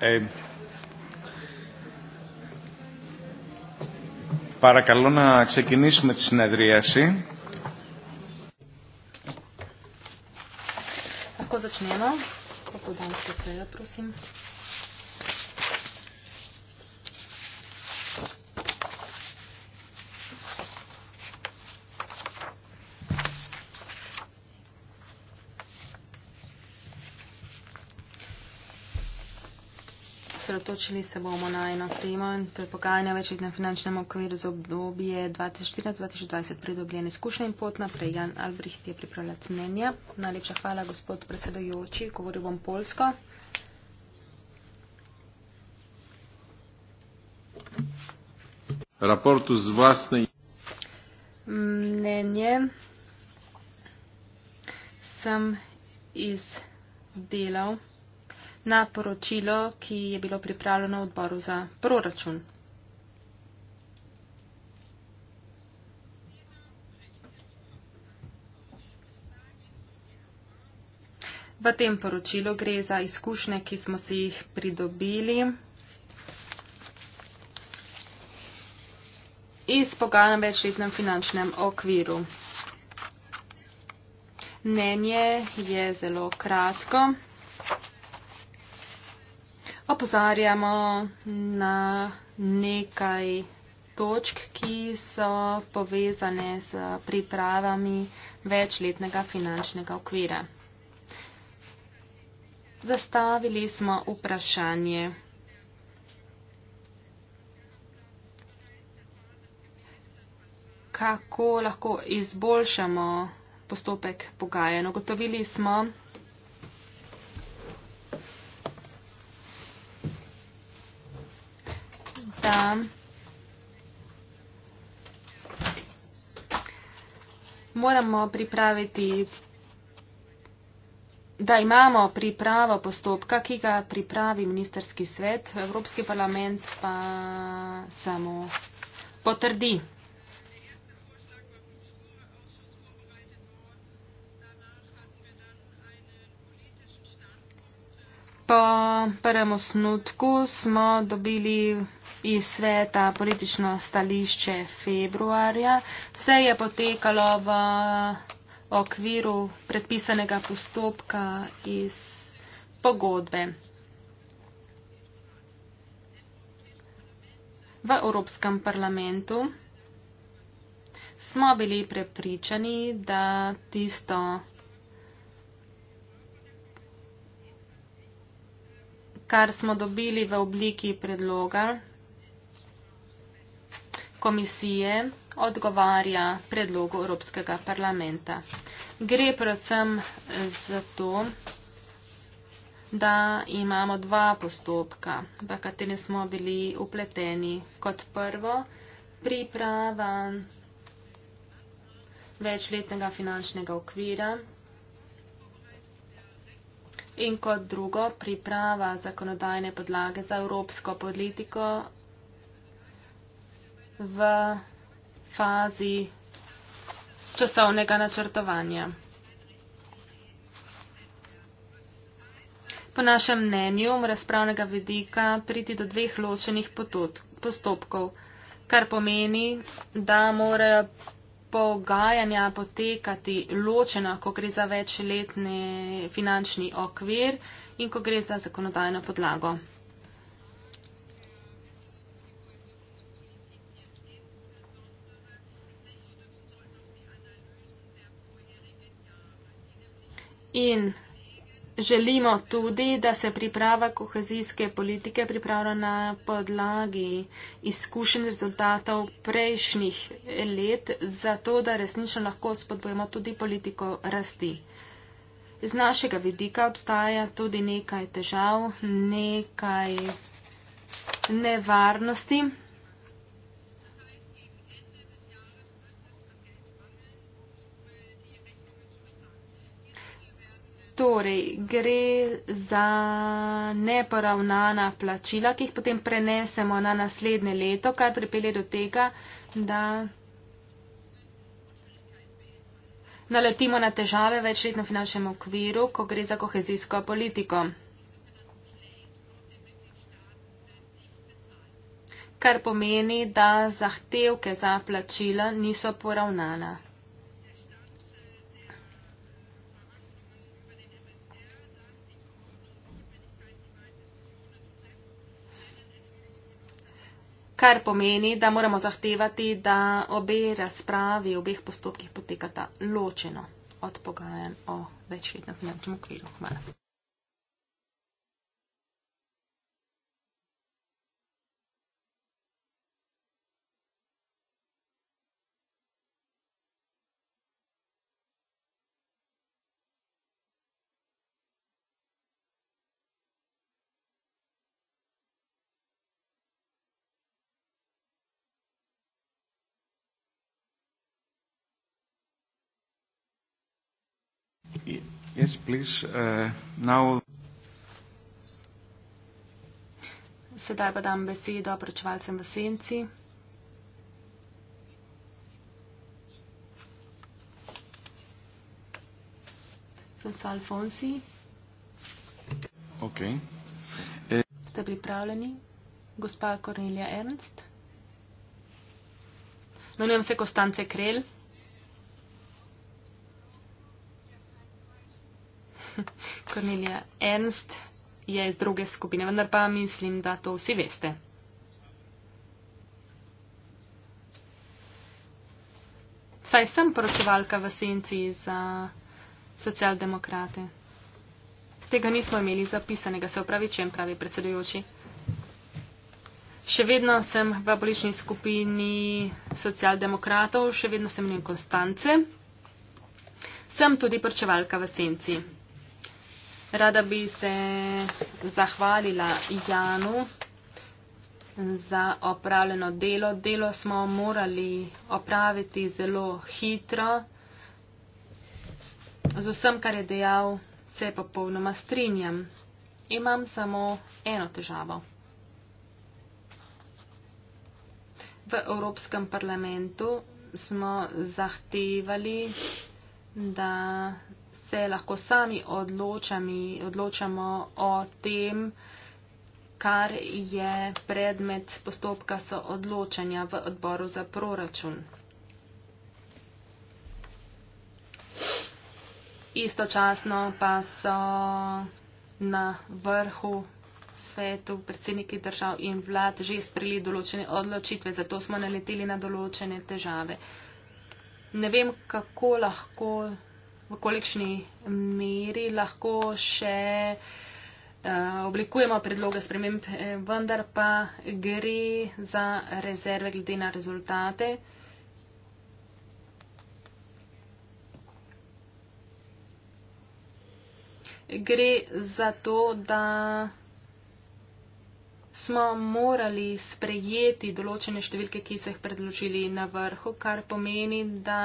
Eh, παρακαλώ να ξεκινήσουμε τη συνεδρίαση. Ако зачнемо, господин Стесея, просим. osredotočili se bomo na eno temo in to je pogajanje večjih na finančnem okviru za obdobje 2014-2020 pridobljene izkušnje in pot naprej. Jan Albrecht je pripravljal mnenje. Najlepša hvala, gospod predsedojoči. Govoril bom polsko. Raportu z vlastne mnenje sem izdelal na poročilo, ki je bilo pripravljeno v odboru za proračun. V tem poročilu gre za izkušnje, ki smo si jih pridobili iz pogajanja večletnem finančnem okviru. Mnenje je zelo kratko opozarjamo na nekaj točk, ki so povezane z pripravami večletnega finančnega okvira. Zastavili smo vprašanje, kako lahko izboljšamo postopek pogajanj. Ugotovili smo, tam. Moramo pripraviti, da imamo pripravo postopka, ki ga pripravi ministerski svet, Evropski parlament pa samo potrdi. Po prvem osnutku smo dobili iz sveta politično stališče februarja. Vse je potekalo v okviru predpisanega postopka iz pogodbe. V Evropskem parlamentu smo bili prepričani, da tisto, kar smo dobili v obliki predloga, komisije odgovarja predlogu Evropskega parlamenta. Gre predvsem za to, da imamo dva postopka, v kateri smo bili upleteni. Kot prvo, priprava večletnega finančnega okvira in kot drugo, priprava zakonodajne podlage za evropsko politiko w fazi czasownego naczertowania. Po našem mnenju mora spravnega vidika priti do dveh ločenih postopkov, kar pomeni, da morajo pogajanja potekati ločeno, ko gre za večletni finančni okvir in ko gre za zakonodajno podlago. in želimo tudi, da se priprava kohezijske politike pripravlja na podlagi izkušenj rezultatov prejšnjih let, zato da resnično lahko spodbojamo tudi politiko rasti. Z našega vidika obstaja tudi nekaj težav, nekaj nevarnosti. Torej, gre za neporavnana plačila, ki jih potem prenesemo na naslednje leto, kar pripelje do tega, da naletimo na težave večletno finančnem okviru, ko gre za kohezijsko politiko. Kar pomeni, da zahtevke za plačila niso poravnana. kar pomeni, da moramo zahtevati, da obe razpravi, obeh postopkih potekata ločeno od pogajanj o večletnem finančnem okviru. Hvala. Yes, please. Uh, now. Sedaj pa dam besedo prečevalcem v senci. Francois Alfonsi. Ok. Ste pripravljeni? Gospa Kornelija Ernst. Menujem se Kostance Krelj. Cornelia Ernst je iz druge skupine, vendar pa mislim, da to vsi veste. Saj sem poročevalka v senci za socialdemokrate. Tega nismo imeli zapisanega, se upravi, čem pravi predsedujoči. Še vedno sem v abolični skupini socialdemokratov, še vedno sem v njem konstance. Sem tudi poročevalka v senci. Rada bi se zahvalila Janu za opravljeno delo. Delo smo morali opraviti zelo hitro. Z vsem, kar je dejal, se popolnoma strinjam. Imam samo eno težavo. V Evropskem parlamentu smo zahtevali, da se lahko sami odločami, odločamo o tem, kar je predmet postopka soodločanja v odboru za proračun. Istočasno pa so na vrhu svetu predsedniki držav in vlad že sprejeli določene odločitve, zato smo naleteli na določene težave. Ne vem, kako lahko v kolikšni meri lahko še eh, oblikujemo predloge sprememb, eh, vendar pa gre za rezerve glede na rezultate. Gre za to, da smo morali sprejeti določene številke, ki so jih predložili na vrhu, kar pomeni, da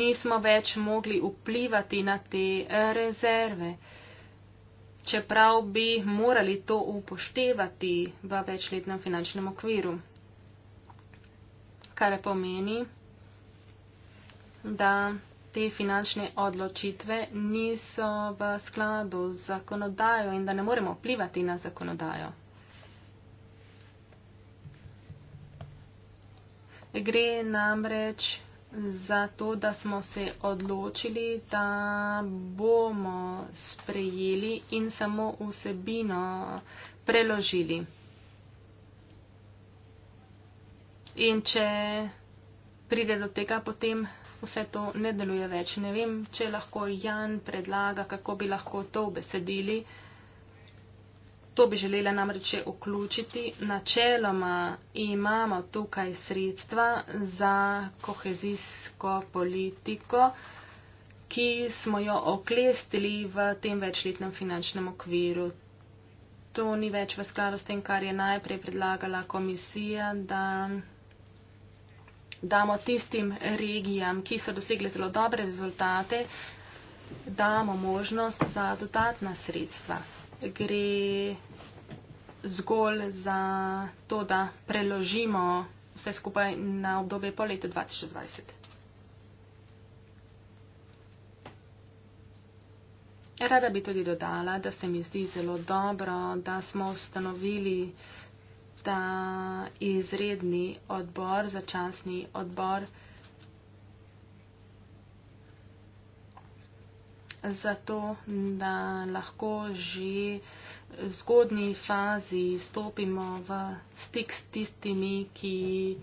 nismo več mogli vplivati na te eh, rezerve. Čeprav bi morali to upoštevati v večletnem finančnem okviru. Kar pomeni, da te finančne odločitve niso v skladu z zakonodajo in da ne moremo vplivati na zakonodajo. Gre namreč za to, da smo se odločili, da bomo sprejeli in samo vsebino preložili. In če pride do tega, potem vse to ne deluje več. Ne vem, če lahko Jan predlaga, kako bi lahko to besedili. To bi želela namreč vključiti. Načeloma imamo tukaj sredstva za kohezijsko politiko, ki smo jo oklestili v tem večletnem finančnem okviru. To ni več v skladu s tem, kar je najprej predlagala komisija, da damo tistim regijam, ki so dosegle zelo dobre rezultate, damo možnost za dodatna sredstva gre zgolj za to, da preložimo vse skupaj na obdobje po letu 2020. Rada bi tudi dodala, da se mi zdi zelo dobro, da smo ustanovili ta izredni odbor, začasni odbor, zato da lahko že v zgodni fazi stopimo v stik s tistimi, ki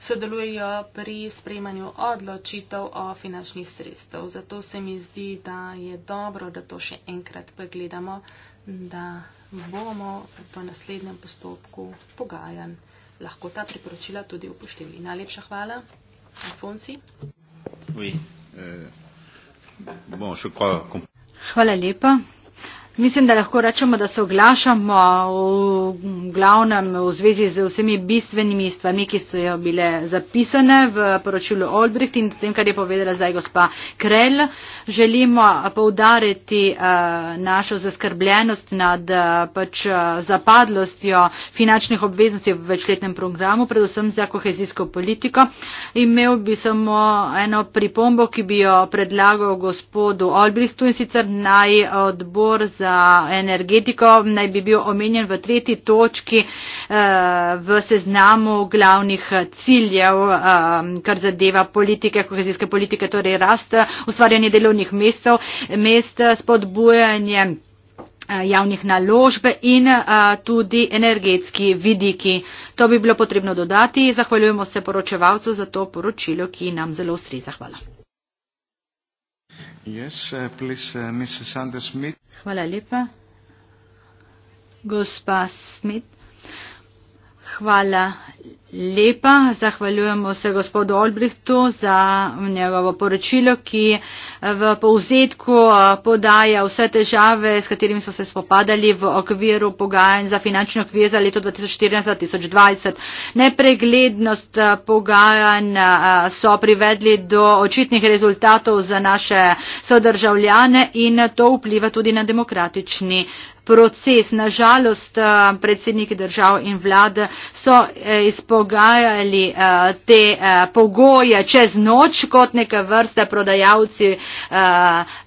sodelujejo pri sprejemanju odločitev o finančnih sredstev. Zato se mi zdi, da je dobro, da to še enkrat pregledamo, da bomo v naslednjem postopku pogajan lahko ta priporočila tudi upoštevili. Najlepša hvala. Afonsi. Oui. Euh... Bon, je crois... Hvala lepa. Mislim, da lahko rečemo, da se oglašamo v glavnem v zvezi z vsemi bistvenimi stvami, ki so jo bile zapisane v poročilu Olbricht in s tem, kar je povedala zdaj gospa Krell. Želimo poudariti eh, našo zaskrbljenost nad eh, pač eh, zapadlostjo finančnih obveznosti v večletnem programu, predvsem za kohezijsko politiko. Imel bi samo eno pripombo, ki bi jo predlagal gospodu Olbrichtu in sicer naj odbor za energetiko naj bi bil omenjen v tretji točki eh, v seznamu glavnih ciljev, eh, kar zadeva politike, kohezijske politike, torej rast, ustvarjanje delovnih mestov, mest, spodbujanje eh, javnih naložbe in a, tudi energetski vidiki. To bi bilo potrebno dodati. Zahvaljujemo se poročevalcu za to poročilo, ki nam zelo ustriza. Hvala. Yes, uh, please, uh, Mrs. Anders Smith. Hvala lepa. Gospa Smith, hvala Lepa, zahvaljujemo se gospodu Olbrihtu za njegovo poročilo, ki eh, v povzetku eh, podaja vse težave, s katerimi so se spopadali v okviru pogajanj za finančno okvir za leto 2014-2020. Nepreglednost eh, pogajanj so privedli do očitnih rezultatov za naše sodržavljane in to vpliva tudi na demokratični uh, proces. Nažalost, eh, predsedniki držav in vlad so eh, izpogajali eh, te pogoje čez noč kot neke vrste prodajalci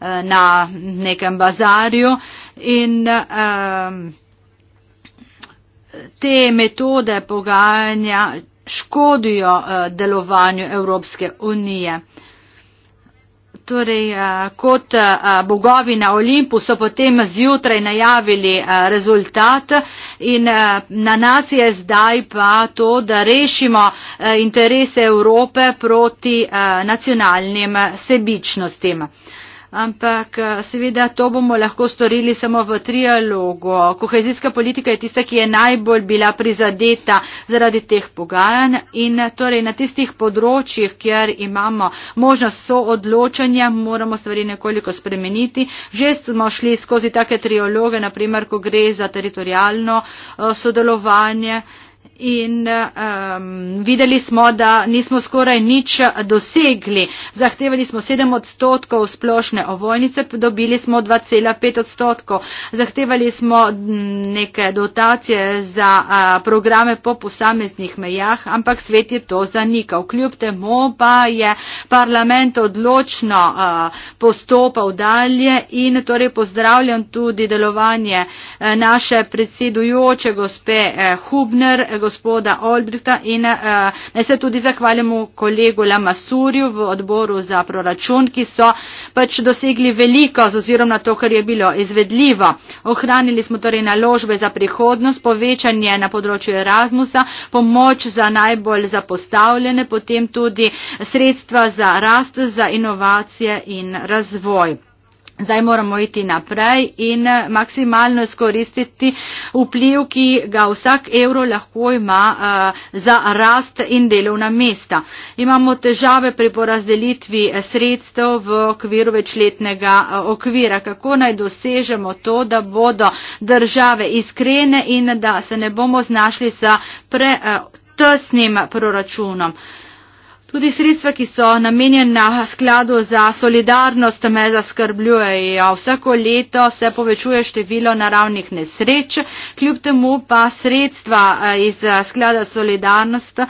na nekem bazarju. In, ehm, Te metode pogajanja škodijo delovanju Evropske unije. Torej, eh, kot eh, bogovi na Olimpu so potem zjutraj najavili eh, rezultat in na nas je zdaj pa to, da rešimo interese Evrope proti nacionalnim sebičnostim ampak eh, seveda to bomo lahko storili samo v trialogu. Kohezijska politika je tista, ki je najbolj bila prizadeta zaradi teh pogajanj in torej na tistih področjih, kjer imamo možnost soodločanja, moramo stvari nekoliko spremeniti. Že smo šli skozi take trialoge, naprimer, ko gre za teritorijalno eh, sodelovanje in um, videli smo, da nismo skoraj nič dosegli. Zahtevali smo 7 odstotkov splošne ovojnice, dobili smo 2,5 odstotkov. Zahtevali smo neke dotacije za uh, programe po posameznih mejah, ampak svet je to zanikal. Kljub temu pa je parlament odločno uh, postopal dalje in torej pozdravljam tudi delovanje uh, naše predsedujoče gospe uh, Hubner, gospoda Olbrihta in uh, naj se tudi zahvalimo kolegu Lamasurju v odboru za proračun, ki so pač dosegli veliko z ozirom na to, kar je bilo izvedljivo. Ohranili smo torej naložbe za prihodnost, povečanje na področju Erasmusa, pomoč za najbolj zapostavljene, potem tudi sredstva za rast, za inovacije in razvoj. Zdaj moramo iti naprej in eh, maksimalno izkoristiti vpliv, ki ga vsak evro lahko ima eh, za rast in delovna mesta. Imamo težave pri porazdelitvi eh, sredstev v okviru večletnega okvira. Kako naj dosežemo to, da bodo države iskrene in da se ne bomo znašli sa pretesnim proračunom? Tudi sredstva, ki so namenjena skladu za solidarnost, me zaskrbljujejo. Vsako leto se povečuje število naravnih nesreč, kljub temu pa sredstva eh, iz eh, sklada solidarnost eh,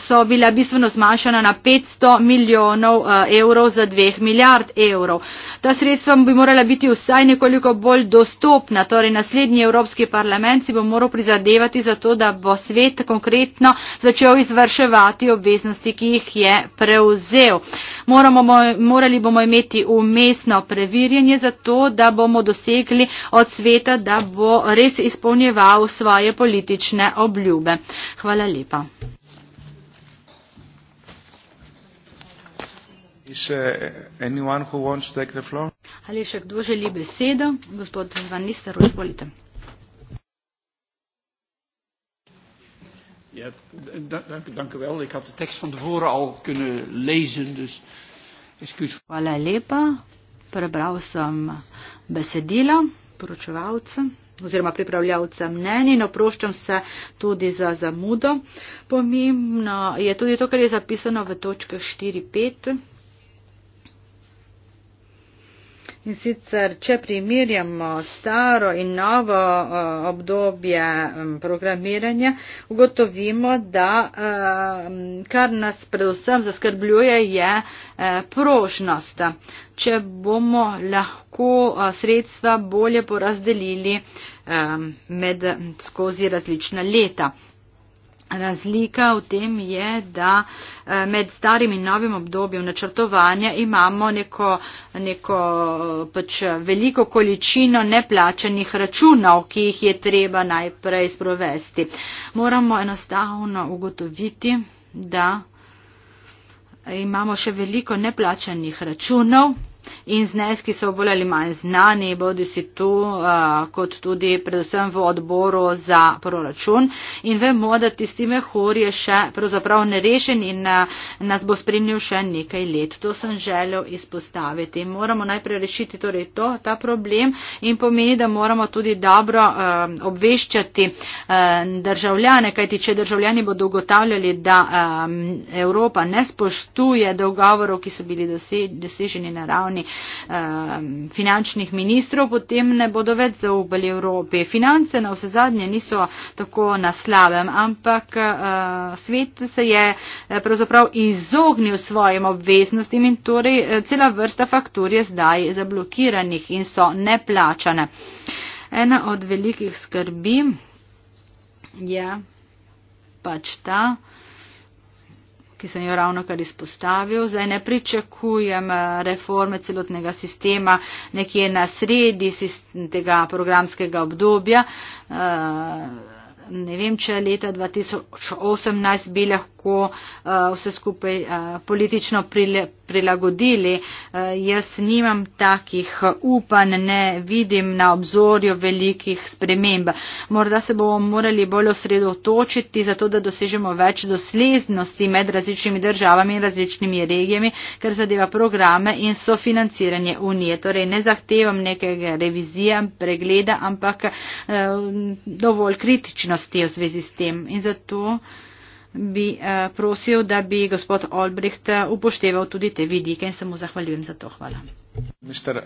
so bila bistveno zmanjšana na 500 milijonov evrov za 2 milijard evrov. Ta sredstva bi morala biti vsaj nekoliko bolj dostopna. Torej, naslednji Evropski parlament si bo moral prizadevati za to, da bo svet konkretno začel izvrševati obveznosti obveznosti, ki jih je prevzel. Moramo, morali bomo imeti umestno preverjanje za to, da bomo dosegli od sveta, da bo res izpolnjeval svoje politične obljube. Hvala lepa. Uh, Ali še kdo želi besedo? Gospod Van Nistelrooy, izvolite. Ja, dank, dank u wel. Ik had de tekst van tevoren al kunnen lezen, dus excuus. Hvala lepa. Prebral sem besedila, poročevalce oziroma pripravljavce mnenji in oproščam se tudi za zamudo. Pomembno je tudi to, kar je zapisano v točkah 4, 5. In sicer, če primerjamo staro in novo eh, obdobje mm, programiranja, ugotovimo, da eh, kar nas predvsem zaskrbljuje je eh, prožnost. Če bomo lahko sredstva bolje porazdelili med, skozi različna leta. Razlika v tem je, da eh, med starim in novim obdobjem načrtovanja imamo neko, neko pač veliko količino neplačenih računov, ki jih je treba najprej sprovesti. Moramo enostavno ugotoviti, da imamo še veliko neplačenih računov in zneski so bolj ali manj znani, bodi si tu uh, kot tudi predvsem v odboru za proračun. In vemo, da tisti mehur je še pravzaprav nerešen in uh, nas bo spremljal še nekaj let. To sem želel izpostaviti. Moramo najprej rešiti torej to, ta problem in pomeni, da moramo tudi dobro uh, obveščati uh, državljane, kajti če državljani bodo ugotavljali, da um, Evropa ne spoštuje dogovorov, ki so bili dosi, doseženi na ravni uh, Um, finančnih ministrov, potem ne bodo več zaupali Evropi. Finance na vse zadnje niso tako na slabem, ampak uh, svet se je eh, pravzaprav izognil svojim obveznostim in torej eh, cela vrsta faktur je zdaj zablokiranih in so neplačane. Ena od velikih skrbi je pač ta, ki sem jo ravno kar izpostavil. Zdaj ne pričakujem eh, reforme celotnega sistema nekje na sredi tega programskega obdobja. Eh, ne vem, če je leta 2018 bi lahko lahko eh, vse skupaj eh, politično prilagodili. Eh, jaz nimam takih upanj, ne vidim na obzorju velikih sprememb. Morda se bomo morali bolj osredotočiti za to, da dosežemo več doslednosti med različnimi državami in različnimi regijami, kar zadeva programe in sofinanciranje unije. Torej, ne zahtevam nekega revizija, pregleda, ampak dovolj kritičnosti v zvezi s tem. In zato bi eh, prosil, da bi gospod Olbricht eh, upošteval tudi te vidike in se mu zahvaljujem za to. Hvala.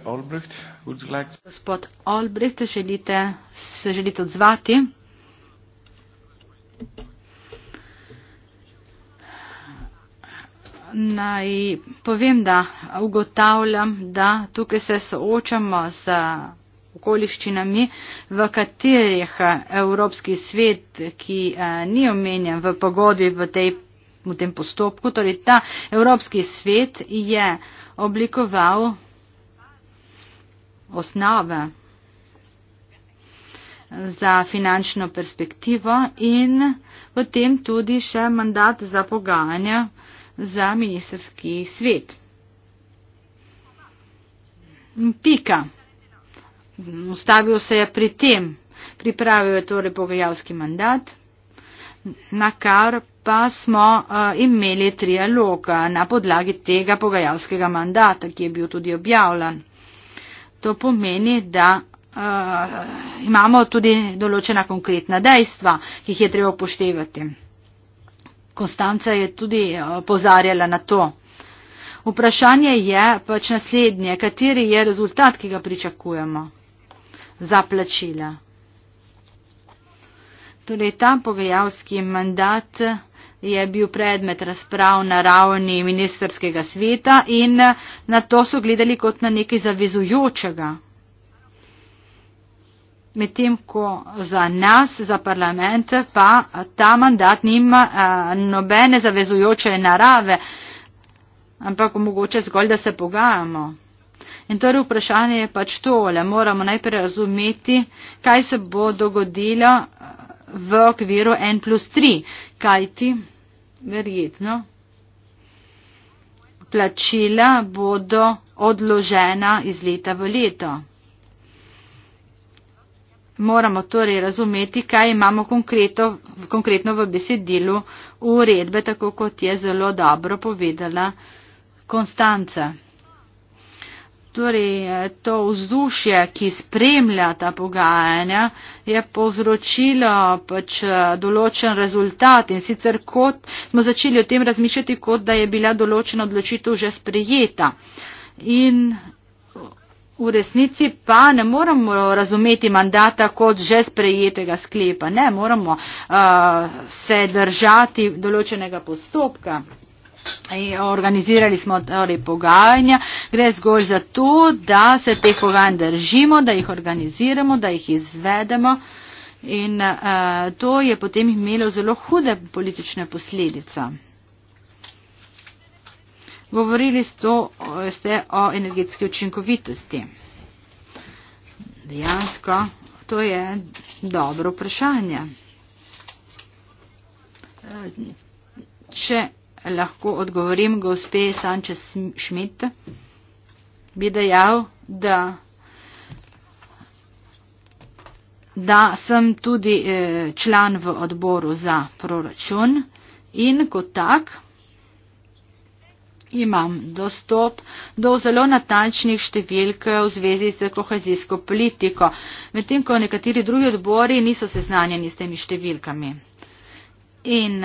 Albrecht, like... Gospod Olbricht, želite, se želite odzvati? Naj povem, da ugotavljam, da tukaj se soočamo z okoliščinami, v katerih eh, Evropski svet, ki eh, ni omenjen v pogodbi v, tej, v tem postopku, torej ta Evropski svet je oblikoval osnove za finančno perspektivo in potem tudi še mandat za pogajanja za ministerski svet. Pika ustavil se je pri tem, pripravil je torej pogajalski mandat, na kar pa smo uh, imeli trialoga na podlagi tega pogajalskega mandata, ki je bil tudi objavljan. To pomeni, da uh, imamo tudi določena konkretna dejstva, ki jih je treba upoštevati. Konstanca je tudi eh, opozarjala na to. Vprašanje je pač naslednje, kateri je rezultat, ki ga pričakujemo za plačila. Torej, ta pogajalski mandat je bil predmet razprav na ravni ministerskega sveta in na to so gledali kot na nekaj zavezujočega. Medtem, ko za nas, za parlament, pa ta mandat nima a, eh, nobene zavezujoče narave, ampak omogoče zgolj, da se pogajamo. In torej vprašanje je pač tole, moramo najprej razumeti, kaj se bo dogodilo eh, v okviru N plus 3, kaj ti verjetno plačila bodo odložena iz leta v leto. Moramo torej razumeti, kaj imamo konkretno, konkretno v besedilu uredbe, tako kot je zelo dobro povedala Konstanca. Torej, to vzdušje, ki spremlja ta pogajanja, je povzročilo pač eh, določen rezultat in sicer kot smo začeli o tem razmišljati, kot da je bila določena odločitev že sprejeta. In v resnici pa ne moramo razumeti mandata kot že sprejetega sklepa, ne moramo uh, se držati določenega postopka. E, organizirali smo torej pogajanja, gre zgolj za to, da se teh pogajanj držimo, da jih organiziramo, da jih izvedemo in uh, to je potem imelo zelo hude politične posledice. Govorili sto, ste o energetski učinkovitosti. Dejansko, to je dobro vprašanje. E, če lahko odgovorim gospe Sanče Šmit, bi dejal, da, da sem tudi eh, član v odboru za proračun in kot tak imam dostop do zelo natančnih številk v zvezi z kohezijsko politiko, medtem ko nekateri drugi odbori niso seznanjeni s temi številkami. In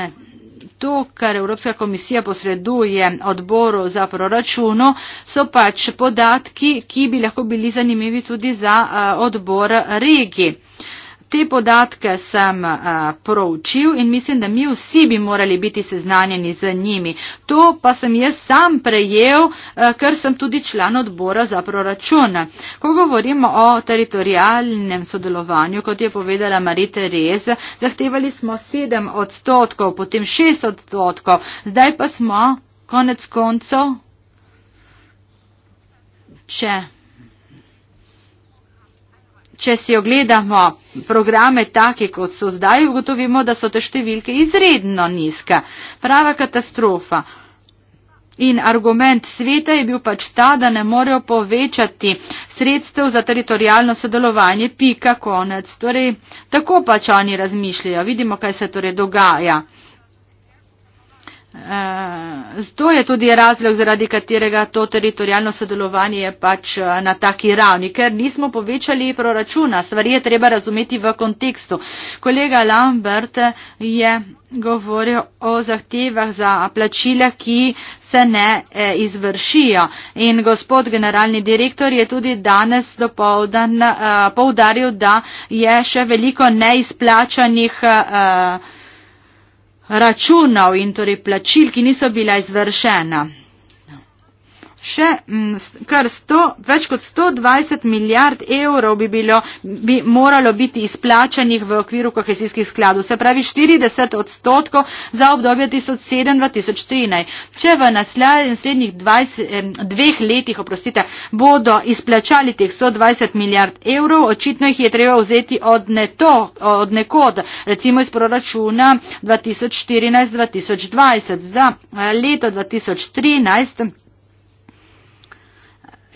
to, kar Evropska komisija posreduje odboru za proračuno, so pač podatki, ki bi lahko bili zanimivi tudi za eh, odbor regije te podatke sem uh, proučil in mislim, da mi vsi bi morali biti seznanjeni z njimi. To pa sem jaz sam prejel, uh, ker sem tudi član odbora za proračun. Ko govorimo o teritorijalnem sodelovanju, kot je povedala Marita Rez, zahtevali smo 7 odstotkov, potem 6 odstotkov, zdaj pa smo konec koncev. Če če si ogledamo programe take, kot so zdaj, ugotovimo, da so te številke izredno nizke. Prava katastrofa. In argument sveta je bil pač ta, da ne morejo povečati sredstev za teritorijalno sodelovanje, pika konec. Torej, tako pač oni razmišljajo. Vidimo, kaj se torej dogaja. Zato eh, je tudi razlog, zaradi katerega to teritorijalno sodelovanje je pač eh, na taki ravni, ker nismo povečali proračuna. Stvari je treba razumeti v kontekstu. Kolega Lambert je govoril o zahtevah za plačila, ki se ne eh, izvršijo. In gospod generalni direktor je tudi danes dopovdan poudaril, da je še veliko neizplačanih. A, računov in torej plačil, ki niso bila izvršena še m, mm, kar 100, več kot 120 milijard evrov bi, bilo, bi moralo biti izplačanih v okviru kohezijskih skladov, se pravi 40 odstotkov za obdobje 2007-2013. Če v naslednjih 20, eh, dveh letih oprostite, bodo izplačali teh 120 milijard evrov, očitno jih je treba vzeti od, neto, od nekod, recimo iz proračuna 2014-2020. Za eh, leto 2013.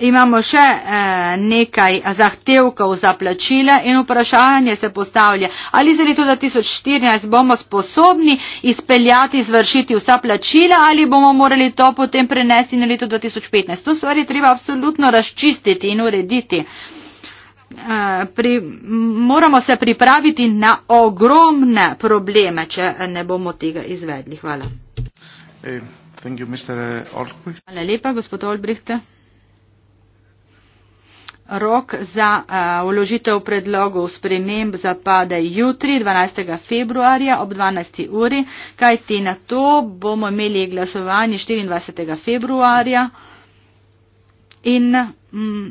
Imamo še eh, nekaj zahtevkov za plačila in vprašanje se postavlja, ali za leto 2014 bomo sposobni izpeljati, izvršiti vsa plačila ali bomo morali to potem prenesti na leto 2015. To stvar je treba absolutno razčistiti in urediti. Eh, pri, moramo se pripraviti na ogromne probleme, če ne bomo tega izvedli. Hvala. Hey, you, Hvala lepa, gospod Olbricht rok za uložitev eh, predlogov sprememb zapade jutri, 12. februarja ob 12. uri, kajti na to bomo imeli glasovanje 24. februarja. In mm,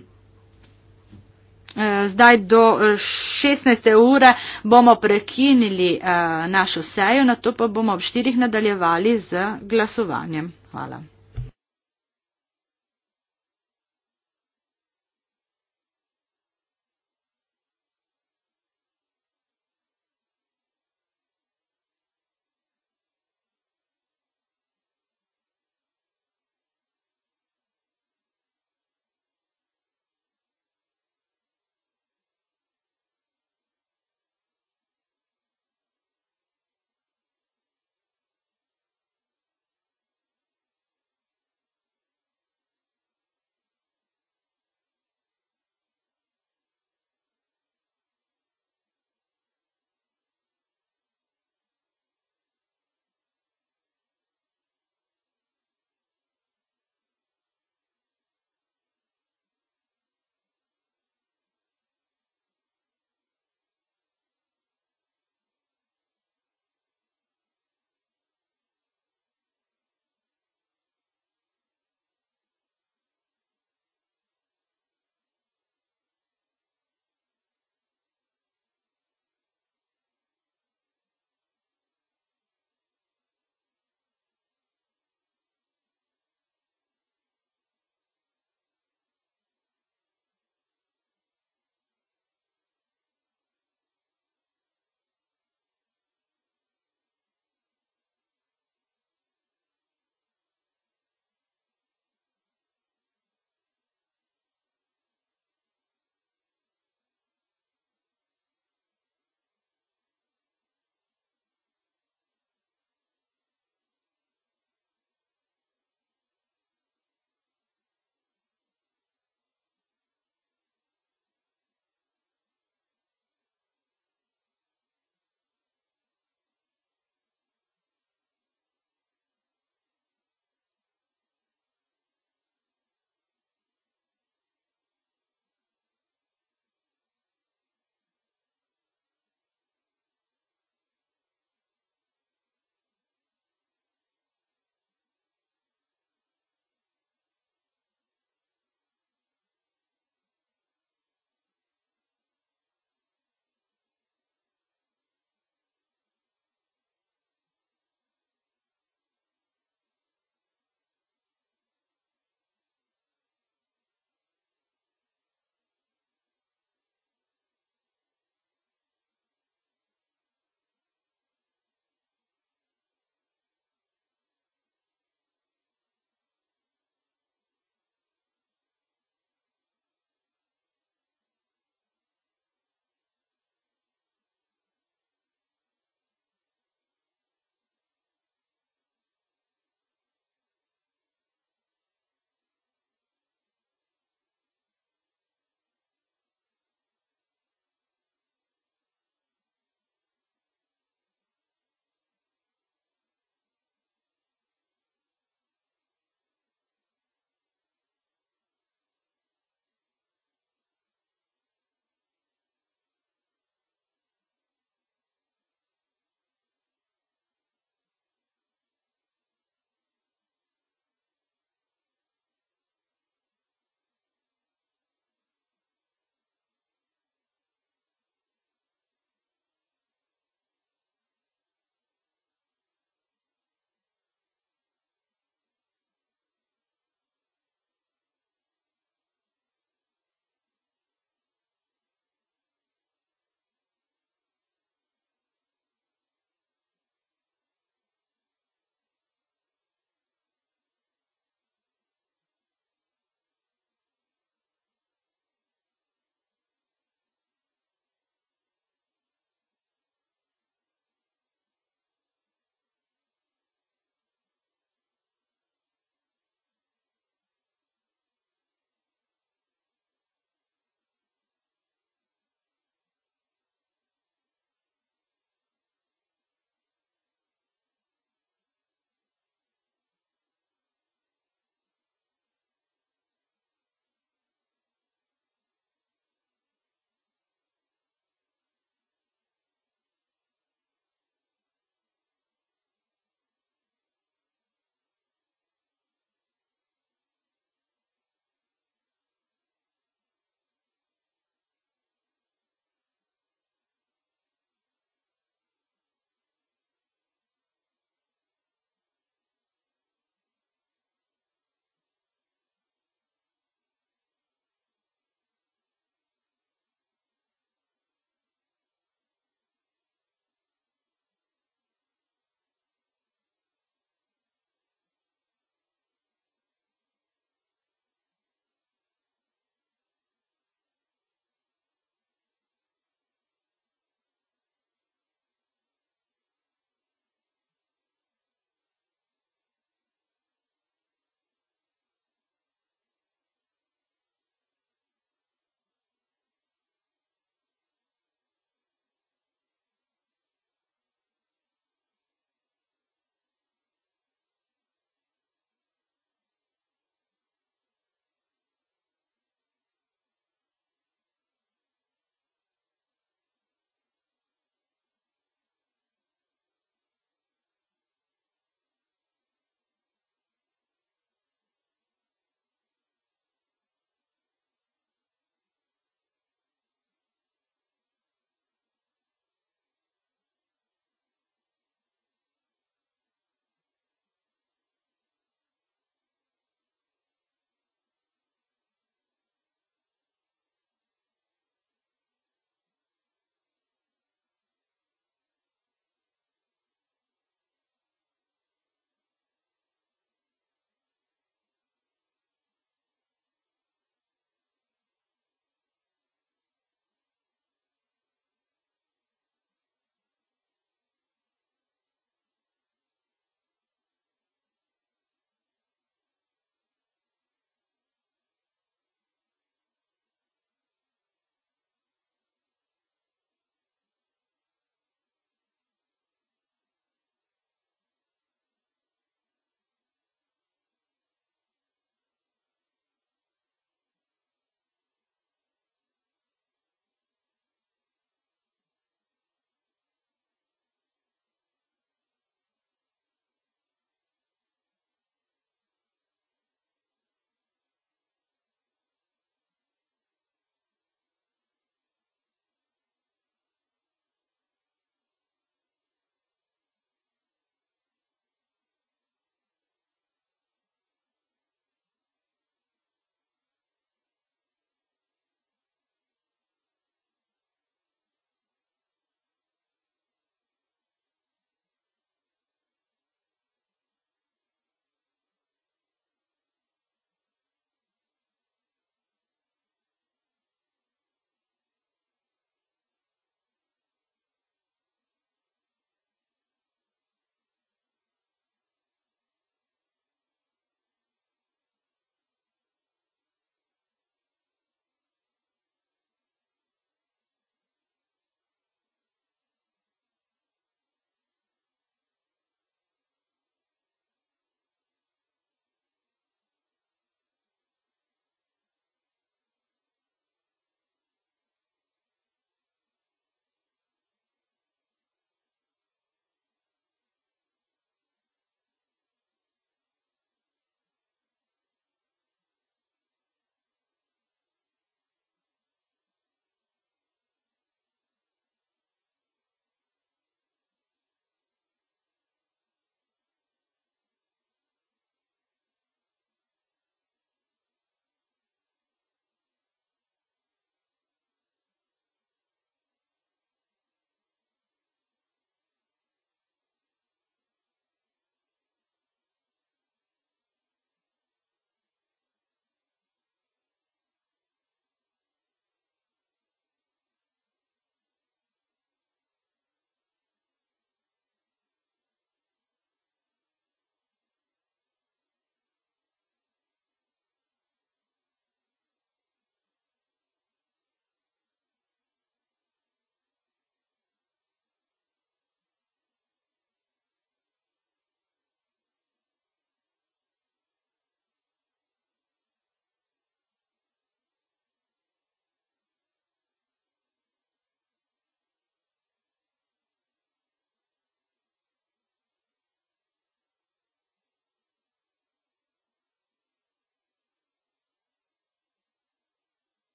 eh, zdaj do 16. Eh, ure bomo prekinili našo sejo, na to pa bomo ob 4. nadaljevali z glasovanjem. Hvala.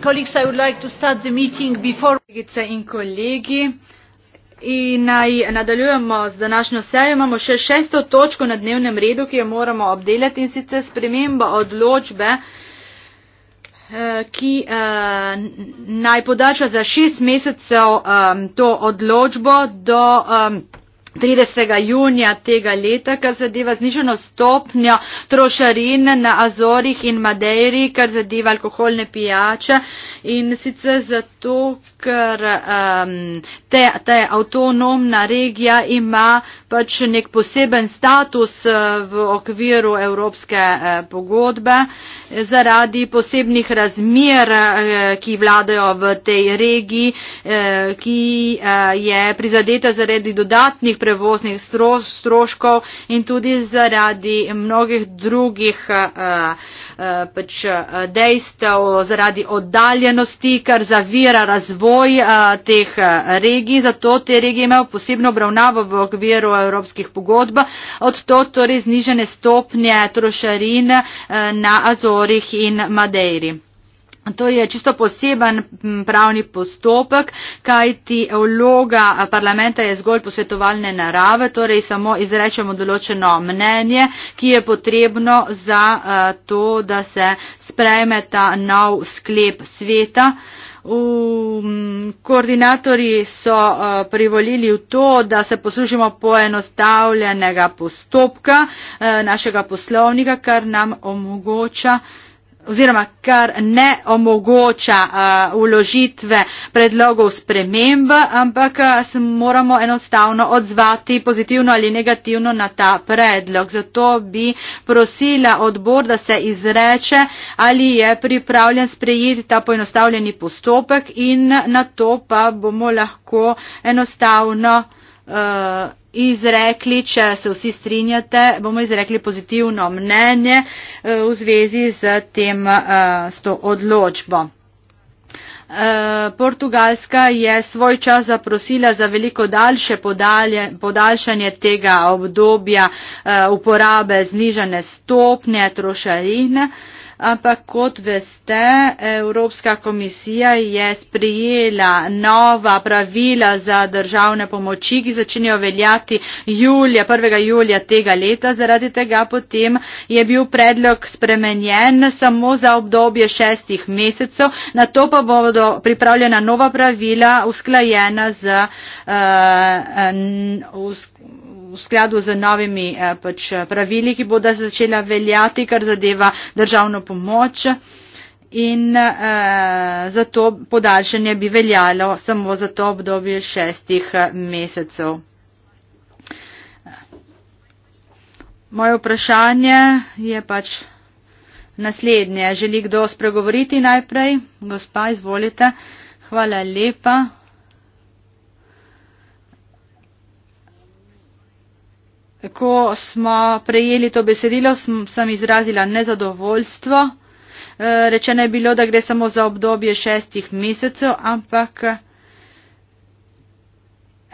Kolegice in kolegi, in naj nadaljujemo z današnjo sejo. Imamo še šesto točko na dnevnem redu, ki jo moramo obdelati in sicer sprememba odločbe, eh, ki eh, naj podaljša za šest mesecev eh, to odločbo do 30. junija tega leta, kar zadeva znižano stopnjo trošarin na Azorih in Madeiri, kar zadeva alkoholne pijače in sicer zato, ker um, te, te avtonomna regija ima pač nek poseben status eh, v okviru Evropske eh, pogodbe zaradi posebnih razmer, eh, ki vladajo v tej regiji, ki je prizadeta zaradi dodatnih prevoznih stroškov in tudi zaradi mnogih drugih uh, pač eh, dejstev zaradi oddaljenosti, kar zavira razvoj eh, teh eh, regij, zato te regije imajo posebno obravnavo v okviru evropskih pogodb, od to torej znižene stopnje trošarin na Azorih in Madeiri. To je čisto poseben pravni postopek, kajti vloga parlamenta je zgolj posvetovalne narave, torej samo izrečemo določeno mnenje, ki je potrebno za to, da se sprejme ta nov sklep sveta. Um, koordinatori so uh, privolili v to, da se poslužimo poenostavljenega postopka uh, našega poslovnika, kar nam omogoča uh, oziroma kar ne omogoča uložitve eh, predlogov sprememb, ampak eh, se moramo enostavno odzvati pozitivno ali negativno na ta predlog. Zato bi prosila odbor, da se izreče, ali je pripravljen sprejeti ta poenostavljeni postopek in na to pa bomo lahko enostavno. Uh, izrekli, če se vsi strinjate, bomo izrekli pozitivno mnenje eh, v zvezi z, tem, z eh, to odločbo. Eh, Portugalska je svoj čas zaprosila za veliko daljše podaljšanje tega obdobja uporabe znižane stopnje trošarine ampak kot veste, Evropska komisija je sprijela nova pravila za državne pomoči, ki začenjajo veljati julija, 1. julija tega leta. Zaradi tega potem je bil predlog spremenjen samo za obdobje šestih mesecev, na to pa bodo pripravljena nova pravila usklajena z. Uh, um, v skladu z novimi eh, pač, eh, pravili, ki bodo začela veljati, kar zadeva državno pomoč. In eh, za to podaljšanje bi veljalo samo za to obdobje šestih eh, mesecev. Moje vprašanje je pač naslednje. Želi kdo spregovoriti najprej? Gospa, izvolite. Hvala lepa. Ko smo prejeli to besedilo, sem izrazila nezadovoljstvo. E, rečeno je bilo, da gre samo za obdobje šestih mesecev, ampak e,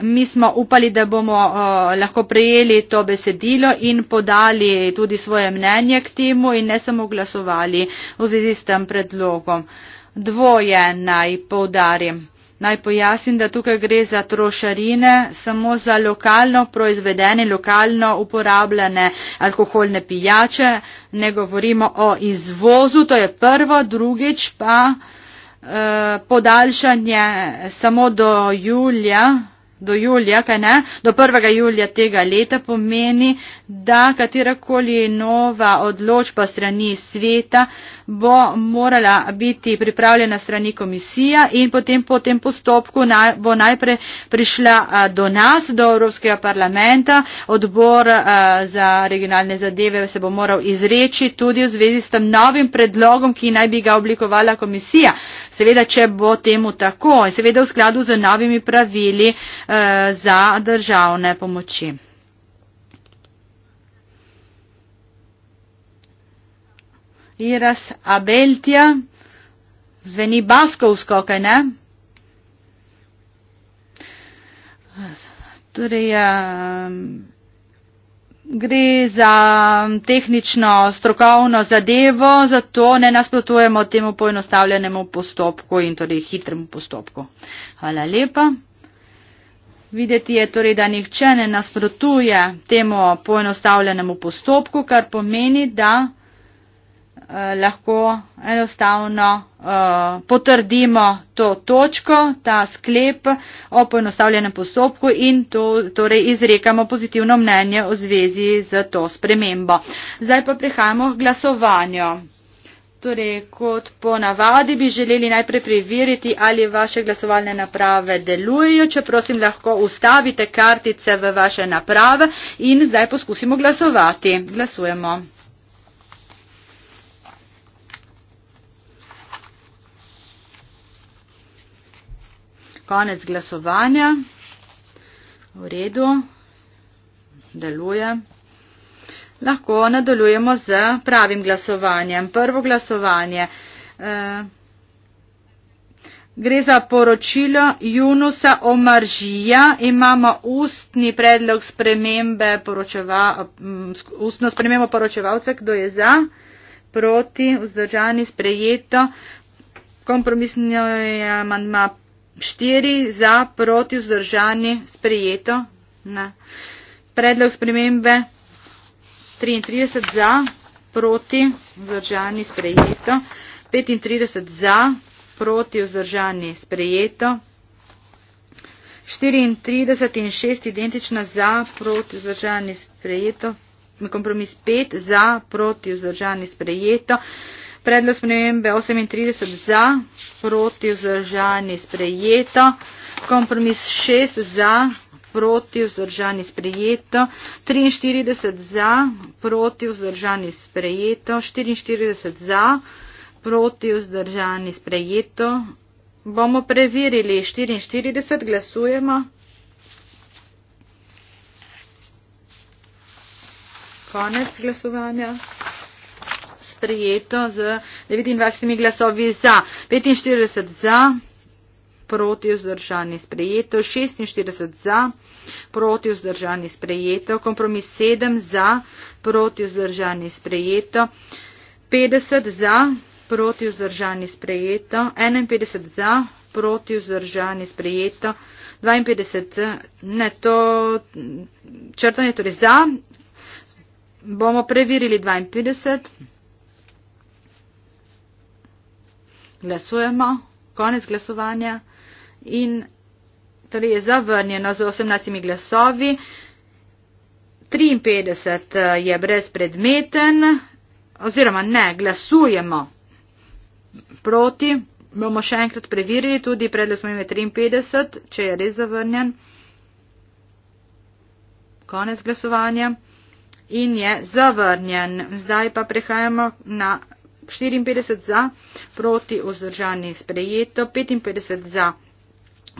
mi smo upali, da bomo e, lahko prejeli to besedilo in podali tudi svoje mnenje k temu in ne samo glasovali v zvezi s tem predlogom. Dvoje naj poudarim. Naj pojasnim, da tukaj gre za trošarine, samo za lokalno proizvedene, lokalno uporabljene alkoholne pijače. Ne govorimo o izvozu, to je prvo, drugič pa eh, podaljšanje samo do julija. Do julija, kaj ne? Do 1. julija tega leta pomeni, da katerakoli nova odločba strani sveta eh, bo morala biti pripravljena strani komisija in potem po tem postopku naj, bo najprej prišla a, do nas, do Evropskega parlamenta. Odbor a, za regionalne zadeve se bo moral izreči tudi v zvezi s tem novim predlogom, ki naj bi ga oblikovala komisija. Seveda, če bo temu tako in seveda v skladu z novimi pravili a, za državne pomoči. vyras abeltija, zveni baskausko, kaj ne? Torej, ja, gre za tehnično strokovno zadevo, zato ne nasprotujemo temu poenostavljenemu postopku in torej hitremu postopku. Hvala lepa. Videti je torej, da nihče ne nasprotuje temu poenostavljenemu postopku, kar pomeni, da. Eh, lahko enostavno eh, potrdimo to točko, ta sklep o poenostavljenem postopku in to, torej izrekamo pozitivno mnenje v zvezi z to spremembo. Zdaj pa prihajamo k glasovanju. Torej, kot ponavadi bi želeli najprej preveriti, ali vaše glasovalne naprave delujejo, če prosim lahko ustavite kartice v vaše naprave in zdaj poskusimo glasovati. Glasujemo. Konec glasovanja. V redu. Deluje. Lahko nadaljujemo z pravim glasovanjem. Prvo glasovanje. Eh, gre za poročilo Junusa Omaržija. Imamo ustni predlog spremembe poročeva, ustno spremembo poročevalca, kdo je za, proti, vzdržani, sprejeto. Kompromisno je manjma štiri za, proti vzdržani, sprejeto. Ne. Predlog spremembe 33 za, proti vzdržani, sprejeto. 35 za, proti vzdržani, sprejeto. 34 in 6 identična za, proti vzdržani, sprejeto. Kompromis 5 za, proti vzdržani, sprejeto. Predlog spremembe 38 za, proti vzdržani sprejeto. Kompromis 6 za, proti vzdržani sprejeto. 43 za, proti vzdržani sprejeto. 44 za, proti vzdržani sprejeto. Bomo preverili 44, glasujemo. Konec glasovanja sprejeto z 29 glasovi za, 45 za, proti vzdržani sprejeto, 46 za, proti vzdržani sprejeto, kompromis 7 za, proti vzdržani sprejeto, 50 za, proti vzdržani sprejeto, 51 za, proti vzdržani sprejeto, 52 ne, to črtanje, torej za, bomo preverili 52. glasujemo, konec glasovanja in torej je zavrnjeno z 18 glasovi, 53 eh, je brezpredmeten oziroma ne, glasujemo proti, bomo še enkrat preverili, tudi predlog smo imeli 53, če je res zavrnjen, konec glasovanja. In je zavrnjen. Zdaj pa prehajamo na 54 za, proti vzdržani sprejeto, 55 za,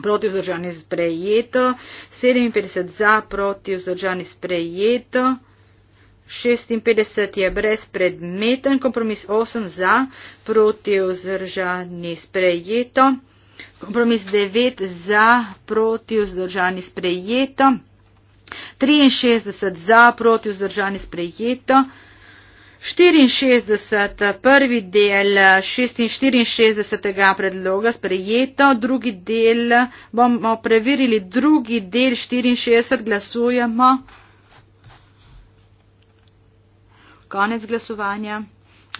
proti vzdržani sprejeto, 57 za, proti vzdržani sprejeto, 56 je brezpredmeten, kompromis 8 za, proti vzdržani sprejeto, kompromis 9 za, proti vzdržani sprejeto, 63 za, proti vzdržani sprejeto, 64, prvi del 64. predloga sprejeto, drugi del bomo preverili, drugi del 64 glasujemo. Konec glasovanja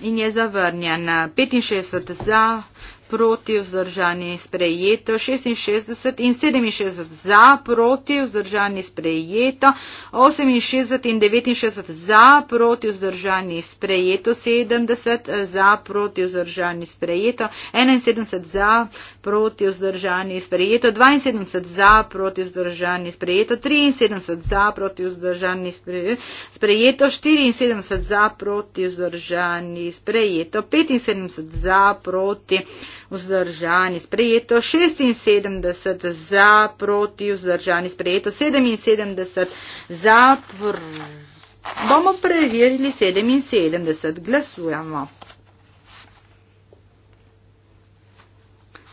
in je zavrnjen. 65 za, proti vzdržani sprejeto, 66 in 67 za proti vzdržani sprejeto, 68 in 69 za proti vzdržani sprejeto, 70 za proti vzdržani sprejeto, 71 za proti vzdržani sprejeto, 72 za proti vzdržani sprejeto, 73 za proti vzdržani sprejeto, 74 za proti vzdržani sprejeto, 75 za proti vzdržani sprejeto vzdržani, sprejeto 76 za, proti vzdržani, sprejeto 77 za, pr... bomo preverili 77, glasujemo.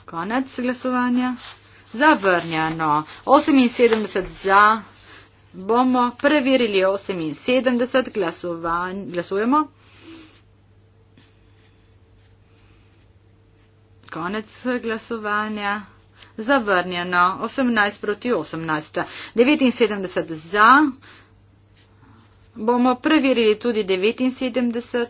Konec glasovanja. Zavrnjeno. 78 za. Bomo preverili 78 glasovanj. Glasujemo. konec glasovanja. Zavrnjeno 18 proti 18. 79 za. Bomo preverili tudi 79.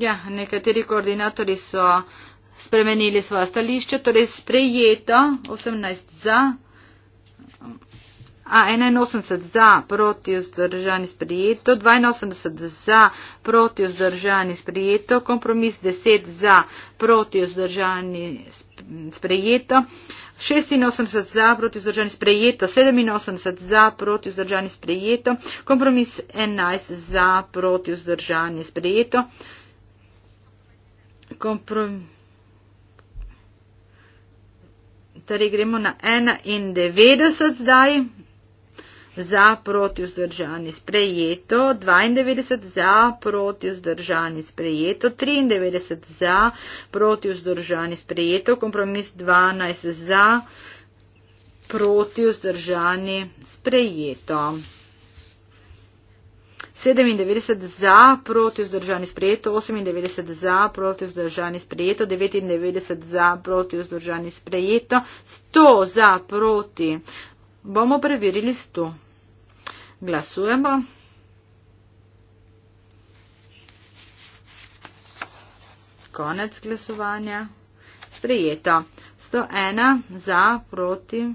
Ja, nekateri koordinatori so spremenili svoje stališče, torej sprejeto 18 za. A 81 za, proti vzdržani sprijeto, 82 za, proti vzdržani sprijeto, kompromis 10 za, proti vzdržani sprijeto, 86 za, proti vzdržani sprijeto, 87 za, proti vzdržani sprijeto, kompromis 11 za, proti vzdržani sprijeto, kompromis. Torej gremo na 91 zdaj za, proti vzdržani, sprejeto, 92 za, proti vzdržani, sprejeto, 93 za, proti vzdržani, sprejeto, kompromis 12 za, proti vzdržani, sprejeto. 97 za, proti vzdržani sprejeto, 98 za, proti vzdržani sprejeto, 99 za, proti vzdržani sprejeto, 100 za, proti. Bomo preverili 100. Glasujemo. Konec glasovanja. Sprejeto. 101 za proti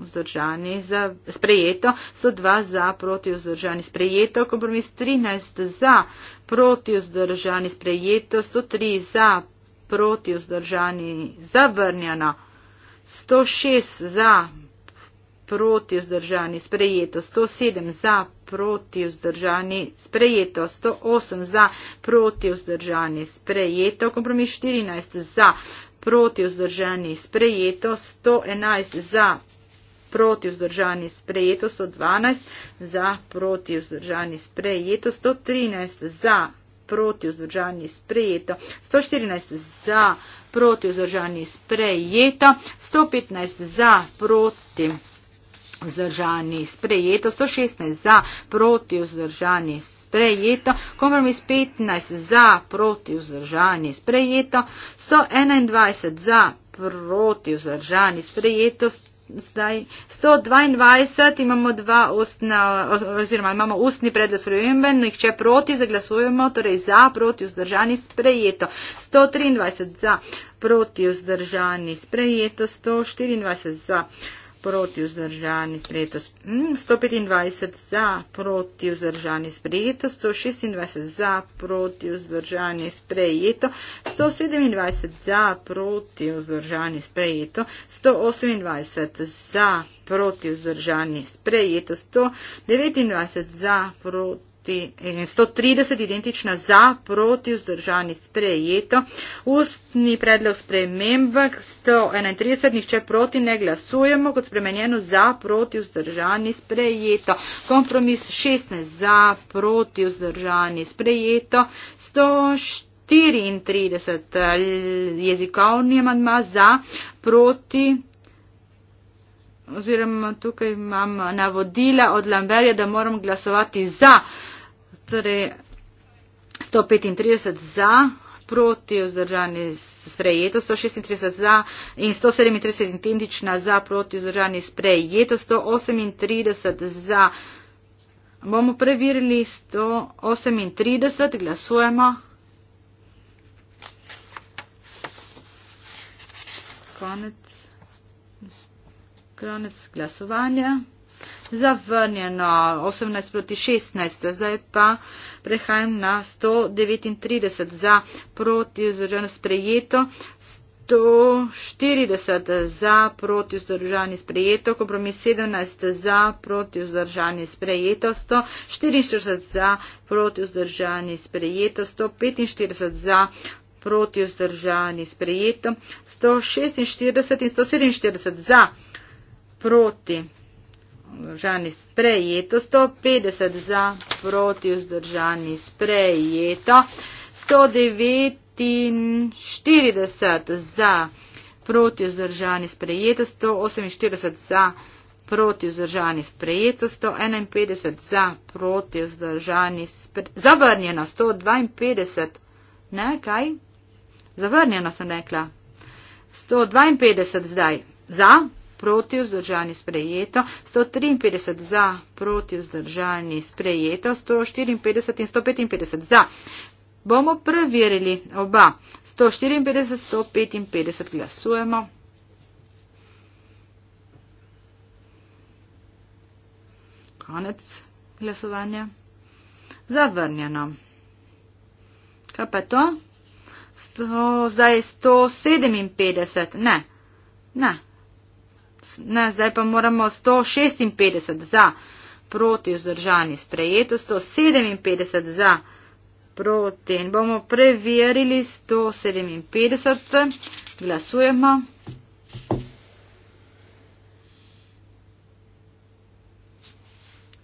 vzdržani za sprejeto, 102 za proti vzdržani sprejeto, kompromis 13 za proti vzdržani sprejeto, 103 za proti vzdržani zavrnjeno, 106 za proti vzdržani, sprejeto 107 za, proti vzdržani, sprejeto 108 za, proti vzdržani, sprejeto kompromis 14 za, proti vzdržani, sprejeto 111 za, proti vzdržani, sprejeto 112 za, proti vzdržani, sprejeto 113 za, proti vzdržani, sprejeto 114 za, proti vzdržani, sprejeto 115 za, proti vzdržani, sprejeto vzdržani, sprejeto 116 za, proti vzdržani, sprejeto, kompromis 15 za, proti vzdržani, sprejeto, 121 za, proti vzdržani, sprejeto. Zdaj 122 imamo dva ustna, oziroma imamo ustni predlog spremembe, nihče proti, zaglasujemo, torej za, proti, vzdržani, sprejeto. 123 za, proti, vzdržani, sprejeto. 124 za proti vzdržani sprejeto, 125 mm, za proti vzdržani sprejeto, 126 za proti vzdržani sprejeto, 127 za proti vzdržani sprejeto, 128 za proti vzdržani sprejeto, 129 za proti 130 eh, identična za, proti vzdržani sprejeto. Ustni predlog sprememb 131, nihče proti ne glasujemo, kot spremenjeno za, proti vzdržani sprejeto. Kompromis 16 za, proti vzdržani sprejeto. 134 eh, jezikovni amandma za, proti. Oziroma tukaj imam navodila od Lamberja, da moram glasovati za. Torej, 135 za, proti vzdržani sprejeto, 136 za in 137 identična za, proti vzdržani sprejeto, 138 za. Bomo preverili 138, glasujemo. Konec. Konec glasovanja. Zavrnjeno 18 proti 16, zdaj pa prehajam na 139 za proti vzdržano sprejeto, 140 za proti vzdržani sprejeto, kompromis 17 za proti vzdržani sprejeto, 144 za proti vzdržani sprejeto, 145 za proti vzdržani sprejeto, 146 in 147 za proti vzdržani sprejeto, 150 za, proti vzdržani sprejeto, 149 za, proti vzdržani sprejeto, 148 za, proti vzdržani sprejeto, 151 za, proti vzdržani sprejeto, zavrnjeno, 152, ne kaj, zavrnjeno sem rekla, 152 zdaj, za, proti vzdržani sprejeto, 153 za proti vzdržani sprejeto, 154 in 155 za. Bomo preverili oba. 154, 155 glasujemo. Konec glasovanja. Zavrnjeno. Kaj pa to? Sto, zdaj je 157. Ne. Ne ne, zdaj pa moramo 156 za, proti vzdržani sprejeto, 157 za, proti in bomo preverili 157, glasujemo.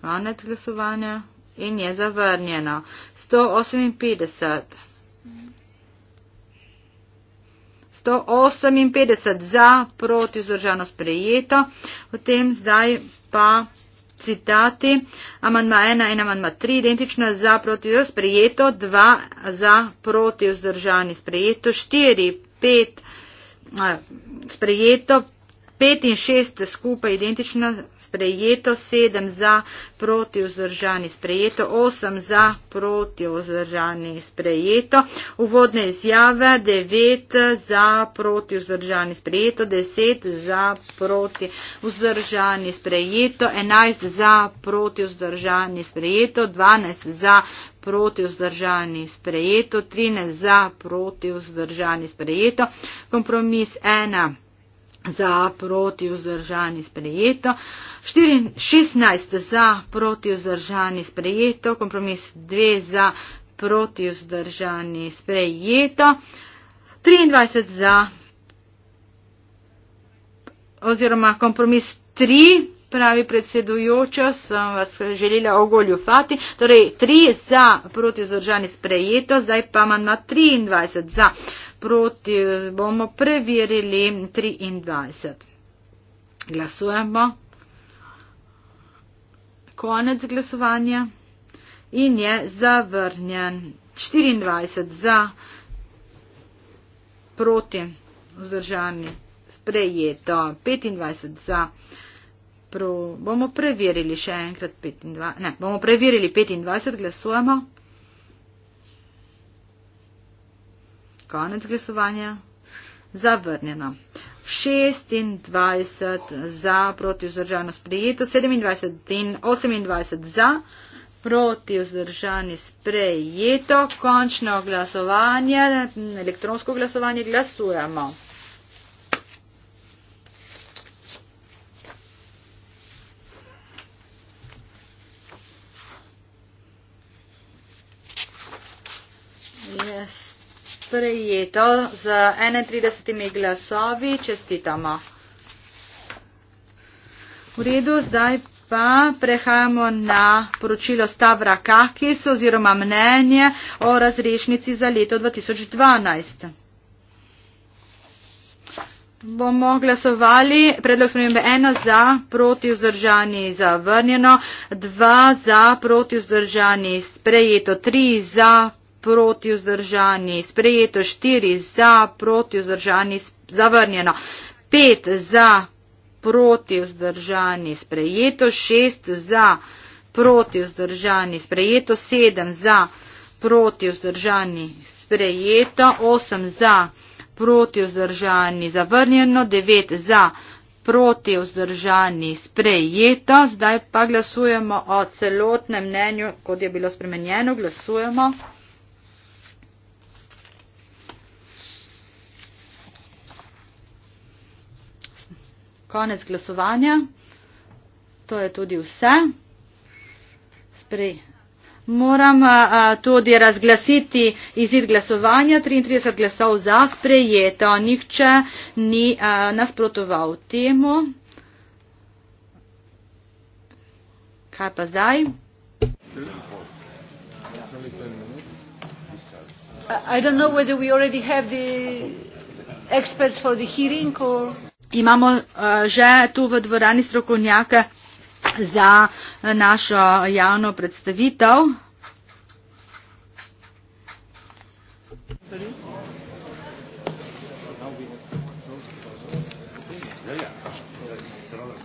Konec glasovanja in je zavrnjeno. 158. 158 za, proti vzdržano sprejeto. Potem zdaj pa citati. Amandma 1 in amandma 3 identična za, proti vzdržano sprejeto. 2 za, proti vzdržano sprejeto. 4, 5 eh, sprejeto, 5 in 6 skupaj identično sprejeto, 7 za, proti vzdržani sprejeto, 8 za, proti vzdržani sprejeto, uvodne izjave 9 za, proti vzdržani sprejeto, 10 za, proti vzdržani sprejeto, 11 za, proti vzdržani sprejeto, 12 za, proti vzdržani sprejeto, 13 za, proti vzdržani sprejeto, kompromis 1 za, proti, vzdržani, sprejeto, 16 za, proti, vzdržani, sprejeto, kompromis 2 za, proti, vzdržani, sprejeto, 23 za, oziroma kompromis 3, pravi predsedujoča, sem vas želela ogoljufati, torej 3 za, proti, vzdržani, sprejeto, zdaj pa manj na 23 za, proti bomo preverili 23. Glasujemo. Konec glasovanja in je zavrnjen. 24 za, proti, vzdržani, sprejeto. 25 za, pro, bomo preverili še enkrat 25, ne, bomo preverili 25, glasujemo. Konec glasovanja. Zavrnjeno. 26 za, proti vzdržano sprejeto, 27 in 28 za, proti vzdržani sprejeto. Končno glasovanje, elektronsko glasovanje, glasujemo. sprejeto z 31 glasovi. Čestitamo. V redu, zdaj pa prehajamo na poročilo Stavra Kakis oziroma mnenje o razrešnici za leto 2012. Bomo glasovali predlog spremembe 1 za, proti vzdržani zavrnjeno, 2 za, proti vzdržani sprejeto, 3 za, proti vzdržani, sprejeto štiri za, proti vzdržani, zavrnjeno pet za, proti vzdržani, sprejeto šest za, proti vzdržani, sprejeto sedem za, proti vzdržani, sprejeto osem za, proti vzdržani, zavrnjeno devet za, proti vzdržani, sprejeto. Zdaj pa glasujemo o celotnem mnenju, kot je bilo spremenjeno, glasujemo. konec glasovanja. To je tudi vse. Sprej. Moram a, tudi razglasiti izid glasovanja. 33 glasov za sprejeto. Nihče ni a, nasprotoval temu. Kaj pa zdaj? I don't know whether we already have the experts for the hearing or imamo eh, že tu v dvorani strokovnjake za eh, našo javno predstavitev. Hvala.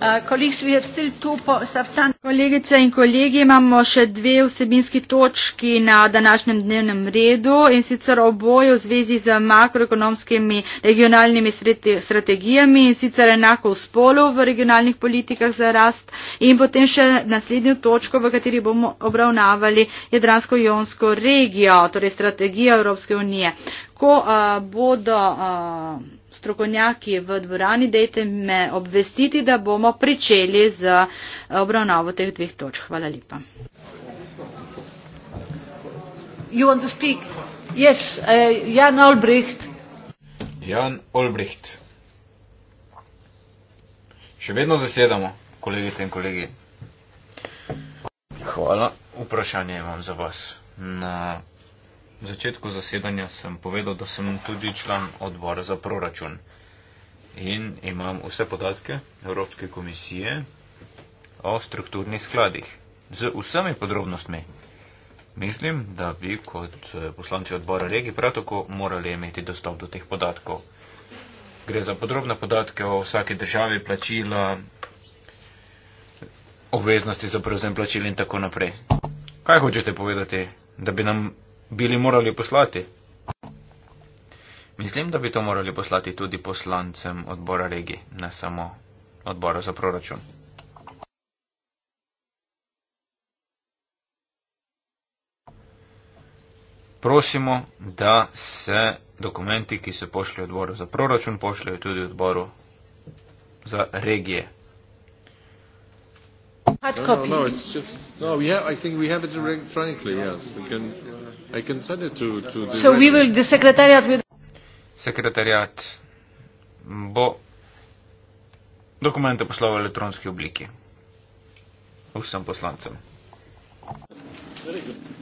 Uh, kolegice in kolegi imamo še dve vsebinski točki na današnjem dnevnem redu in sicer oboje v zvezi z makroekonomskimi regionalnimi strategijami in sicer enako v spolu v regionalnih politikah za rast in potem še naslednjo točko, v kateri bomo obravnavali jedransko-jonsko regijo, torej strategijo Evropske unije. Ko uh, bodo uh, strokovnjaki v dvorani, dejte me obvestiti, da bomo pričeli z eh, obravnavo teh dveh točk. Hvala lepa. Eh, Jan yes, uh, Olbricht. Jan Olbricht. Še vedno zasedamo, kolegice in kolegi. Hvala. Vprašanje imam za vas. Na V začetku zasedanja sem povedal, da sem tudi član odbora za proračun in imam vse podatke Evropske komisije o strukturnih skladih z vsemi podrobnostmi. Mislim, da bi kot eh, poslanci odbora regi prav tako morali imeti dostop do teh podatkov. Gre za podrobne podatke o vsaki državi, plačila, obveznosti za prevzem plačil in tako naprej. Kaj hočete povedati, da bi nam bili morali poslati? Mislim, da bi to morali poslati tudi poslancem odbora regi, ne samo odbora za proračun. Prosimo, da se dokumenti, ki se pošljajo odboru za proračun, pošljajo tudi odboru za regije hard no, no copy. No, no, it's just. No, we have, I think we have it electronically, yes. We can, I can send it to, to the. So we will, the Secretariat will. Secretariat. Bo dokumente poslal v elektronski obliki. Vsem poslancem.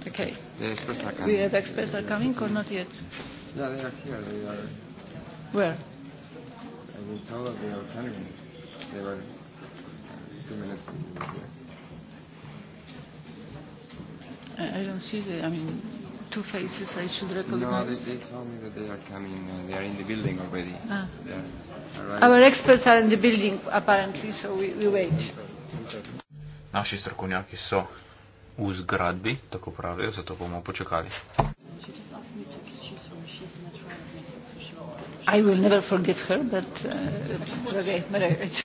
Okay. The experts are coming. We have experts are coming or not yet? Yeah, they are here. They are. Where? I will tell that they are coming. They were two minutes here. I don't see the. I mean, two faces. I should recognize. No, they, they told me that they are coming. Uh, they are in the building already. Ah. Our experts are in the building apparently, so we, we wait. Naši strokovnjaki so v zgradbi, tako pravijo, zato bomo počakali. I will never forgive her, but uh, it's okay.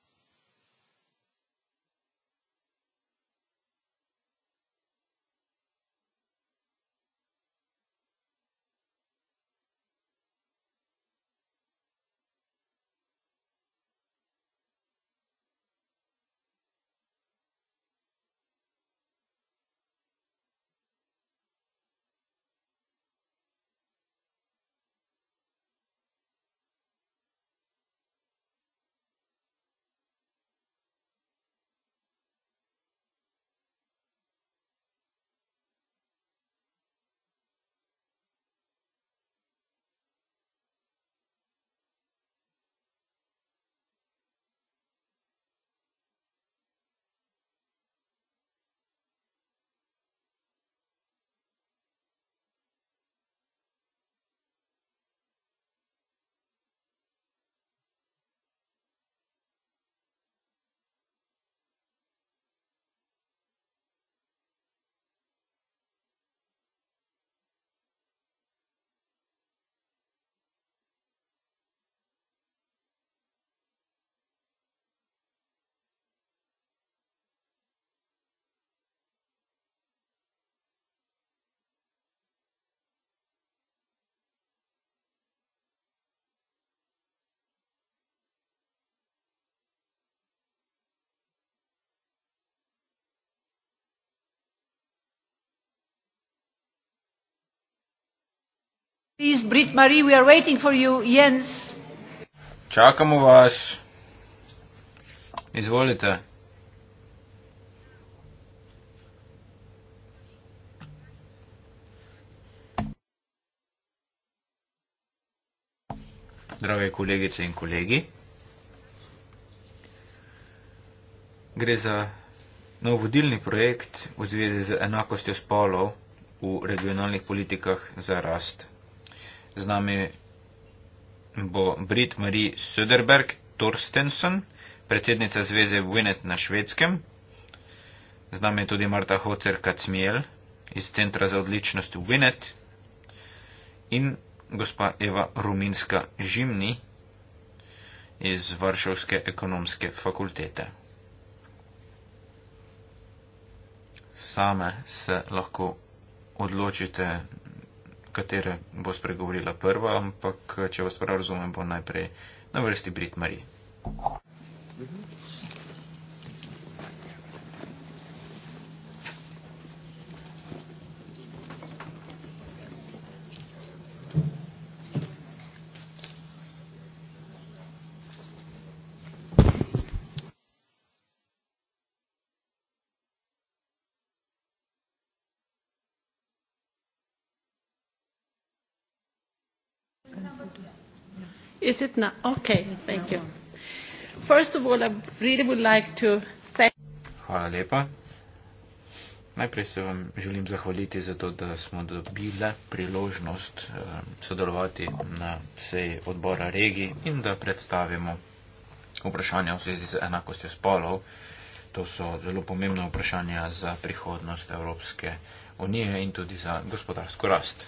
Please, Brit Marie, we are waiting for you, Jens. Čakamo vas. Izvolite. Drage kolegice in kolegi, gre za nov vodilni projekt v zvezi z enakostjo spolov v regionalnih politikah za rast. Z nami bo Brit Marie Söderberg Torstensson, predsednica zveze Winnet na švedskem. Z nami je tudi Marta Hocer Kacmiel iz Centra za odličnost Winnet in gospa Eva Ruminska Žimni iz Varšavske ekonomske fakultete. Same se lahko odločite katere bo spregovorila prva, ampak če vas prav razumem, bo najprej na vrsti Brit Marie. Mhm. Hvala lepa. Najprej se vam želim zahvaliti za to, da smo dobili priložnost eh, sodelovati na seji odbora regij in da predstavimo vprašanja v zvezi z enakostjo spolov. To so zelo pomembna vprašanja za prihodnost Evropske unije in tudi za gospodarsko rast.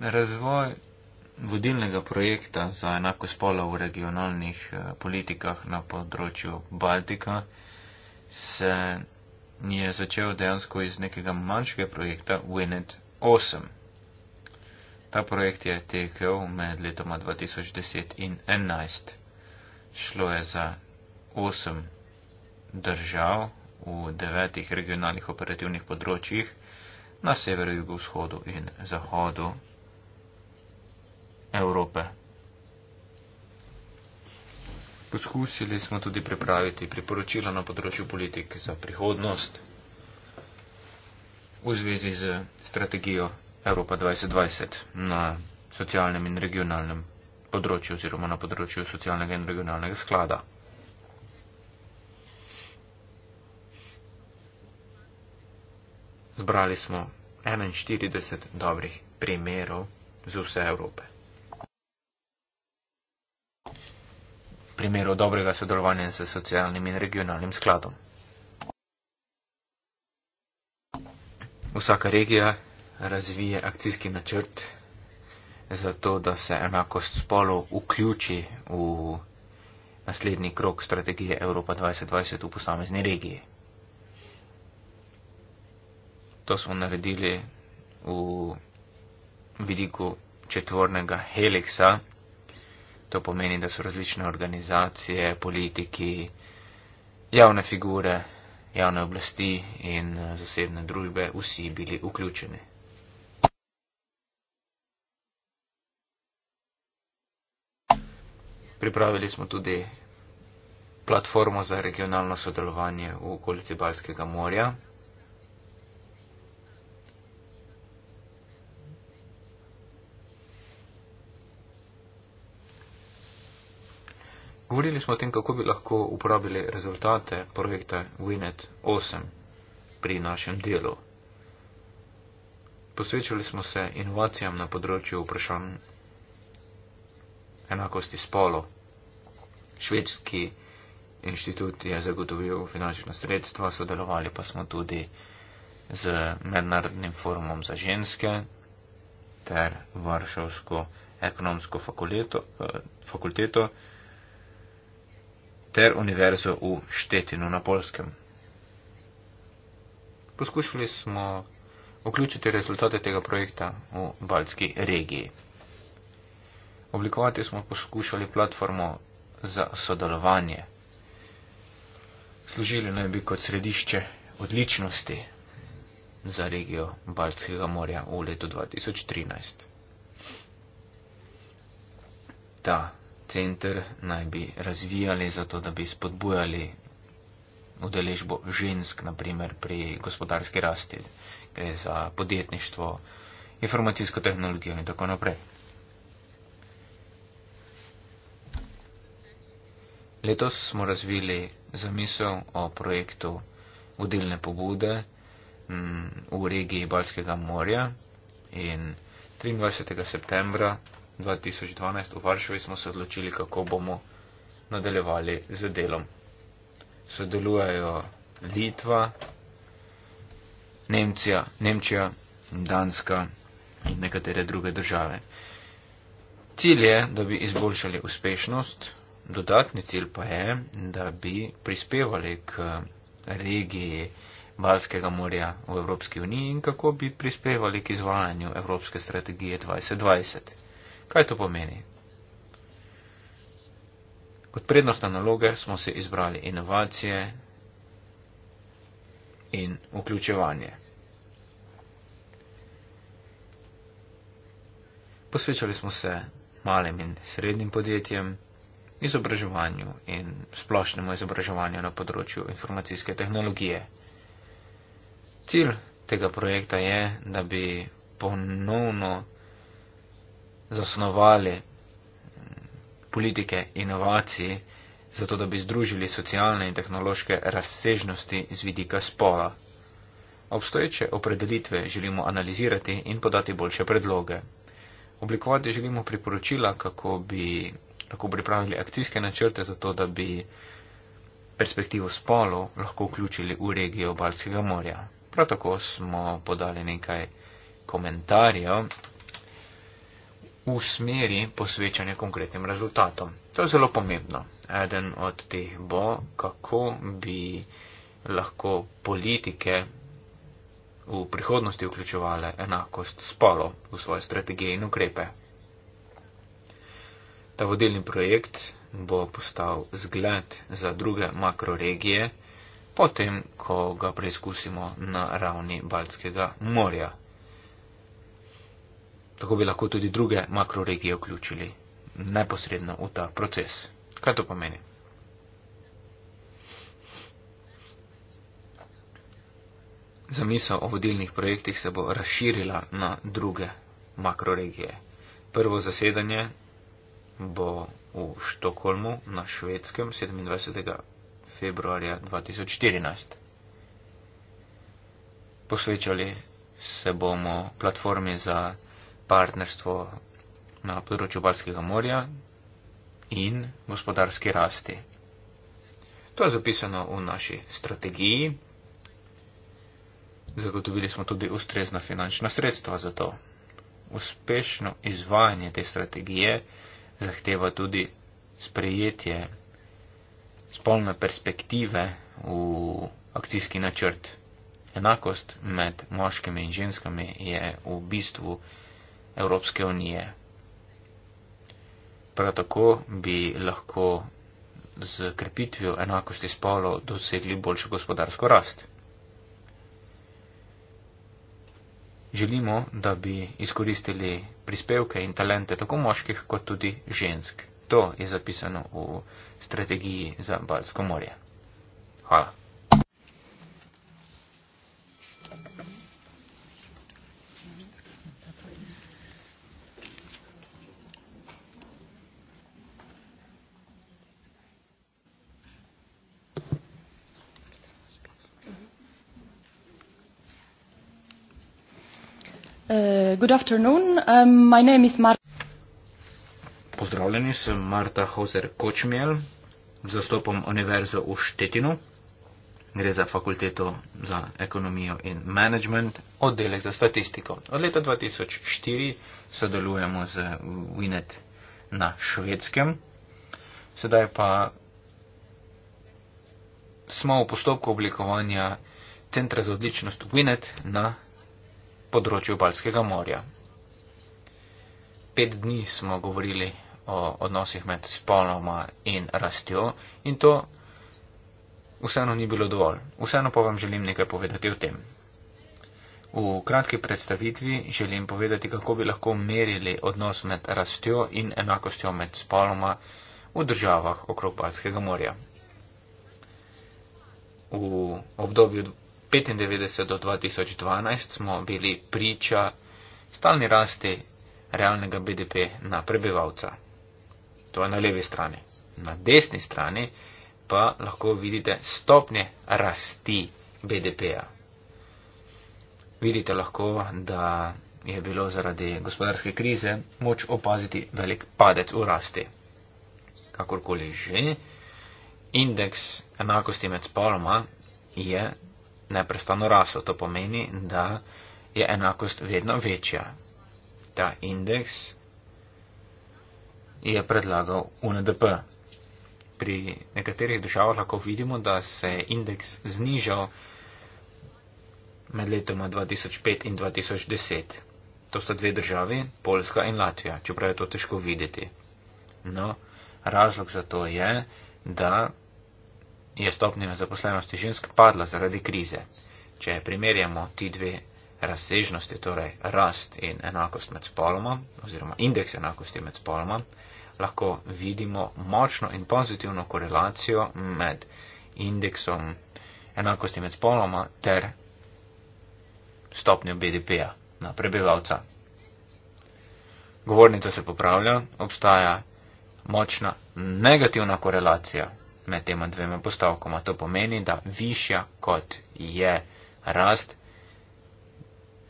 razvoj vodilnega projekta za enako spola v regionalnih eh, politikah na področju Baltika se je začel dejansko iz nekega manjšega projekta Winet 8. Ta projekt je tekel med letoma 2010 in 2011. Šlo je za 8 držav v devetih regionalnih operativnih področjih na severu, jugovzhodu in zahodu Evrope. Poskusili smo tudi pripraviti priporočila na področju politik za prihodnost v zvezi z strategijo Evropa 2020 na socialnem in regionalnem področju oziroma na področju socialnega in regionalnega sklada. Zbrali smo 41 dobrih primerov z vse Evrope. primeru dobrega sodelovanja z socialnim in regionalnim skladom. Vsaka regija razvije akcijski načrt za to, da se enakost spolov vključi v naslednji krok strategije Evropa 2020 v posamezni regiji. To smo naredili v vidiku četvornega heliksa. To pomeni, da so različne organizacije, politiki, javne figure, javne oblasti in eh, zasebne družbe vsi bili vključeni. Pripravili smo tudi platformo za regionalno sodelovanje v okolici Balskega morja. Govorili smo o tem, kako bi lahko uporabili rezultate projekta Winet 8 pri našem delu. Posvečali smo se inovacijam na področju vprašanj enakosti spolo. Švedski inštitut je zagotovil finančno sredstvo, sodelovali pa smo tudi z Mednarodnim forumom za ženske ter Varšavsko ekonomsko fakulteto. Eh, fakulteto ter univerzo v Štetinu na Polskem. Poskušali smo vključiti rezultate tega projekta v Baltski regiji. Oblikovati smo poskušali platformo za sodelovanje. Služili naj bi kot središče odličnosti za regijo Baltskega morja v letu 2013. Da center naj bi razvijali, zato da bi spodbujali udeležbo žensk, naprimer pri gospodarski rasti, gre za podjetništvo, informacijsko tehnologijo in tako naprej. Letos smo razvili zamisel o projektu vodilne pobude mm, v regiji Balskega morja in 23. septembra 2012 v Varšavi smo se odločili, kako bomo nadaljevali z delom. Sodelujejo Litva, Nemcija, Nemčija, Danska in nekatere druge države. Cilj je, da bi izboljšali uspešnost, dodatni cilj pa je, da bi prispevali k regiji Balskega morja v Evropski uniji in kako bi prispevali k izvajanju Evropske strategije 2020. Kaj to pomeni? Kot prednostne naloge smo si izbrali inovacije in vključevanje. Posvečali smo se malim in srednjim podjetjem, izobraževanju in splošnemu izobraževanju na področju informacijske tehnologije. Cilj tega projekta je, da bi ponovno zasnovali mm, politike inovacij, zato da bi združili socialne in tehnološke razsežnosti z vidika spola. Obstoječe opredelitve želimo analizirati in podati boljše predloge. Oblikovati želimo priporočila, kako bi lahko pripravili akcijske načrte za to, da bi perspektivo spolov lahko vključili v regijo Balskega morja. Prav tako smo podali nekaj komentarjev usmeri posvečanje konkretnim rezultatom. To je zelo pomembno. Eden od teh bo, kako bi lahko politike v prihodnosti vključevale enakost spolov v svoje strategije in ukrepe. Ta vodilni projekt bo postal zgled za druge makroregije, potem ko ga preizkusimo na ravni Baltskega morja. Tako bi lahko tudi druge makroregije vključili neposredno v ta proces. Kaj to pomeni? Zamisel o vodilnih projektih se bo razširila na druge makroregije. Prvo zasedanje bo v Štokholmu na švedskem 27. februarja 2014. Posvečali se bomo platformi za partnerstvo na področju Balskega morja in gospodarski rasti. To je zapisano v naši strategiji. Zagotovili smo tudi ustrezna finančna sredstva za to. Uspešno izvajanje te strategije zahteva tudi sprejetje spolne perspektive v akcijski načrt. Enakost med moškimi in ženskami je v bistvu Evropske unije. Prav tako bi lahko z krepitvijo enakosti spolov dosegli boljšo gospodarsko rast. Želimo, da bi izkoristili prispevke in talente tako moških kot tudi žensk. To je zapisano v strategiji za Balsko morje. Hvala. Um, Pozdravljeni, sem Marta Hauser Kočmjel, zastopam Univerzo v Štetinu, gre za fakulteto za ekonomijo in management, oddelek za statistiko. Od leta 2004 sodelujemo z Winnet na švedskem, sedaj pa smo v postopku oblikovanja Centra za odličnost Winnet na švedskem področju Balskega morja. Pet dni smo govorili o odnosih med spoloma in rastjo in to vseeno ni bilo dovolj. Vseeno pa vam želim nekaj povedati o tem. V kratki predstavitvi želim povedati, kako bi lahko merili odnos med rastjo in enakostjo med spoloma v državah okrog Balskega morja. V obdobju 1995 do 2012 smo bili priča stalni rasti realnega BDP na prebivalca. To je na levi strani. Na desni strani pa lahko vidite stopnje rasti BDP-ja. Vidite lahko, da je bilo zaradi gospodarske krize moč opaziti velik padec v rasti. Kakorkoli že, indeks enakosti med spoloma je neprestano raso. To pomeni, da je enakost vedno večja. Ta indeks je predlagal UNDP. Pri nekaterih državah lahko vidimo, da se je indeks znižal med letoma 2005 in 2010. To sta dve državi, Poljska in Latvija, čeprav je to težko videti. No, razlog za to je, da je stopnja nezaposlenosti žensk padla zaradi krize. Če primerjamo ti dve razsežnosti, torej rast in enakost med spoloma, oziroma indeks enakosti med spoloma, lahko vidimo močno in pozitivno korelacijo med indeksom enakosti med spoloma ter stopnjo BDP-ja na prebivalca. Govornica se popravlja, obstaja močna negativna korelacija med tema dvema postavkoma. To pomeni, da višja kot je rast,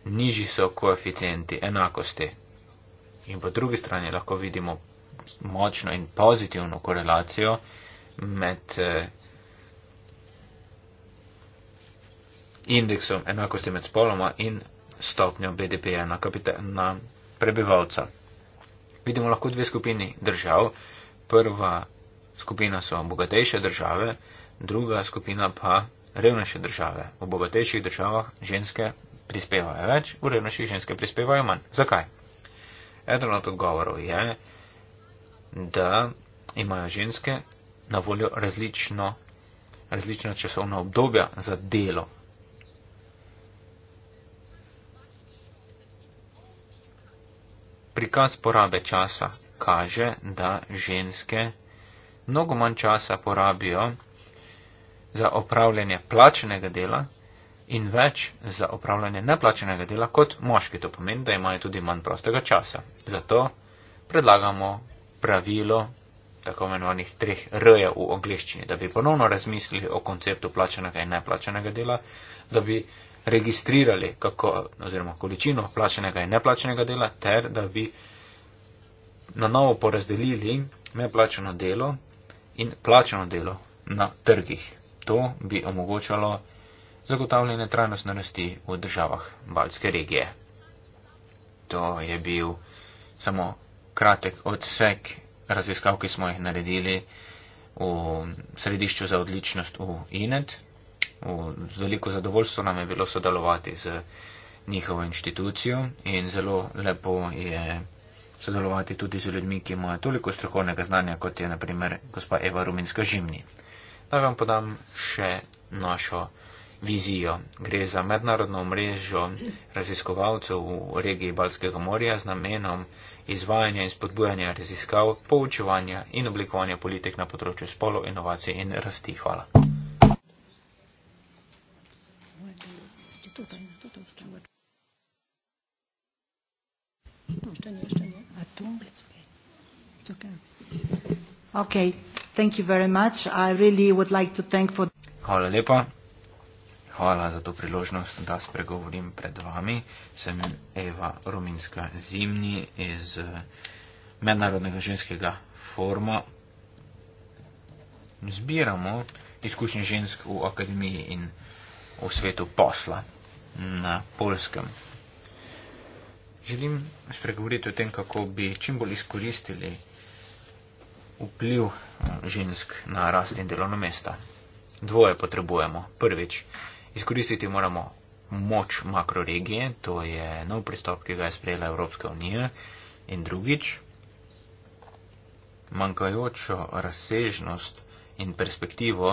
nižji so koeficienti enakosti. In po drugi strani lahko vidimo močno in pozitivno korelacijo med eh, indeksom enakosti med spoloma in stopnjo BDP-ja na, na prebivalca. Vidimo lahko dve skupini držav. Prva skupina so bogatejše države, druga skupina pa revnejše države. V bogatejših državah ženske prispevajo več, v revnejših ženske prispevajo manj. Zakaj? Eden od odgovorov je, da imajo ženske na voljo različno, različno časovno obdobje za delo. Prikaz porabe časa kaže, da ženske mnogo manj časa porabijo za opravljanje plačenega dela in več za opravljanje neplačenega dela kot moški. To pomeni, da imajo tudi manj prostega časa. Zato predlagamo pravilo tako imenovanih treh R-jev v angliščini, da bi ponovno razmislili o konceptu plačenega in neplačenega dela, da bi registrirali kako, oziroma količino plačenega in neplačenega dela, ter da bi na novo porazdelili neplačeno delo in plačano delo na trgih. To bi omogočalo zagotavljanje trajnostne rasti v državah Balske regije. To je bil samo kratek odsek raziskav, ki smo jih naredili v središču za odličnost v INET. Z veliko zadovoljstvo nam je bilo sodelovati z njihovo inštitucijo in zelo lepo je sodelovati tudi z ljudmi, ki imajo toliko strokovnega znanja, kot je naprimer gospa Eva Ruminska Žimni. Naj vam podam še našo vizijo. Gre za mednarodno mrežo raziskovalcev v regiji Balskega morja z namenom izvajanja in spodbujanja raziskav, poučevanja in oblikovanja politik na področju spolov, inovacij in rasti. Hvala. Tutaj, tutaj, tutaj. No, jeszcze nie jeszcze doing. It's okay. It's okay. Okay. Thank you very much. I really would like to thank for. Hvala lepa. Hvala za to priložnost, da spregovorim pred vami. Sem Eva Rominska Zimni iz eh, Mednarodnega ženskega foruma. Zbiramo izkušnje žensk v akademiji in v svetu posla na polskem. Želim spregovoriti o tem, kako bi čim bolj izkoristili vpliv eh, žensk na rast in delovno mesto. Dvoje potrebujemo. Prvič, izkoristiti moramo moč makroregije, to je nov pristop, ki ga je sprejela Evropska unija. In drugič, manjkajočo razsežnost in perspektivo,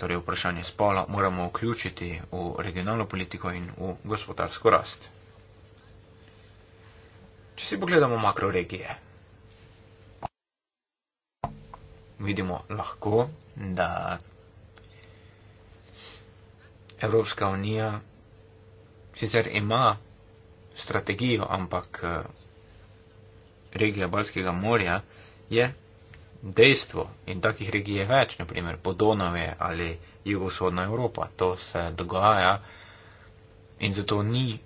torej vprašanje spola, moramo vključiti v regionalno politiko in v gospodarsko rast. Če si pogledamo makroregije, vidimo lahko, da Evropska unija sicer ima strategijo, ampak eh, regija Balskega morja je dejstvo in takih regij je več, naprimer Podonove ali jugovzhodna Evropa. To se dogaja in zato ni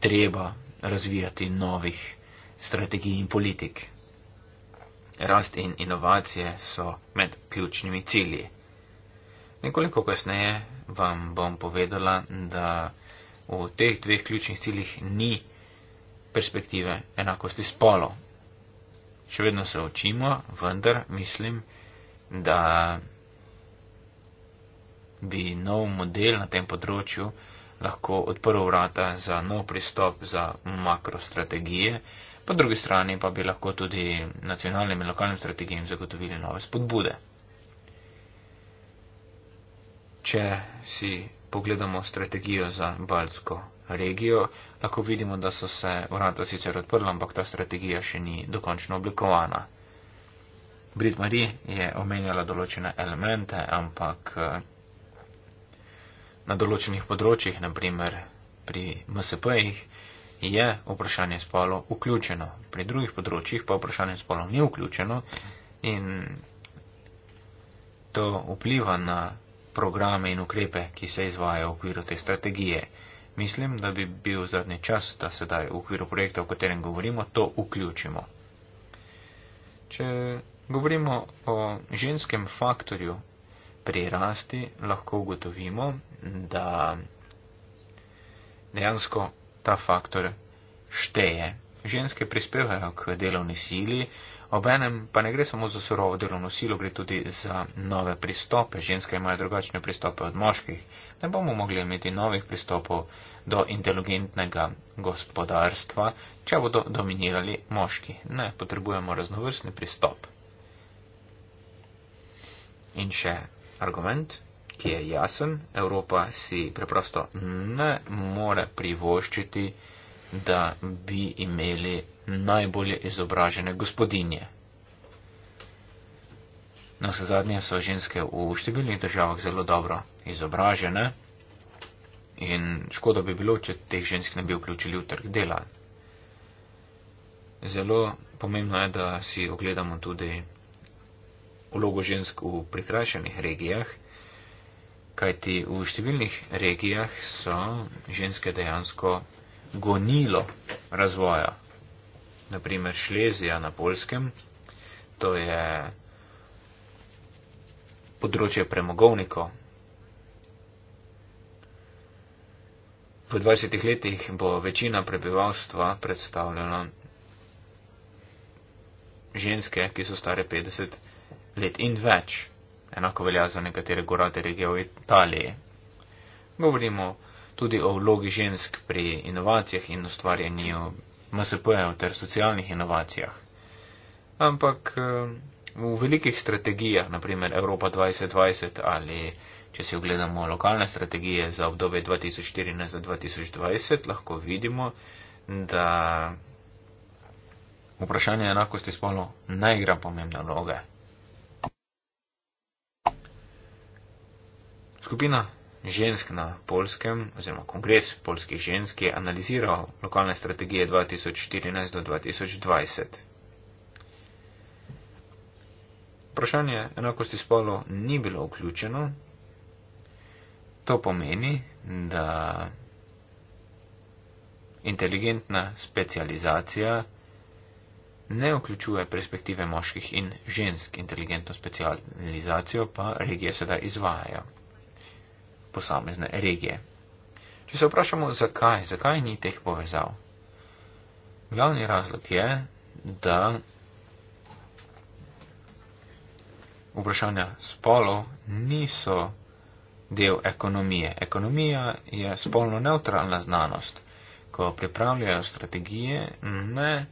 treba razvijati novih strategij in politik. Rast in inovacije so med ključnimi cilji. Nekoliko kasneje vam bom povedala, da v teh dveh ključnih ciljih ni perspektive enakosti spolov. Še vedno se učimo, vendar mislim, da bi nov model na tem področju lahko odprl vrata za nov pristop za makrostrategije, po drugi strani pa bi lahko tudi nacionalnim in lokalnim strategijam zagotovili nove spodbude. Če si pogledamo strategijo za Balsko regijo, lahko vidimo, da so se vrata sicer odprla, ampak ta strategija še ni dokončno oblikovana. Brit Marie je omenjala določene elemente, ampak eh, na določenih področjih, naprimer pri MSP-jih, je vprašanje spolov vključeno. Pri drugih področjih pa vprašanje spolov ni vključeno in to vpliva na programe in ukrepe, ki se izvajo v okviru te strategije. Mislim, da bi bil zadnji čas, da sedaj v okviru projekta, o katerem govorimo, to vključimo. Če govorimo o ženskem faktorju pri rasti lahko ugotovimo, da dejansko ta faktor šteje. Ženske prispevajo k delovni sili, obenem pa ne gre samo za surovo delovno silo, gre tudi za nove pristope. Ženske imajo drugačne pristope od moških. Ne bomo mogli imeti novih pristopov do inteligentnega gospodarstva, če bodo dominirali moški. Ne, potrebujemo raznovrstni pristop. In še argument, ki je jasen. Evropa si preprosto ne more privoščiti, da bi imeli najbolje izobražene gospodinje. Na vse zadnje so ženske v številnih državah zelo dobro izobražene in škoda bi bilo, če teh žensk ne bi vključili v trg dela. Zelo pomembno je, da si ogledamo tudi vlogo žensk v prikrajšanih regijah, kajti v številnih regijah so ženske dejansko gonilo razvoja. Naprimer Šlezija na Polskem, to je področje premogovnikov. V 20 letih bo večina prebivalstva predstavljena ženske, ki so stare 50 let let in več. Enako velja za nekatere gorate regije v Italiji. Govorimo tudi o vlogi žensk pri inovacijah in ustvarjanju MSP-jev ter socialnih inovacijah. Ampak eh, v velikih strategijah, naprimer Evropa 2020 ali če si ogledamo lokalne strategije za obdobje 2014-2020, lahko vidimo, da vprašanje enakosti spolno ne igra pomembne vloge. Skupina žensk na polskem oziroma kongres polskih žensk je analiziral lokalne strategije 2014 do 2020. Vprašanje enakosti spolov ni bilo vključeno. To pomeni, da inteligentna specializacija ne vključuje perspektive moških in žensk. Inteligentno specializacijo pa regije sedaj izvajajo posamezne regije. Če se vprašamo, zakaj, zakaj ni teh povezav? Glavni razlog je, da vprašanja spolov niso del ekonomije. Ekonomija je spolno neutralna znanost. Ko pripravljajo strategije, ne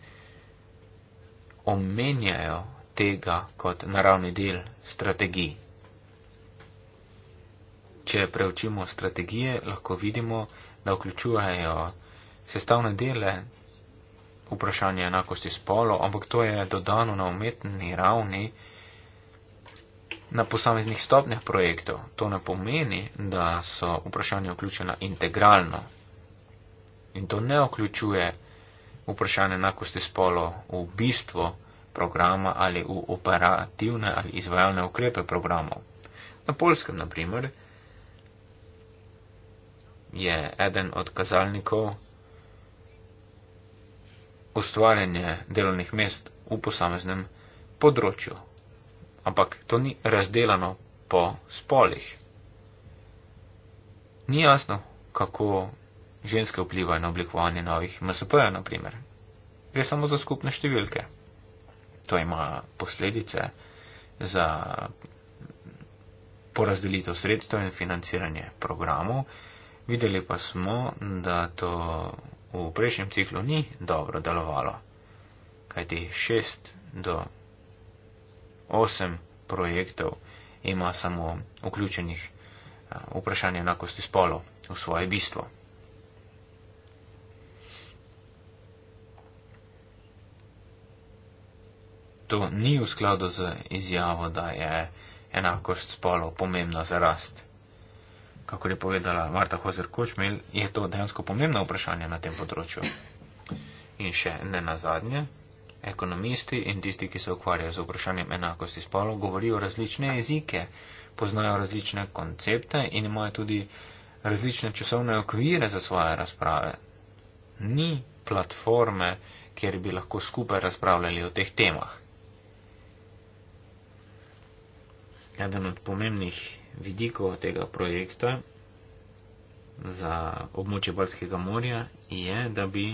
omenjajo tega kot naravni del strategij. Če preučimo strategije, lahko vidimo, da vključujejo sestavne dele vprašanje enakosti spolo, ampak to je dodano na umetni ravni na posameznih stopnjah projektov. To ne pomeni, da so vprašanja vključena integralno. In to ne vključuje vprašanje enakosti spolo v bistvo programa ali v operativne ali izvajalne ukrepe programov. Na polskem, na primer, je eden od kazalnikov ustvarjanje delovnih mest v posameznem področju. Ampak to ni razdeljeno po spolih. Ni jasno, kako ženske vplivajo na oblikovanje novih MSP-ja, naprimer. Gre samo za skupne številke. To ima posledice za porazdelitev sredstev in financiranje programov, Videli pa smo, da to v prejšnjem ciklu ni dobro delovalo, kajti 6 do 8 projektov ima samo vključenih vprašanje enakosti spolov v svoje bistvo. To ni v skladu z izjavo, da je enakost spolov pomembna za rast kako je povedala Marta Hozer-Kočmel, je to dejansko pomembno vprašanje na tem področju. In še ne nazadnje, ekonomisti in tisti, ki se ukvarjajo z vprašanjem enakosti spolov, govorijo različne jezike, poznajo različne koncepte in imajo tudi različne časovne okvire za svoje razprave. Ni platforme, kjer bi lahko skupaj razpravljali o teh temah. Eden od pomembnih vidikov tega projekta za območje Balskega morja je, da bi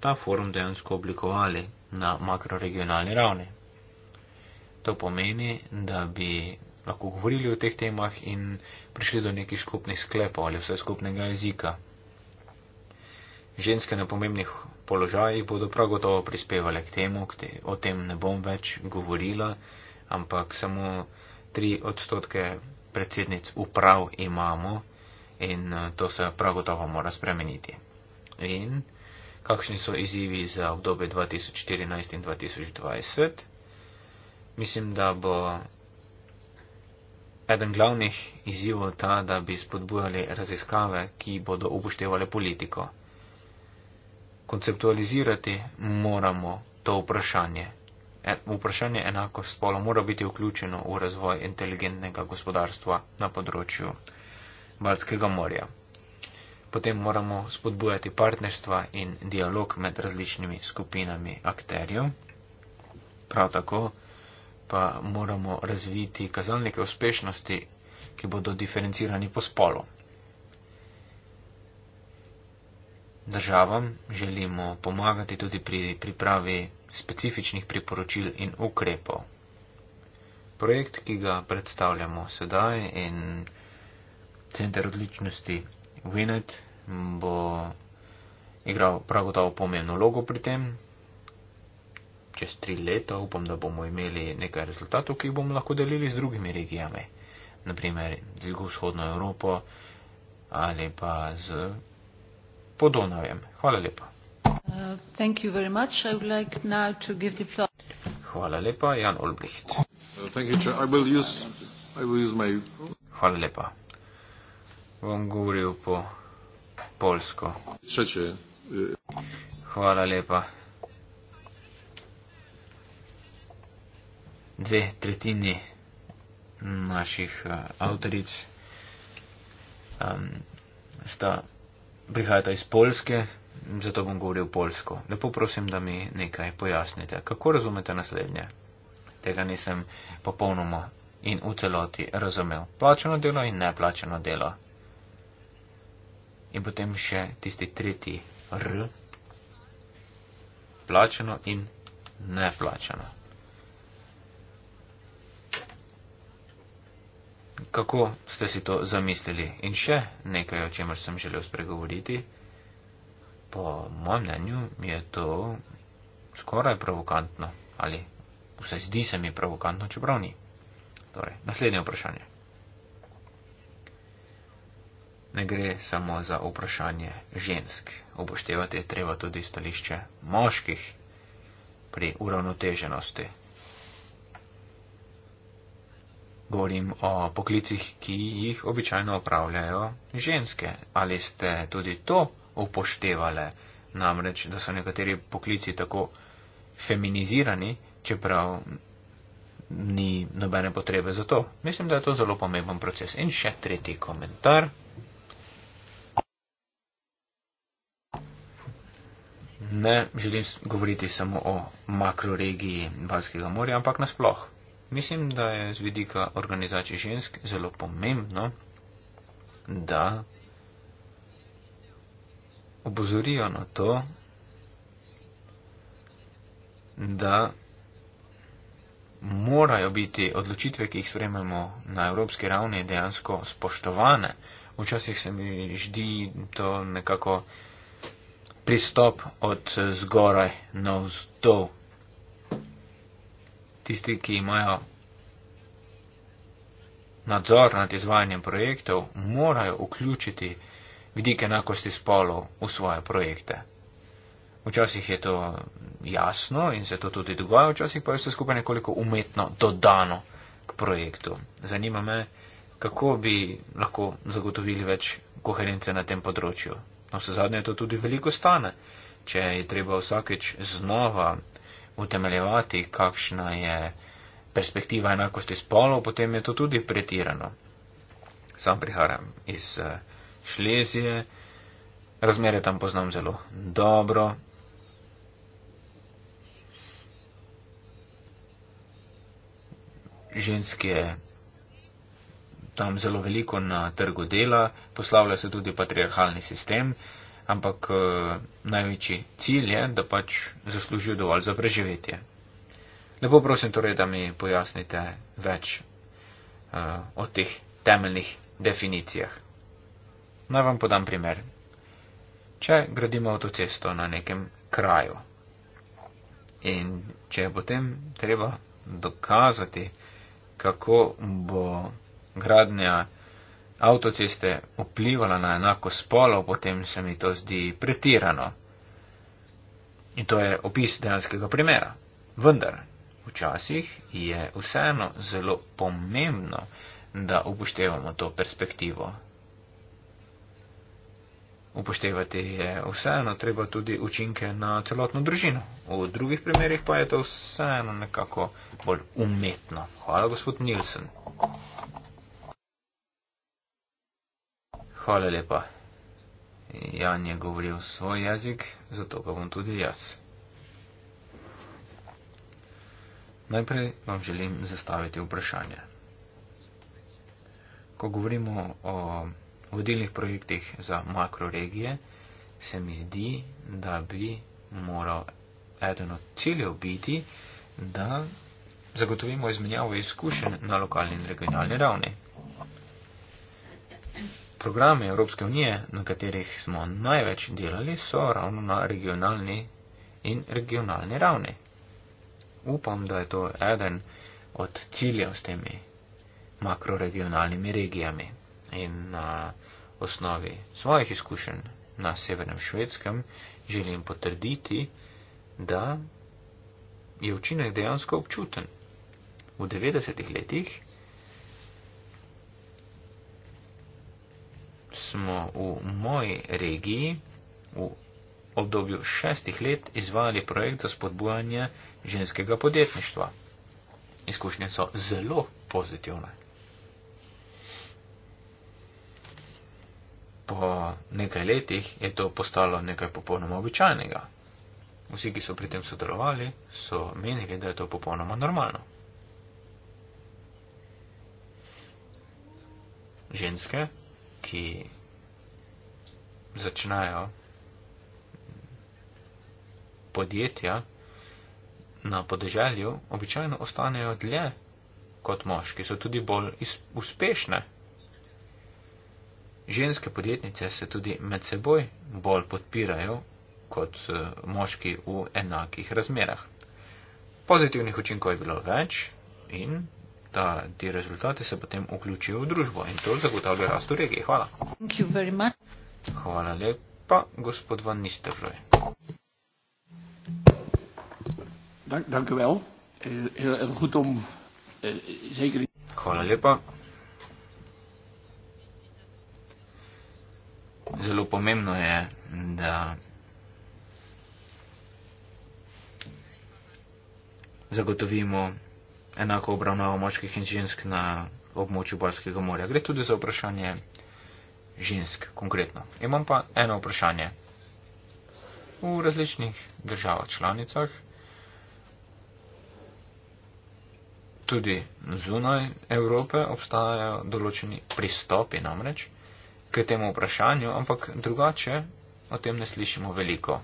ta forum dejansko oblikovali na makroregionalni ravni. To pomeni, da bi lahko govorili o teh temah in prišli do nekih skupnih sklepov ali vse skupnega jezika. Ženske na pomembnih položajih bodo prav gotovo prispevali k temu, k te, o tem ne bom več govorila, ampak samo tri odstotke predsednic uprav imamo in eh, to se prav gotovo mora spremeniti. In kakšni so izzivi za obdobje 2014 in 2020? Mislim, da bo eden glavnih izzivov ta, da bi spodbujali raziskave, ki bodo upoštevale politiko. Konceptualizirati moramo to vprašanje vprašanje enakost spola mora biti vključeno v razvoj inteligentnega gospodarstva na področju Balskega morja. Potem moramo spodbujati partnerstva in dialog med različnimi skupinami akterjev. Prav tako pa moramo razviti kazalnike uspešnosti, ki bodo diferencirani po spolu. Državam želimo pomagati tudi pri pripravi specifičnih priporočil in ukrepov. Projekt, ki ga predstavljamo sedaj in center odličnosti Winet bo igral prav gotovo pomembno logo pri tem. Čez tri leta upam, da bomo imeli nekaj rezultatov, ki jih bomo lahko delili z drugimi regijami, naprimer z jugovzhodno Evropo ali pa z Podonavjem. Hvala lepa. Uh, Hvala lepa. Jan Olbricht. Uh, Hvala lepa. Bom govoril po polsko. Uh, Hvala lepa. Dve tretjini naših avtoric um, sta prihajata iz Polske zato bom govoril polsko. Lepo prosim, da mi nekaj pojasnite. Kako razumete naslednje? Tega nisem popolnoma in v celoti razumel. Plačeno delo in neplačeno delo. In potem še tisti tretji R. Plačeno in neplačeno. Kako ste si to zamislili? In še nekaj, o čemer sem želel spregovoriti po mojem mnenju mi je to skoraj provokantno. Ali vse zdi se mi provokantno, čeprav ni. Torej, naslednje vprašanje. Ne gre samo za vprašanje žensk. Upoštevati je treba tudi stališče moških pri uravnoteženosti. Govorim o poklicih, ki jih običajno opravljajo ženske. Ali ste tudi to upoštevale. Namreč, da so nekateri poklici tako feminizirani, čeprav ni nobene potrebe za to. Mislim, da je to zelo pomemben proces. In še tretji komentar. Ne želim govoriti samo o makroregiji Balskega morja, ampak nasploh. Mislim, da je z vidika organizacije žensk zelo pomembno, da obozorijo na to, da morajo biti odločitve, ki jih sprememo na evropski ravni, dejansko spoštovane. Včasih se mi ždi to nekako pristop od zgoraj na vzdolj. Tisti, ki imajo nadzor nad izvajanjem projektov, morajo vključiti vidik enakosti spolov v svoje projekte. Včasih je to jasno in se to tudi dogaja, včasih pa je vse skupaj nekoliko umetno dodano k projektu. Zanima me, kako bi lahko zagotovili več koherence na tem področju. No, vse zadnje je to tudi veliko stane, če je treba vsakeč znova utemeljevati, kakšna je perspektiva enakosti spolov, potem je to tudi pretirano. Sam prihajam iz. Eh, Šlezije, razmere tam poznam zelo dobro. Ženske je tam zelo veliko na trgu dela, poslavlja se tudi patriarhalni sistem, ampak eh, največji cilj je, da pač zaslužijo dovolj za preživetje. Lepo prosim torej, da mi pojasnite več uh, o teh temeljnih definicijah. Naj vam podam primer. Če gradimo avtocesto na nekem kraju in če je potem treba dokazati, kako bo gradnja avtoceste vplivala na enako spolo, potem se mi to zdi pretirano. In to je opis dejanskega primera. Vendar, včasih je vseeno zelo pomembno, da upoštevamo to perspektivo upoštevati je vseeno treba tudi učinke na celotno družino. V drugih primerjih pa je to vseeno nekako bolj umetno. Hvala, gospod Nilsen. Hvala lepa. Jan je govoril svoj jezik, zato ga bom tudi jaz. Najprej vam želim zastaviti vprašanje. Ko govorimo o vodilnih projektih za makroregije, se mi zdi, da bi moral eden od ciljev biti, da zagotovimo izmenjavo izkušenj na lokalni in regionalni ravni. Programe Evropske unije, na katerih smo največ delali, so ravno na regionalni in regionalni ravni. Upam, da je to eden od ciljev s temi makroregionalnimi regijami in na osnovi svojih izkušenj na severnem švedskem želim potrditi, da je učinek dejansko občuten. V 90-ih letih smo v moji regiji v obdobju šestih let izvajali projekt za spodbujanje ženskega podjetništva. Izkušnje so zelo pozitivne. po nekaj letih je to postalo nekaj popolnoma običajnega. Vsi, ki so pri tem sodelovali, so menili, da je to popolnoma normalno. Ženske, ki začnejo podjetja na podeželju, običajno ostanejo dlje kot moški, so tudi bolj uspešne. Ženske podjetnice se tudi med seboj bolj podpirajo kot eh, moški v enakih razmerah. Pozitivnih učinkov je bilo več in da ti rezultati se potem vključijo v družbo in to zagotavlja rast v regiji. Hvala. Hvala lepa, gospod Van Nistelrooy. Eh, eh, Hvala lepa. zelo pomembno je, da zagotovimo enako obravnavo moških in žensk na območju Balskega morja. Gre tudi za vprašanje žensk konkretno. Imam pa eno vprašanje. V različnih državah članicah, tudi zunaj Evrope, obstajajo določeni pristopi namreč k temu vprašanju, ampak drugače o tem ne slišimo veliko.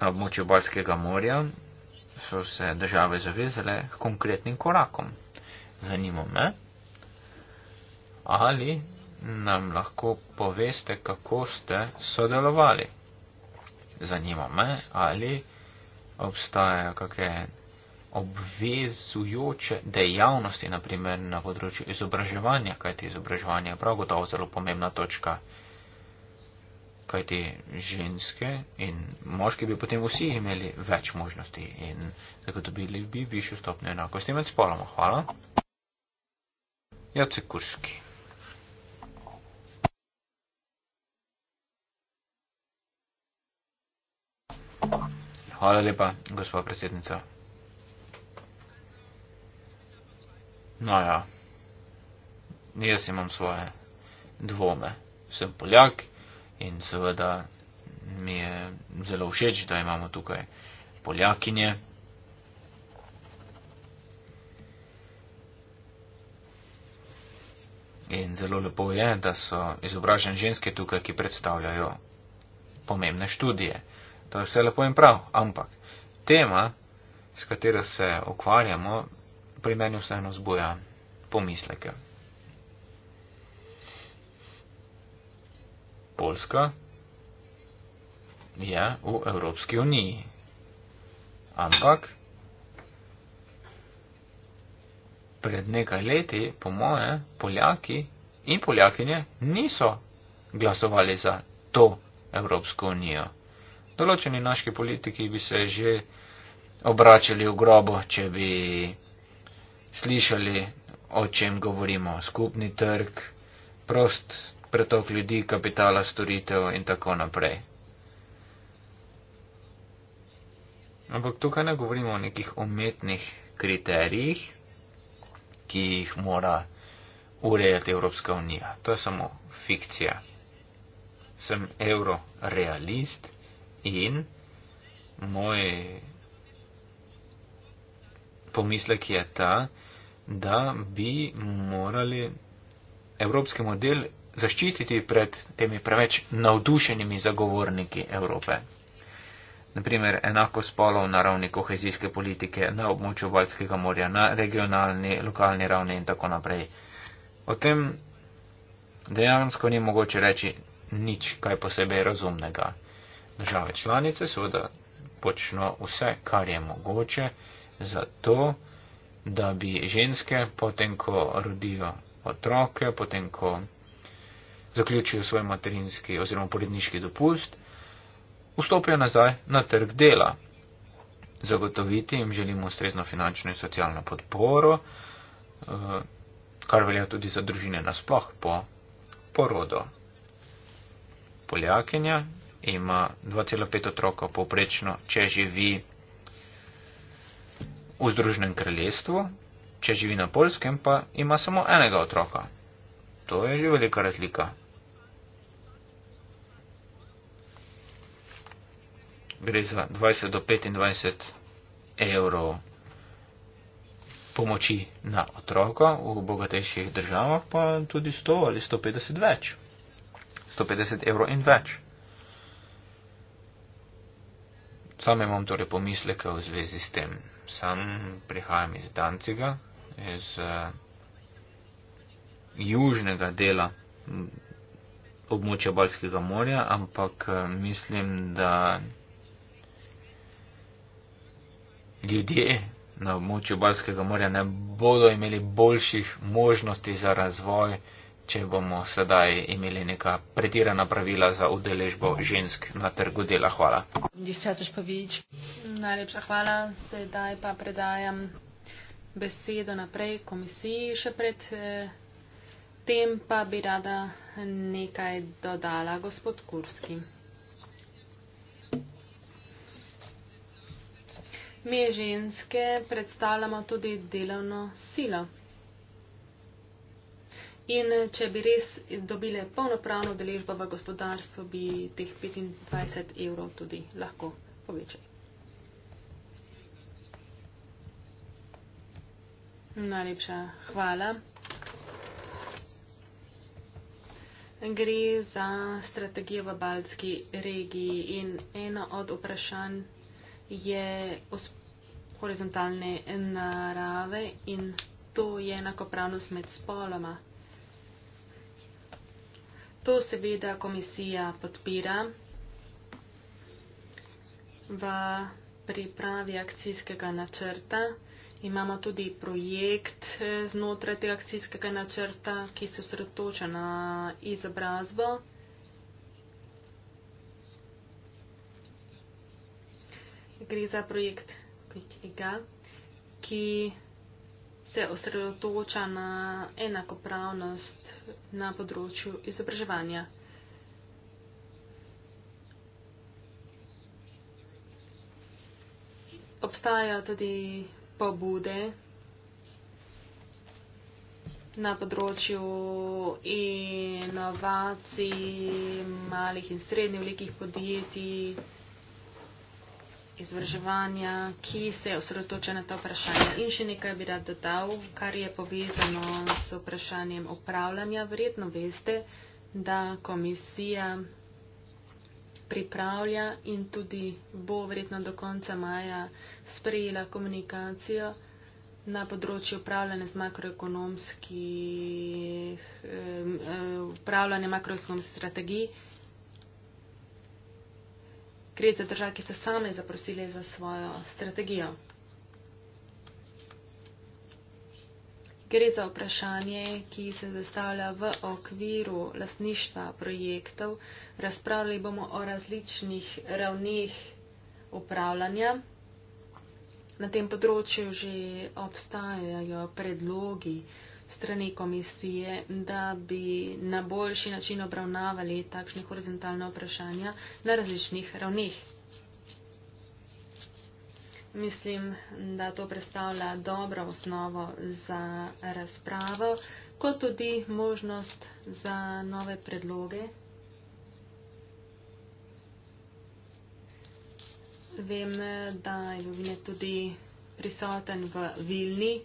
Na območju Balskega morja so se države zavezale konkretnim korakom. Zanima me, ali nam lahko poveste, kako ste sodelovali. Zanima me, ali obstajajo kakšne obvezujoče dejavnosti, naprimer na področju izobraževanja, kajti izobraževanje je prav gotovo zelo pomembna točka, kajti ženske in moški bi potem vsi imeli več možnosti in zagotovili bi višjo stopnjo enakosti med spoloma. Hvala. Jace Kurski. Hvala lepa, gospod predsednica. No ja, jaz imam svoje dvome. Sem poljak in seveda mi je zelo všeč, da imamo tukaj poljakinje. In zelo lepo je, da so izobražene ženske tukaj, ki predstavljajo pomembne študije. To je vse lepo in prav, ampak tema, s katero se ukvarjamo, pri meni vseeno zbuja pomisleke. Polska je v Evropski uniji, ampak pred nekaj leti, po moje, Poljaki in Poljakinje niso glasovali za to Evropsko unijo. Določeni naški politiki bi se že obračali v grobo, če bi slišali, o čem govorimo. Skupni trg, prost pretok ljudi, kapitala, storitev in tako naprej. Ampak tukaj ne govorimo o nekih umetnih kriterijih, ki jih mora urejati Evropska unija. To je samo fikcija. Sem eurorealist in moj pomislek je ta, da bi morali evropski model zaščititi pred temi preveč navdušenimi zagovorniki Evrope. Naprimer, enako spolov na ravni kohezijske politike, na območju Valjskega morja, na regionalni, lokalni ravni in tako naprej. O tem dejansko ni mogoče reči nič kaj posebej razumnega. Države članice seveda počno vse, kar je mogoče, zato, da bi ženske, potem ko rodijo otroke, potem ko zaključijo svoj materinski oziroma poredniški dopust, vstopijo nazaj na trg dela. Zagotoviti jim želimo ustrezno finančno in socialno podporo, eh, kar velja tudi za družine nasploh po porodu. Poljakinja ima 2,5 otroka povprečno, če živi v Združenem kraljestvu, če živi na polskem, pa ima samo enega otroka. To je že velika razlika. Gre za 20 do 25 evrov pomoči na otroka, v bogatejših državah pa tudi 100 ali 150 več. 150 evrov in več. Sam imam torej pomisleke v zvezi s tem. Sam prihajam iz Danciga, iz uh, južnega dela območja Balskega morja, ampak eh, mislim, da ljudje na območju Balskega morja ne bodo imeli boljših možnosti za razvoj uh, če bomo sedaj imeli neka pretirana pravila za udeležbo žensk na trgu dela. Hvala. Najlepša hvala. Sedaj pa predajam besedo naprej komisiji. Še pred eh, tem pa bi rada nekaj dodala gospod Kurski. Mi ženske predstavljamo tudi delovno silo. In če bi res dobile polnopravno deležbo v gospodarstvu, bi teh 25 evrov tudi lahko povečali. Najlepša hvala. Gre za strategijo v Baltski regiji in eno od vprašanj je horizontalne narave in to je enakopravnost med spoloma. To seveda komisija podpira v pripravi akcijskega načrta. Imamo tudi projekt eh, znotraj tega akcijskega načrta, ki se osredotoča na izobrazbo. Gre za projekt, ki se osredotoča na enakopravnost na področju izobraževanja. Obstajajo tudi pobude na področju inovacij malih in srednjih velikih podjetij izvrževanja, ki se osredotoča na to vprašanje. In še nekaj bi rad dodal, kar je povezano s vprašanjem upravljanja. Verjetno veste, da komisija pripravlja in tudi bo verjetno do konca maja sprejela komunikacijo na področju upravljanja z makroekonomskih, upravljanja makroekonomskih strategij gre za države, ki so same zaprosili za svojo strategijo. Gre za vprašanje, ki se zastavlja v okviru lasništva projektov. Razpravljali bomo o različnih ravnih upravljanja. Na tem področju že obstajajo predlogi strani komisije, da bi na boljši način obravnavali takšne horizontalne vprašanja na različnih ravnih. Mislim, da to predstavlja dobro osnovo za razpravo, kot tudi možnost za nove predloge. Vem, da je Vine tudi prisoten v Vilni,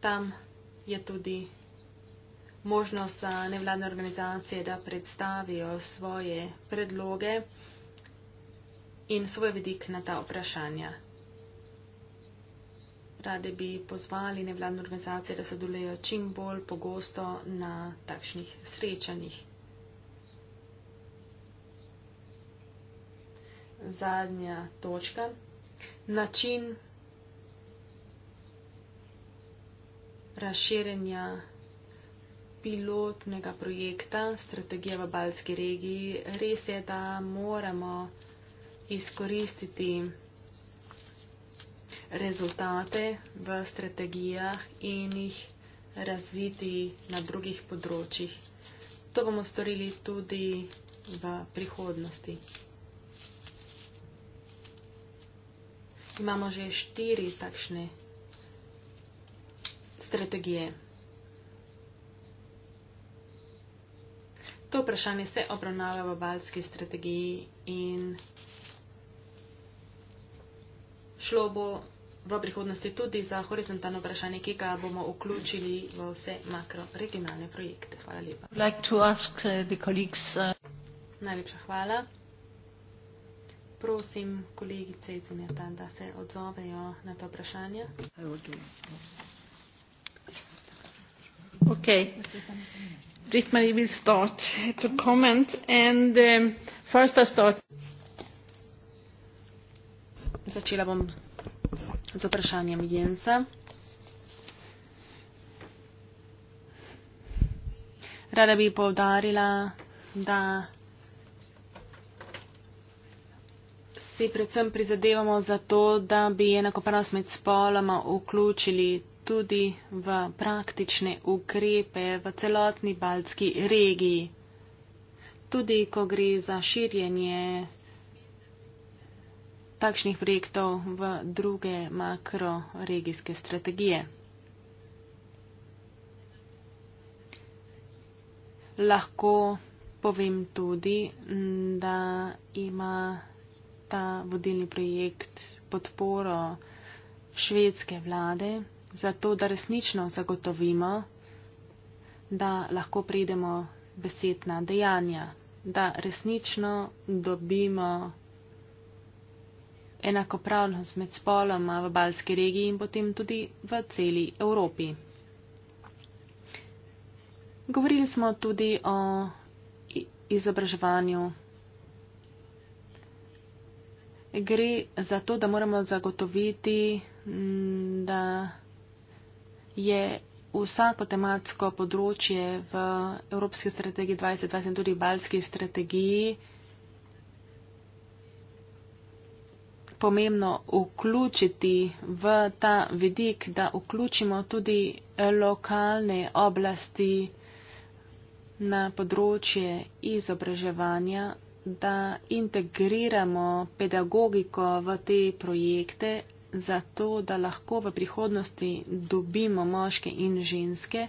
tam je tudi možnost za nevladne organizacije, da predstavijo svoje predloge in svoj vidik na ta vprašanja. Rade bi pozvali nevladne organizacije, da sodelujejo čim bolj pogosto na takšnih srečanjih. Zadnja točka. Način razširjenja pilotnega projekta strategije v Balski regiji. Res je, da moramo izkoristiti rezultate v strategijah in jih razviti na drugih področjih. To bomo storili tudi v prihodnosti. Imamo že štiri takšne strategije. To vprašanje se obravnava v balski strategiji in šlo bo v prihodnosti tudi za horizontalno vprašanje, ki ga bomo vključili v vse makroregionalne projekte. Hvala lepa. Uh, uh, Najlepša hvala. Prosim kolegice iz Unijata, da se odzovejo na to vprašanje britmarie will start to comment and um, first i start začela bom z vprašanjem jensa rada bi poudarila da si predvsem prizadevamo za to, da bi enakopravnost med spoloma vključili tudi v praktične ukrepe v celotni Baltski regiji. Tudi ko gre za širjenje takšnih projektov v druge makroregijske strategije. Lahko povem tudi, da ima ta vodilni projekt podporo švedske vlade zato da resnično zagotovimo, da lahko pridemo besedna dejanja, da resnično dobimo enakopravnost med spoloma v Balski regiji in potem tudi v celi Evropi. Govorili smo tudi o izobraževanju. Gre za to, da moramo zagotoviti, mm, da je vsako tematsko področje v Evropski strategiji 2020 in tudi v Balski strategiji pomembno vključiti v ta vidik, da vključimo tudi lokalne oblasti na področje izobraževanja, da integriramo pedagogiko v te projekte zato, da lahko v prihodnosti dobimo moške in ženske,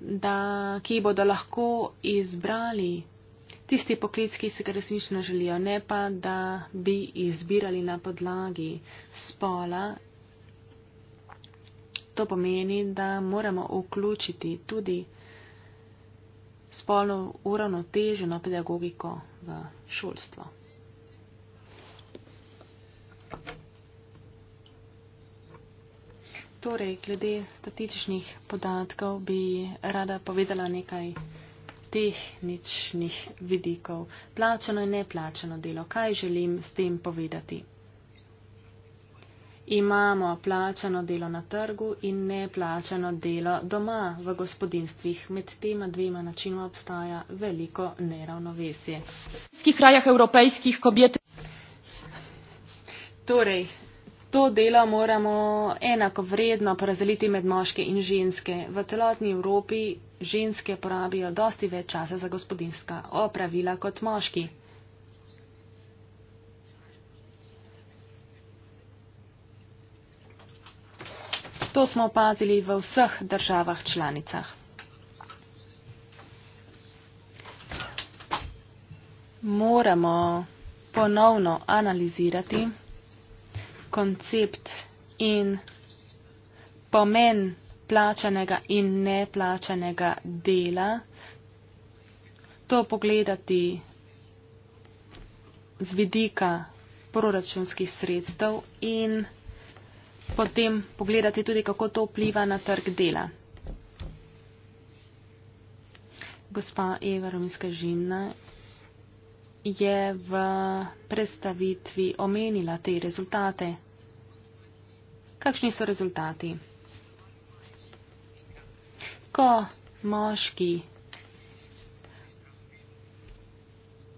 da, ki bodo lahko izbrali tisti poklic, ki se ga resnično želijo, ne pa, da bi izbirali na podlagi spola. To pomeni, da moramo vključiti tudi spolno uravnoteženo pedagogiko v šolstvo. Torej, glede statičnih podatkov bi rada povedala nekaj tehničnih vidikov. Plačano in neplačano delo. Kaj želim s tem povedati? Imamo plačano delo na trgu in neplačano delo doma v gospodinstvih. Med tema dvema načinoma obstaja veliko neravnovesje. Torej, to delo moramo enakovredno porazdeliti med moške in ženske. V celotni Evropi ženske porabijo dosti več časa za gospodinska opravila kot moški. To smo opazili v vseh državah članicah. Moramo ponovno analizirati koncept in pomen plačanega in neplačanega dela, to pogledati z vidika proračunskih sredstev in potem pogledati tudi, kako to vpliva na trg dela. Gospa Eva Romiska Žimna je v predstavitvi omenila te rezultate kakšni so rezultati. Ko moški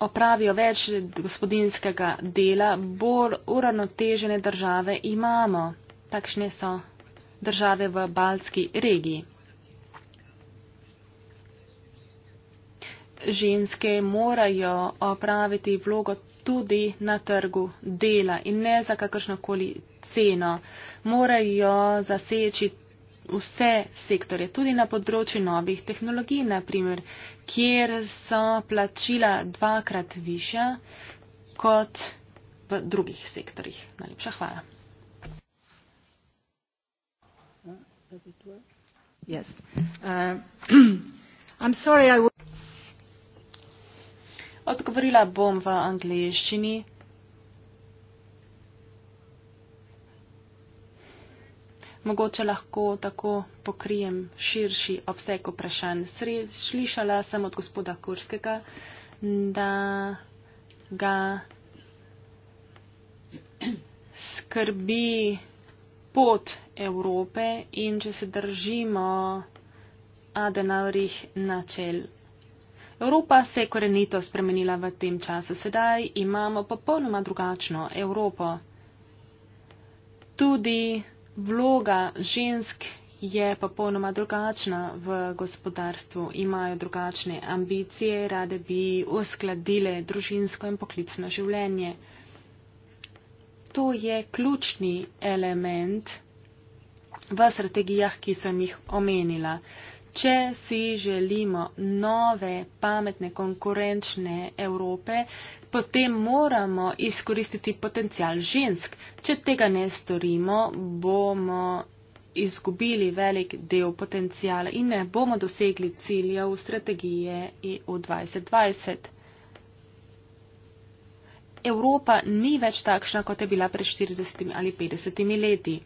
opravijo več gospodinskega dela, bolj uravnotežene države imamo. Takšne so države v Balski regiji. Ženske morajo opraviti vlogo tudi na trgu dela in ne za kakršnokoli ceno. Morajo zaseči vse sektore, tudi na področju novih tehnologij, naprimer, kjer so plačila dvakrat više kot v drugih sektorjih. Najlepša hvala. Yes. Uh, I'm sorry, I Odgovorila bom v angliščini. Mogoče lahko tako pokrijem širši obseg vprašanj. Slišala sem od gospoda Kurskega, da ga skrbi pot Evrope in če se držimo Adenaurih načel. Evropa se je korenito spremenila v tem času. Sedaj imamo popolnoma drugačno Evropo. Tudi vloga žensk je popolnoma drugačna v gospodarstvu, imajo drugačne ambicije, rade bi uskladile družinsko in poklicno življenje. To je ključni element v strategijah, ki sem jih omenila. Če si želimo nove, pametne, konkurenčne Evrope, potem moramo izkoristiti potencial žensk. Če tega ne storimo, bomo izgubili velik del potencijala in ne bomo dosegli ciljev strategije EU 2020. Evropa ni več takšna, kot je bila pred 40 ali 50 leti.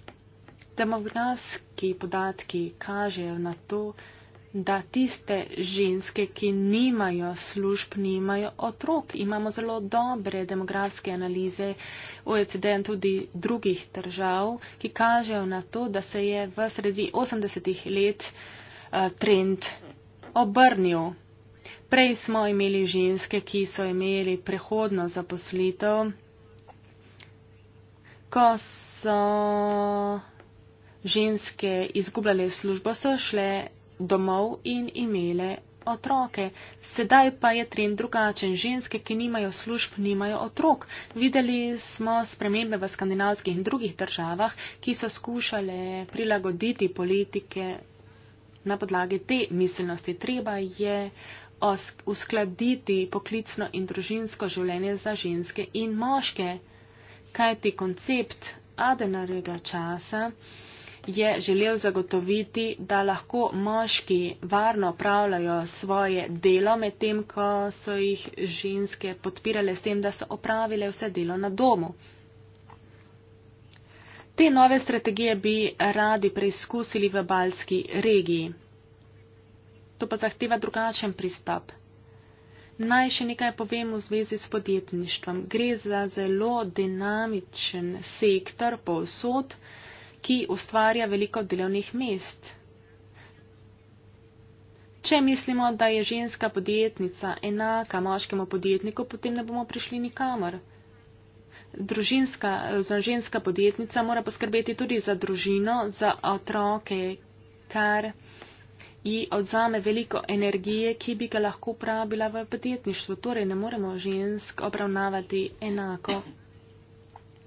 Demografski podatki kažejo na to, da da tiste ženske, ki nimajo služb, nimajo otrok. Imamo zelo dobre demografske analize OECD in tudi drugih držav, ki kažejo na to, da se je v sredi 80-ih let eh, trend obrnil. Prej smo imeli ženske, ki so imeli prehodno zaposlitev, ko so ženske izgubljale službo, so šle domov in imele otroke. Sedaj pa je trend drugačen. Ženske, ki nimajo služb, nimajo otrok. Videli smo spremembe v skandinavskih in drugih državah, ki so skušale prilagoditi politike na podlagi te miselnosti. Treba je uskladiti poklicno in družinsko življenje za ženske in moške, kajti koncept Adenarega časa je želel zagotoviti, da lahko moški varno opravljajo svoje delo, medtem ko so jih ženske podpirale s tem, da so opravile vse delo na domu. Te nove strategije bi radi preizkusili v Balski regiji. To pa zahteva drugačen pristop. Naj še nekaj povem v zvezi s podjetništvom. Gre za zelo dinamičen sektor povsod, po ki ustvarja veliko delovnih mest. Če mislimo, da je ženska podjetnica enaka moškemu podjetniku, potem ne bomo prišli nikamor. Družinska, oziroma ženska podjetnica mora poskrbeti tudi za družino, za otroke, kar ji odzame veliko energije, ki bi ga lahko uporabila v podjetništvu. Torej, ne moremo žensk obravnavati enako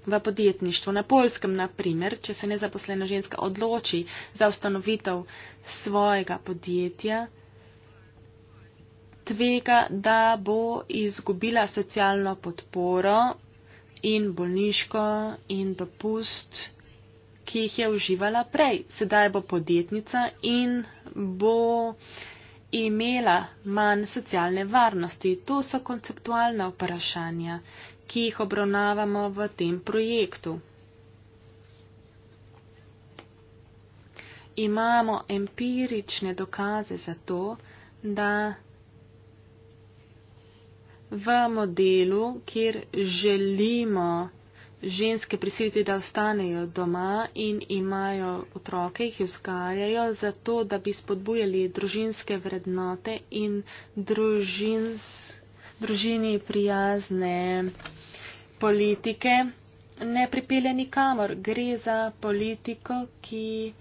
v podjetništvo. Na polskem, na primer, če se nezaposlena ženska odloči za ustanovitev svojega podjetja, tvega, da bo izgubila socialno podporo in bolniško in dopust, ki jih je uživala prej. Sedaj bo podjetnica in bo imela manj socialne varnosti. To so konceptualna vprašanja, ki jih obravnavamo v tem projektu. Imamo empirične dokaze za to, da v modelu, kjer želimo ženske prisiliti, da ostanejo doma in imajo otroke, jih vzgajajo, zato da bi spodbujali družinske vrednote in družins, družini prijazne politike ne pripelje nikamor. Gre za politiko, ki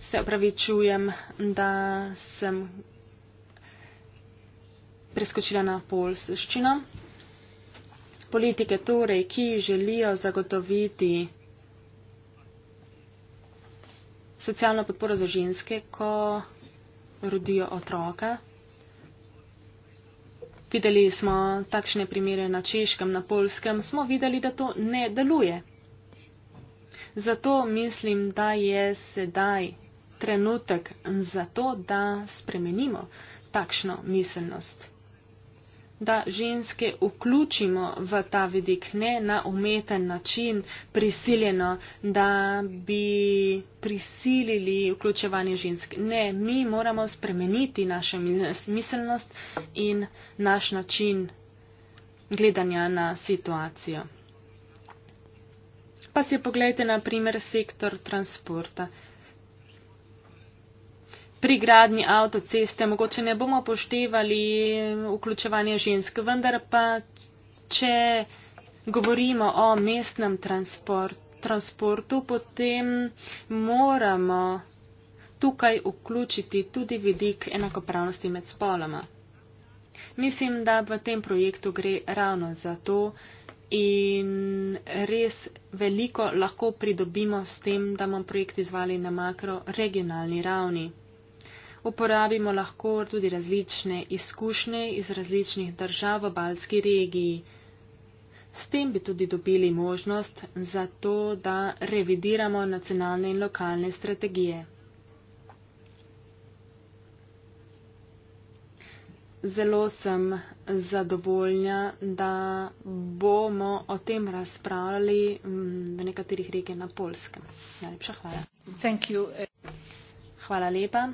se opravičujem, da sem preskočila na polsščino. Politike torej, ki želijo zagotoviti socialno podporo za ženske, ko rodijo otroka. Videli smo takšne primere na češkem, na polskem, smo videli, da to ne deluje. Zato mislim, da je sedaj trenutek za to, da spremenimo takšno miselnost da ženske vključimo v ta vidik, ne na umeten način, prisiljeno, da bi prisilili vključevanje žensk. Ne, mi moramo spremeniti našo miselnost in naš način gledanja na situacijo. Pa si poglejte na primer sektor transporta pri gradni avtoceste mogoče ne bomo poštevali vključevanje žensk, vendar pa, če govorimo o mestnem transport, transportu, potem moramo tukaj vključiti tudi vidik enakopravnosti med spoloma. Mislim, da v tem projektu gre ravno za to in res veliko lahko pridobimo s tem, da bomo projekt izvali na makro regionalni ravni uporabimo lahko tudi različne izkušnje iz različnih držav v Balski regiji. S tem bi tudi dobili možnost za to, da revidiramo nacionalne in lokalne strategije. Zelo sem zadovoljna, da bomo o tem razpravljali mm, v nekaterih regijah na Polskem. Najlepša hvala. Hvala lepa.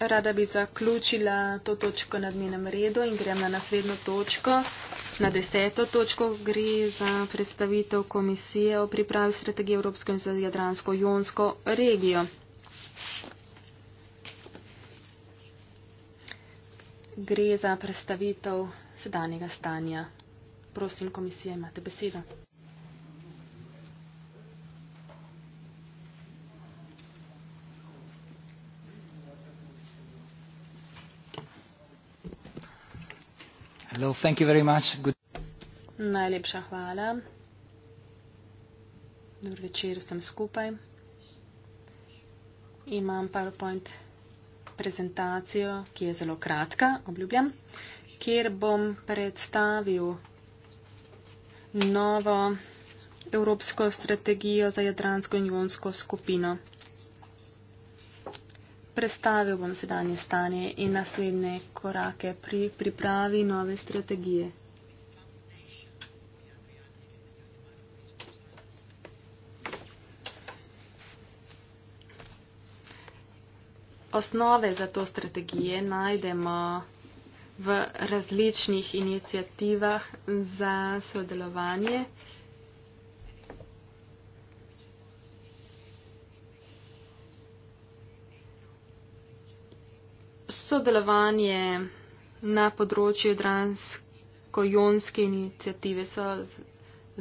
Rada bi zaključila to točko na dnevnem redu in grem na naslednjo točko. Na deseto točko gre za predstavitev komisije o pripravi strategije Evropske unije za Jadransko-Jonsko regijo. Gre za predstavitev sedanjega stanja. Prosim, komisija, imate besedo. Hello, thank you very much. Good... Najlepša hvala. Dobro večer vsem skupaj. Imam PowerPoint prezentacijo, ki je zelo kratka, obljubljam, kjer bom predstavil novo evropsko strategijo za Jadransko in Jonsko skupino predstavil bom sedanje stanje in naslednje korake pri pripravi nove strategije. Osnove za to strategije najdemo v različnih inicijativah za sodelovanje. sodelovanje na področju Dransko-Jonske inicijative so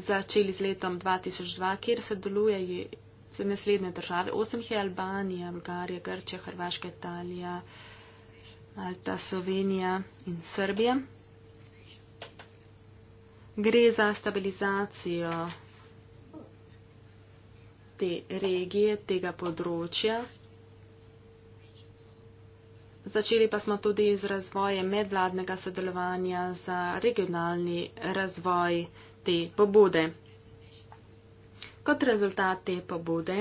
začeli z letom 2002, kjer sodelujejo z naslednje države. Osem je Albanija, Bulgarija, Grčija, Hrvaška, Italija, Malta, Slovenija in Srbija. Gre za stabilizacijo te regije, tega področja. Začeli pa smo tudi z razvojem medvladnega sodelovanja za regionalni razvoj te pobude. Kot rezultat te pobude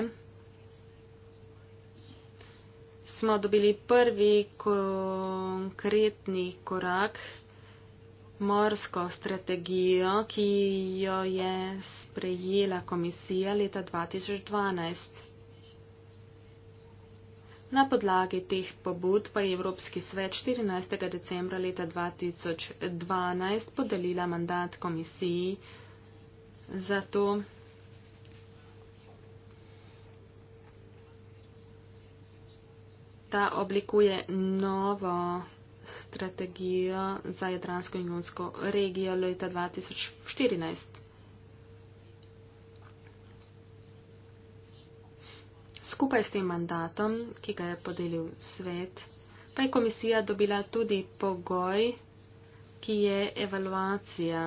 smo dobili prvi konkretni korak, morsko strategijo, ki jo je sprejela komisija leta 2012. Na podlagi teh pobud pa je Evropski svet 14. decembra leta 2012 podelila mandat komisiji za to, da oblikuje novo strategijo za Jadransko in Junsko regijo leta 2014. Skupaj s tem mandatom, ki ga je podelil svet, pa je komisija dobila tudi pogoj, ki je evaluacija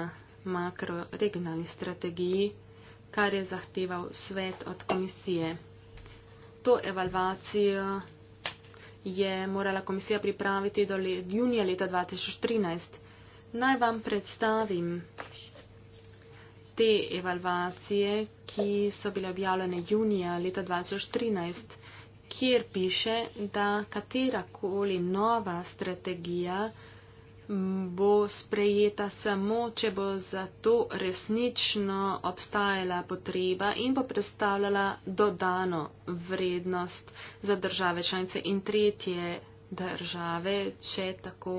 makroregionalni strategiji, kar je zahteval svet od komisije. To evaluacijo je morala komisija pripraviti do junija leta 2013. Naj vam predstavim te evalvacije, ki so bile objavljene junija leta 2013, kjer piše, da katerakoli nova strategija bo sprejeta samo, če bo za to resnično obstajala potreba in bo predstavljala dodano vrednost za države članice in tretje države, če tako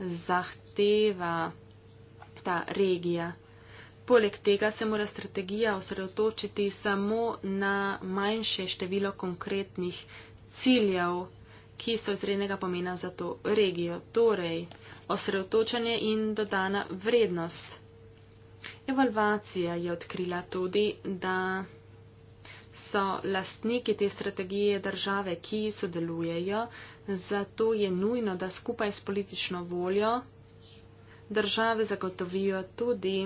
zahteva ta regija. Poleg tega se mora strategija osredotočiti samo na manjše število konkretnih ciljev, ki so izrednega pomena za to regijo, torej osredotočanje in dodana vrednost. Evalvacija je odkrila tudi, da so lastniki te strategije države, ki sodelujejo, zato je nujno, da skupaj s politično voljo države zagotovijo tudi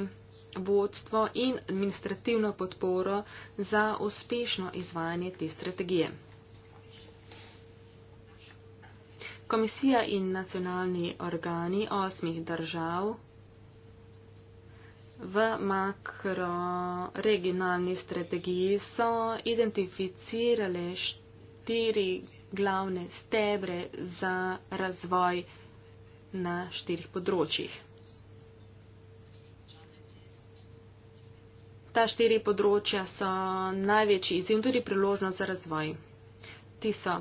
vodstvo in administrativno podporo za uspešno izvajanje te strategije. Komisija in nacionalni organi osmih držav v makroregionalni strategiji so identificirale štiri glavne stebre za razvoj na štirih področjih. ta štiri področja so največji izziv, tudi priložnost za razvoj. Ti so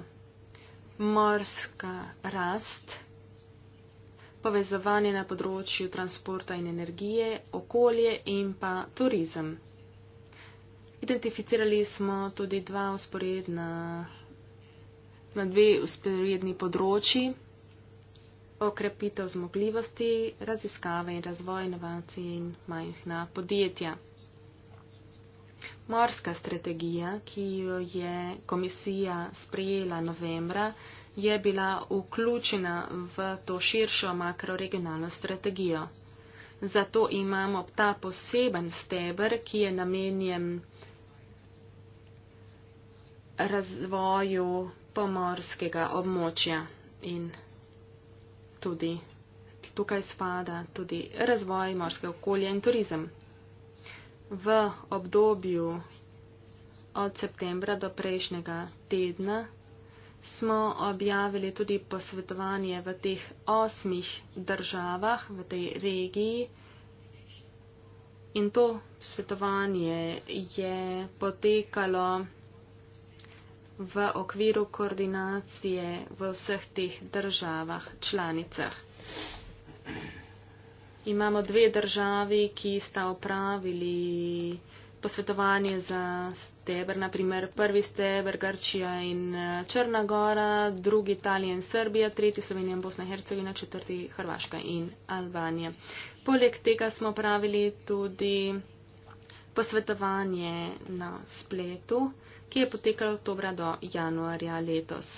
morska rast, povezovanje na področju transporta in energije, okolje in pa turizem. Identificirali smo tudi dva usporedna, na dve usporedni področji, okrepitev zmogljivosti, raziskave in razvoj inovacij in majhna podjetja. Morska strategija, ki jo je komisija sprejela novembra, je bila vključena v to širšo makroregionalno strategijo. Zato imamo ta poseben steber, ki je namenjen razvoju pomorskega območja in tudi tukaj spada tudi razvoj morske okolje in turizem v obdobju od septembra do prejšnjega tedna smo objavili tudi posvetovanje v teh osmih državah v tej regiji in to svetovanje je potekalo v okviru koordinacije v vseh teh državah članicah imamo dve državi, ki sta opravili posvetovanje za steber, naprimer prvi steber Grčija in eh, Črna Gora, drugi Italija in Srbija, tretji Slovenija in Bosna in Hercegovina, četrti Hrvaška in Albanija. Poleg tega smo opravili tudi posvetovanje na spletu, ki je potekalo oktobra do januarja letos.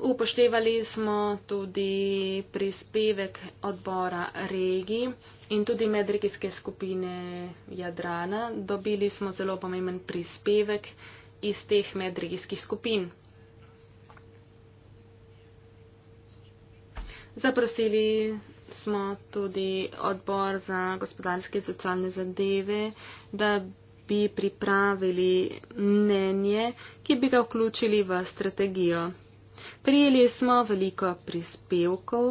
Upoštevali smo tudi prispevek odbora regij in tudi medregijske skupine Jadrana. Dobili smo zelo pomemben prispevek iz teh medregijskih skupin. Zaprosili smo tudi odbor za gospodarske in socialne zadeve, da bi pripravili mnenje, ki bi ga vključili v strategijo. Prijeli smo veliko prispevkov,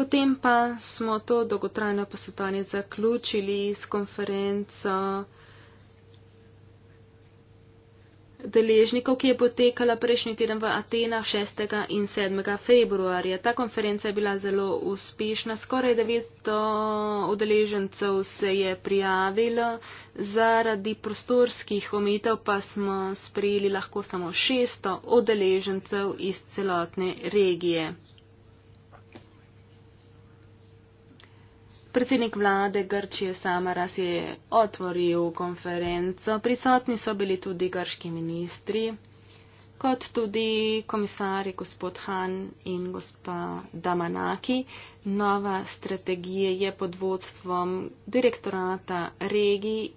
potem pa smo to dolgotrajno posvetovanje zaključili s konferenco deležnikov, ki je potekala prejšnji teden v Atenah 6. in 7. februarja. Ta konferenca je bila zelo uspešna. Skoraj 900 udeležencev se je prijavilo, zaradi prostorskih omitev pa smo sprejeli lahko samo 600 udeležencev iz celotne regije. Predsednik vlade Grčije Samaras je otvoril konferenco, prisotni so bili tudi grški ministri, kot tudi komisarji gospod Han in gospa Damanaki. Nova strategija je pod vodstvom direktorata regij,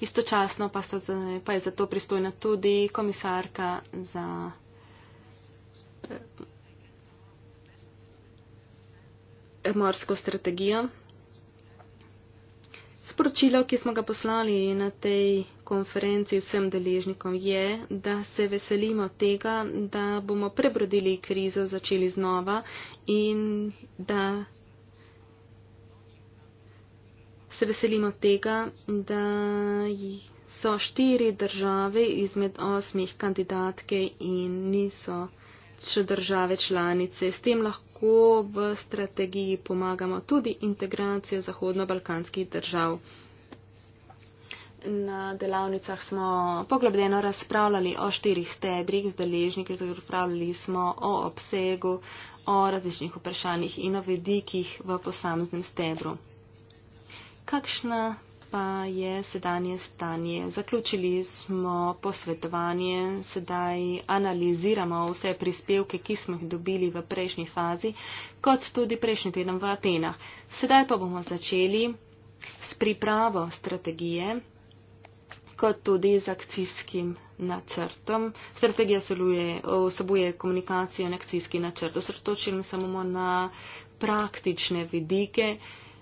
istočasno pa, sta, pa je zato pristojna tudi komisarka za. Eh, morsko strategijo. Sporočilo, ki smo ga poslali na tej konferenci vsem deležnikom, je, da se veselimo tega, da bomo prebrodili krizo, začeli znova in da se veselimo tega, da so štiri države izmed osmih kandidatke in niso še države članice. S tem lahko v strategiji pomagamo tudi integracijo zahodno-balkanskih držav. Na delavnicah smo poglobljeno razpravljali o štirih stebrih, zdeležniki zagotavljali smo o obsegu, o različnih vprašanjih in o vedikih v posameznem stebru. Kakšna pa je sedanje stanje. Zaključili smo posvetovanje, sedaj analiziramo vse prispevke, ki smo jih dobili v prejšnji fazi, kot tudi prejšnji teden v Atenah. Sedaj pa bomo začeli s pripravo strategije, kot tudi z akcijskim načrtom. Strategija vsebuje komunikacijo in akcijski načrt. Osredotočili smo se na praktične vidike.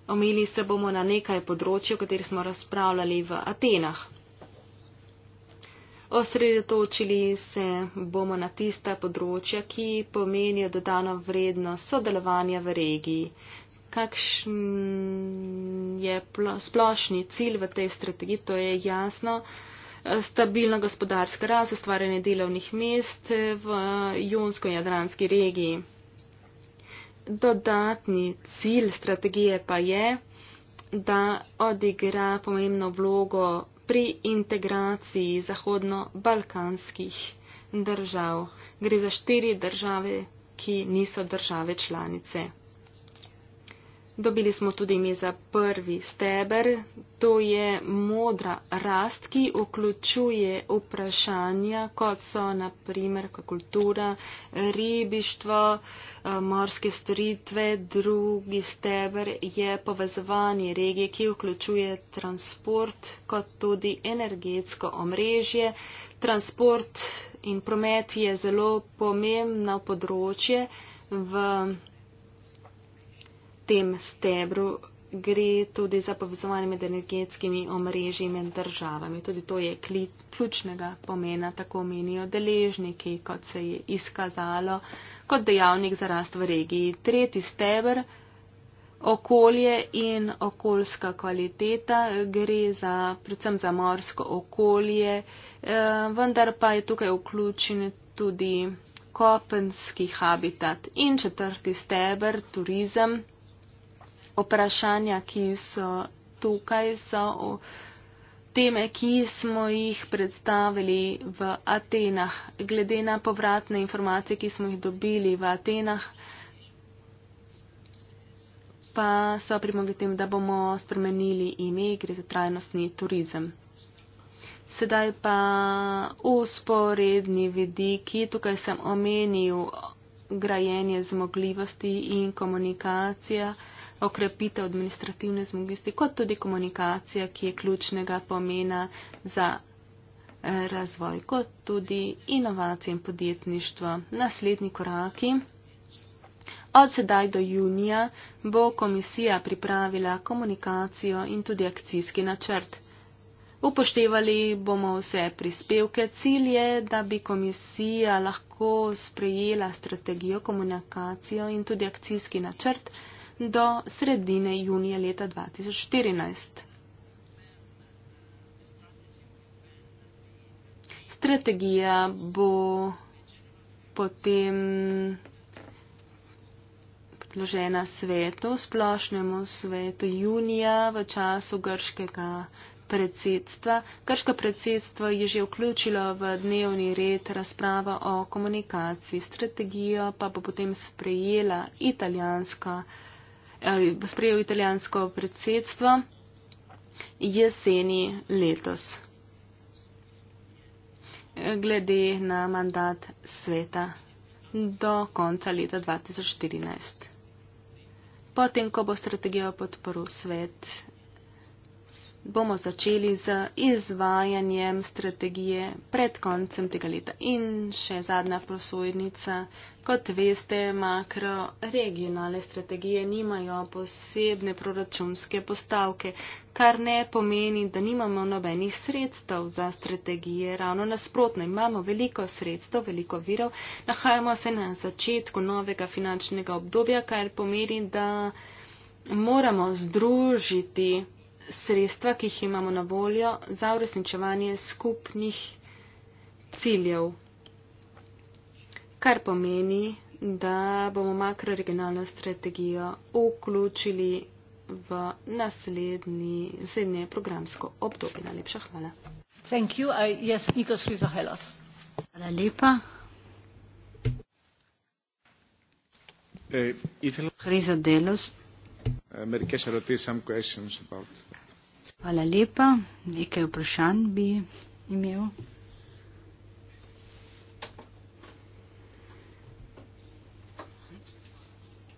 Omili se bomo na nekaj področji, o katerih smo razpravljali v Atenah. Osredotočili se bomo na tista področja, ki pomenijo dodano vrednost sodelovanja v regiji. Kakšen je splošni cilj v tej strategiji, to je jasno. Stabilna gospodarska raz, ustvarjanje delovnih mest v jonsko-jadranski regiji dodatni cilj strategije pa je, da odigra pomembno vlogo pri integraciji zahodno-balkanskih držav. Gre za štiri države, ki niso države članice. Dobili smo tudi ime za prvi steber, to je modra rast, ki vključuje vprašanja, kot so naprimer kultura, ribištvo, eh, morske storitve. Drugi steber je povezovanje regije, ki vključuje transport, kot tudi energetsko omrežje. Transport in promet je zelo pomembno področje v tem stebru gre tudi za povezovanje med energetskimi omrežji med državami. Tudi to je ključnega pomena, tako menijo deležniki, kot se je izkazalo, kot dejavnik za rast v regiji. Tretji stebr, okolje in okoljska kvaliteta, gre za, predvsem za morsko okolje, eh, vendar pa je tukaj vključen tudi kopenski habitat. In četrti stebr, turizem vprašanja, ki so tukaj, so teme, ki smo jih predstavili v Atenah. Glede na povratne informacije, ki smo jih dobili v Atenah, pa so primogli tem, da bomo spremenili ime, gre za trajnostni turizem. Sedaj pa usporedni vidiki, tukaj sem omenil grajenje zmogljivosti in komunikacija okrepitev administrativne zmogljivosti, kot tudi komunikacija, ki je ključnega pomena za eh, razvoj, kot tudi inovacije in podjetništvo. Naslednji koraki. Od sedaj do junija bo komisija pripravila komunikacijo in tudi akcijski načrt. Upoštevali bomo vse prispevke, cilje, da bi komisija lahko sprejela strategijo, komunikacijo in tudi akcijski načrt do sredine junija leta 2014. Strategija bo potem podložena svetu, splošnemu svetu junija v času grškega predsedstva. Grško predsedstvo je že vključilo v dnevni red razprava o komunikaciji. Strategijo pa bo potem sprejela italijanska Eh, sprejel italijansko predsedstvo jeseni letos. Eh, glede na mandat sveta do konca leta 2014. Potem, ko bo strategijo podporil svet bomo začeli z izvajanjem strategije pred koncem tega leta. In še zadnja prosojnica. Kot veste, makroregionalne strategije nimajo posebne proračunske postavke, kar ne pomeni, da nimamo nobenih sredstev za strategije. Ravno nasprotno, imamo veliko sredstev, veliko virov. Nahajamo se na začetku novega finančnega obdobja, kar pomeni, da. Moramo združiti sredstva, ki jih imamo na voljo za uresničevanje skupnih ciljev. Kar pomeni, da bomo makroregionalno strategijo vključili v naslednji, naslednje programsko obdobje. Najlepša hvala. Thank you. I, yes, Nico Srizahelos. Hvala lepa. Hriza eh, Delos. Uh, eh, Marikesha, there are some questions about... Hvala lepa. Nekaj vprašanj bi imel.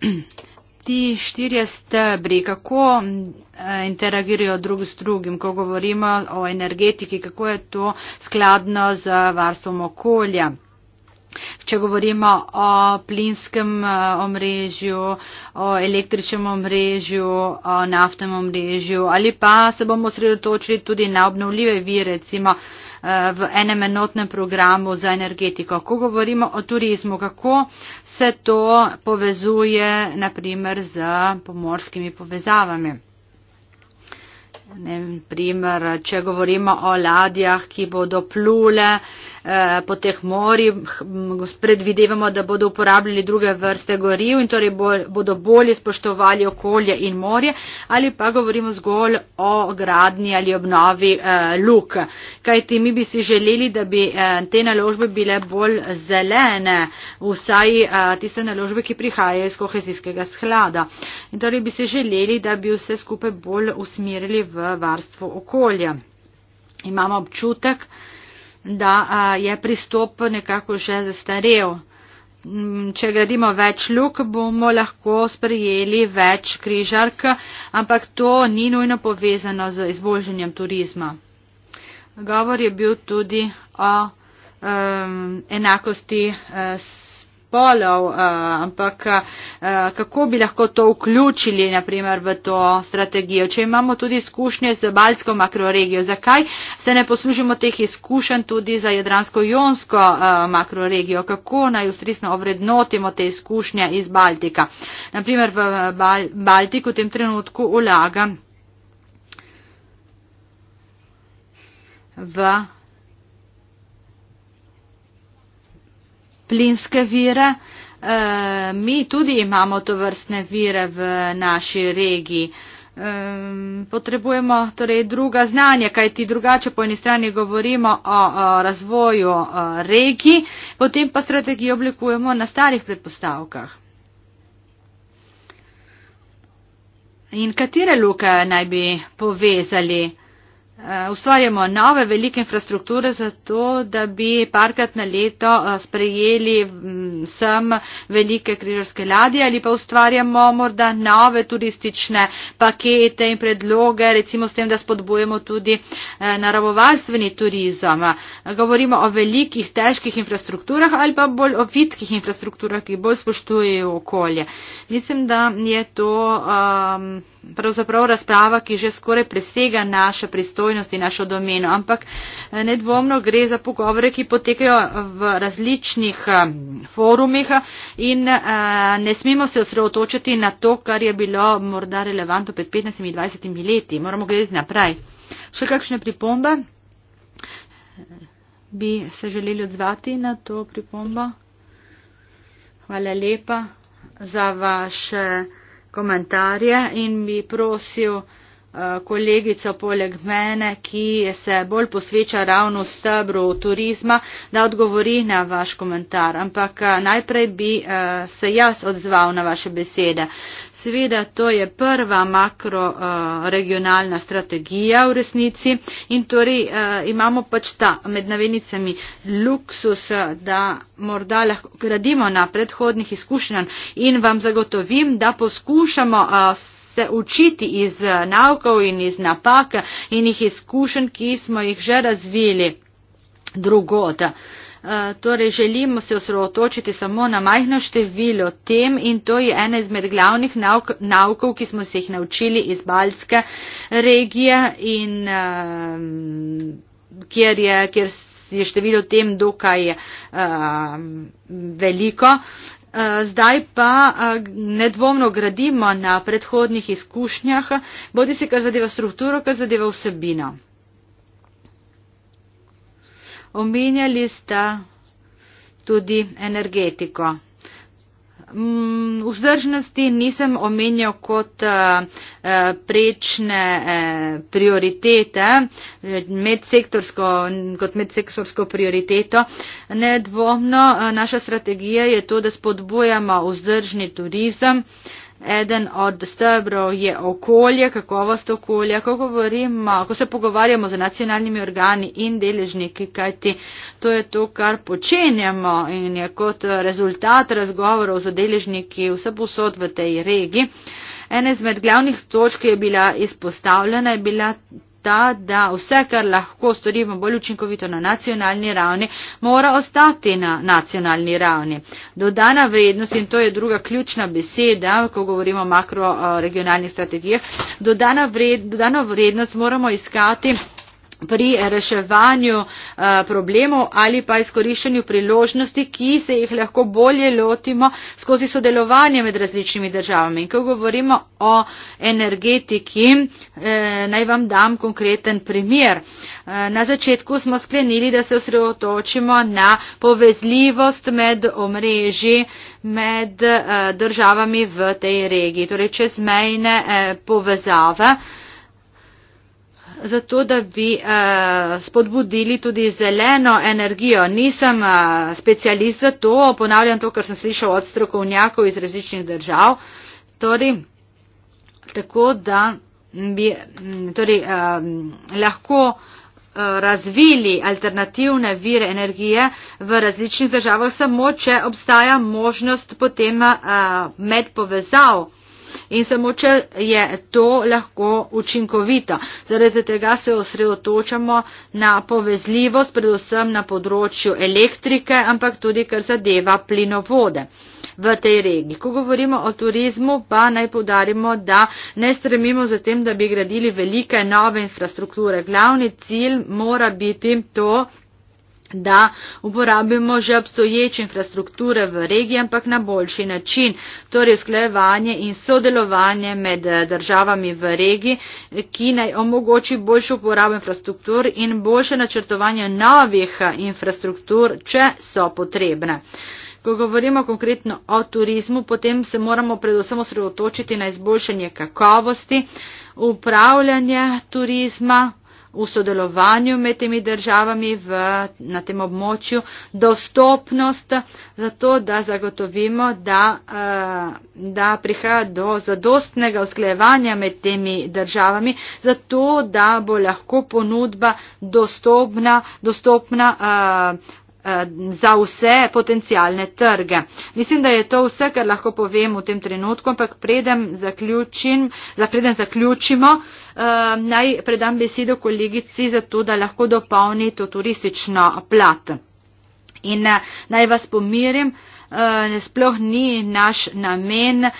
Ti štirje stebri, kako eh, interagirajo drug z drugim, ko govorimo o energetiki, kako je to skladno z varstvom okolja. Če govorimo o plinskem eh, omrežju, o električnem omrežju, o naftnem omrežju ali pa se bomo sredotočili tudi na obnovljive vire, recimo eh, v enem enotnem programu za energetiko. Ko govorimo o turizmu, kako se to povezuje naprimer z pomorskimi povezavami? Ne, primer, če govorimo o ladjah, ki bodo plule eh, po teh morjih, hm, predvidevamo, da bodo uporabljali druge vrste goriv in torej bo, bodo bolje spoštovali okolje in morje, ali pa govorimo zgolj o gradni ali obnovi eh, luk. Kaj ti mi bi si želeli, da bi eh, te naložbe bile bolj zelene, vsaj eh, tiste naložbe, ki prihajajo iz kohezijskega sklada. In torej bi si želeli, da bi vse skupaj bolj usmerili v v varstvo okolja. Imamo občutek, da je pristop nekako že zastarel. Mm, če gradimo več luk, bomo lahko sprejeli več križark, ampak to ni nujno povezano z izboljšanjem turizma. Govor je bil tudi o um, enakosti uh, s spolov, eh, ampak eh, kako bi lahko to vključili naprimer v to strategijo, če imamo tudi izkušnje z Balsko makroregijo, zakaj se ne poslužimo teh izkušenj tudi za Jadransko-Jonsko eh, makroregijo, kako naj ustresno ovrednotimo te izkušnje iz Baltika. Naprimer v Bal Baltiku v tem trenutku ulaga. V plinske vire. E, mi tudi imamo to vrstne vire v naši regiji. Um, potrebujemo torej druga znanja, kaj ti drugače po eni strani govorimo o, o razvoju o regiji, potem pa strategijo oblikujemo na starih predpostavkah. In katere luke naj bi povezali? Eh, ustvarjamo nove velike infrastrukture za to, da bi parkrat na leto eh, sprejeli mm, sem velike križarske ladje ali pa ustvarjamo morda nove turistične pakete in predloge, recimo s tem, da spodbujemo tudi eh, naravovarstveni turizem. Govorimo o velikih, težkih infrastrukturah ali pa bolj o vitkih infrastrukturah, ki bolj spoštujejo okolje. Mislim, da je to um, pravzaprav razprava, ki že skoraj presega naše pristojnosti samostojnosti našo domeno, ampak eh, nedvomno gre za pogovore, ki potekajo v različnih eh, forumih eh, in ne smemo se osredotočiti na to, kar je bilo morda relevantno pred 15-20 leti. Moramo gledati naprej. Še kakšne pripombe? Bi se želeli odzvati na to pripombo? Hvala lepa za vaše komentarje in bi prosil. Eh, kolegico poleg mene, ki se bolj posveča ravno stebru turizma, da odgovori na vaš komentar. Ampak eh, najprej bi eh, se jaz odzval na vaše besede. Seveda, to je prva makroregionalna strategija v resnici in torej imamo pač ta med navednicami luksus, da morda lahko gradimo na predhodnih izkušnjah in vam zagotovim, da poskušamo se učiti iz eh, naukov in iz napak in iz izkušenj, ki smo jih že razvili drugod. Eh, torej, želimo se osredotočiti samo na majhno število tem in to je ena izmed glavnih nauk, naukov, ki smo se jih naučili iz Baltske regije in um, kjer, je, kjer je število tem dokaj um, veliko. Uh, Eh, zdaj pa eh, nedvomno gradimo na predhodnih izkušnjah, bodi si kar zadeva strukturo, kar zadeva vsebino. Omenjali ste tudi energetiko. Mm, vzdržnosti nisem omenjal kot eh, eh, prečne eh, prioritete, medsektorsko, kot medsektorsko prioriteto. Nedvomno naša strategija je to, da spodbujamo vzdržni turizem. Eden od stebrov je okolje, kakovost okolja, ko, govorimo, ko se pogovarjamo z nacionalnimi organi in deležniki, kajti to je to, kar počenjamo in je kot rezultat razgovorov z deležniki vse posod v tej regiji. Ena izmed glavnih točk, ki je bila izpostavljena, je bila ta, da vse, kar lahko storimo bolj učinkovito na nacionalni ravni, mora ostati na nacionalni ravni. Dodana vrednost, in to je druga ključna beseda, ko govorimo o makroregionalnih strategijah, dodana vred, dodano vrednost moramo iskati pri reševanju eh, problemov ali pa izkoriščanju priložnosti, ki se jih lahko bolje lotimo skozi sodelovanje med različnimi državami. In ko govorimo o energetiki, eh, naj vam dam konkreten primer. Eh, na začetku smo sklenili, da se osredotočimo na povezljivost med omrežji med državami v tej regiji, torej čezmejne povezave zato da bi eh, spodbudili tudi zeleno energijo. Nisem eh, specialist za to, ponavljam to, kar sem slišal od strokovnjakov iz različnih držav. Torej, tako da bi mm, torej, eh, lahko razvili alternativne vire energije v različnih državah samo, če obstaja možnost potem med povezav in samo če je to lahko učinkovito. Zaradi tega se osredotočamo na povezljivost, predvsem na področju elektrike, ampak tudi kar zadeva plinovode v tej regiji. Ko govorimo o turizmu, pa naj podarimo, da ne stremimo za tem, da bi gradili velike nove infrastrukture. Glavni cilj mora biti to, da uporabimo že obstoječe infrastrukture v regiji, ampak na boljši način. Torej, sklejevanje in sodelovanje med eh, državami v regiji, ki naj omogoči boljšo uporabo infrastruktur in boljše načrtovanje novih eh, infrastruktur, če so potrebne. Ko govorimo konkretno o turizmu, potem se moramo predvsem osredotočiti na izboljšanje kakovosti, upravljanje turizma, v sodelovanju med temi državami v, na tem območju dostopnost, zato da zagotovimo, da, eh, da prihaja do zadostnega usklejevanja med temi državami, zato da bo lahko ponudba dostopna, dostopna eh, Eh, za vse potencijalne trge. Mislim, da je to vse, kar lahko povem v tem trenutku, ampak predem, zaključim, za predem zaključimo, eh, naj predam besedo kolegici za to, da lahko dopolni to turistično plat. In eh, naj vas pomirim, Eh, sploh ni naš namen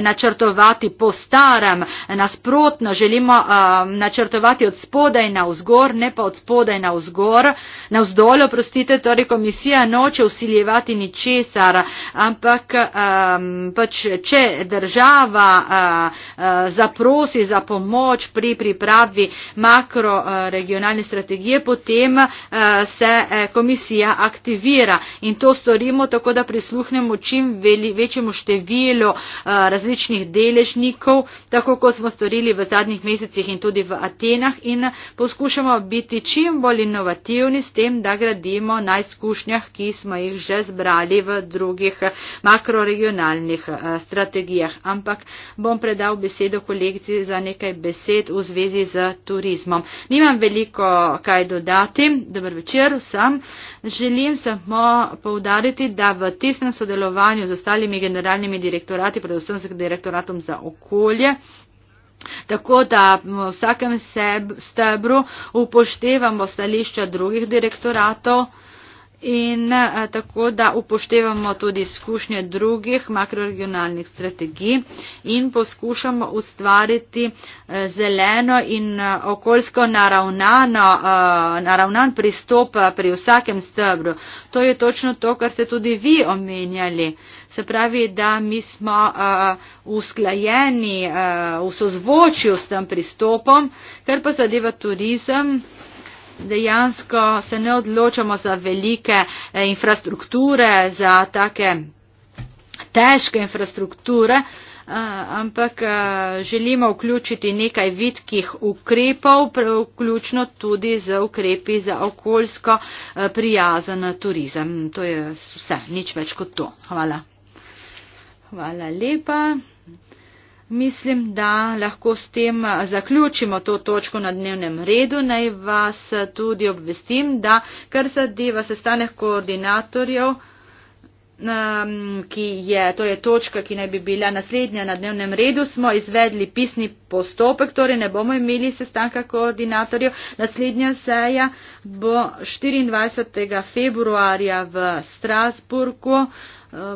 načrtovati po starem. Nasprotno, želimo načrtovati od spodaj na vzgor, ne pa od spodaj na vzgor, na vzdoljo, prostite, torej komisija noče usiljevati ničesar, ampak pač, če država eh, eh, zaprosi za pomoč pri pripravi makroregionalne strategije, potem se komisija aktivira in to storimo tako da prisluhnemo čim veli, večjemu številu eh, različnih deležnikov, tako kot smo storili v zadnjih mesecih in tudi v Atenah in poskušamo biti čim bolj inovativni s tem, da gradimo na izkušnjah, ki smo jih že zbrali v drugih eh, makroregionalnih eh, strategijah. Ampak bom predal besedo kolegici za nekaj besed v zvezi z turizmom. Nimam veliko kaj dodati. Dobro večer vsem. Želim samo povdariti, da v tesnem sodelovanju z ostalimi generalnimi direktorati, predvsem z direktoratom za okolje, Tako da v vsakem seb, stebru upoštevamo stališča drugih direktoratov. In a, eh, tako, da upoštevamo tudi izkušnje drugih makroregionalnih strategij in poskušamo ustvariti a, eh, zeleno in a, eh, okoljsko naravnano, a, naravnan pristop pri vsakem stebru. To je točno to, kar ste tudi vi omenjali. Se pravi, da mi smo a, usklajeni a, v sozvočju s tem pristopom, kar pa zadeva turizem dejansko se ne odločamo za velike eh, infrastrukture, za take težke infrastrukture, eh, ampak eh, želimo vključiti nekaj vidkih ukrepov, vključno tudi z ukrepi za okoljsko prijazen turizem. To je vse, nič več kot to. Hvala. Hvala lepa. Mislim, da lahko s tem zaključimo to točko na dnevnem redu. Naj vas tudi obvestim, da kar zadeva sestanek koordinatorjev, um, ki je, to je točka, ki naj bi bila naslednja na dnevnem redu, smo izvedli pisni postopek, torej ne bomo imeli sestanka koordinatorjev. Naslednja seja bo 24. februarja v Strasburgu uh,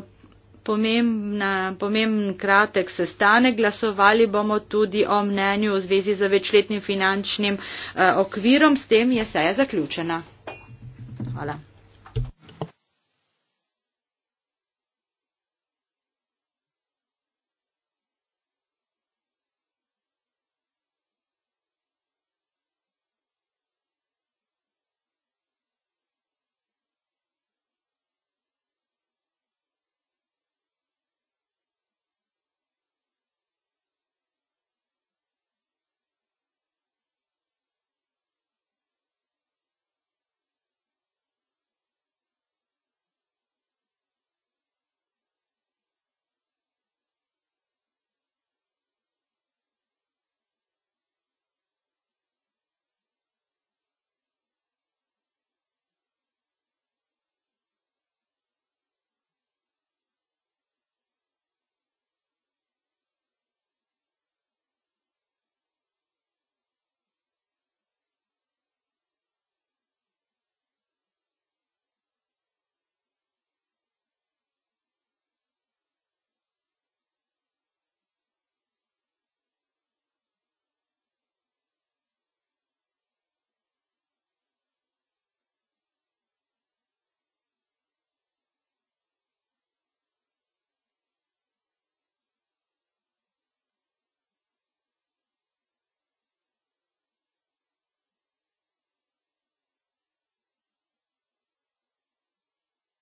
pomembna, pomemben kratek sestanek. Glasovali bomo tudi o mnenju v zvezi z večletnim finančnim uh, okvirom. S tem je seja zaključena. Hvala.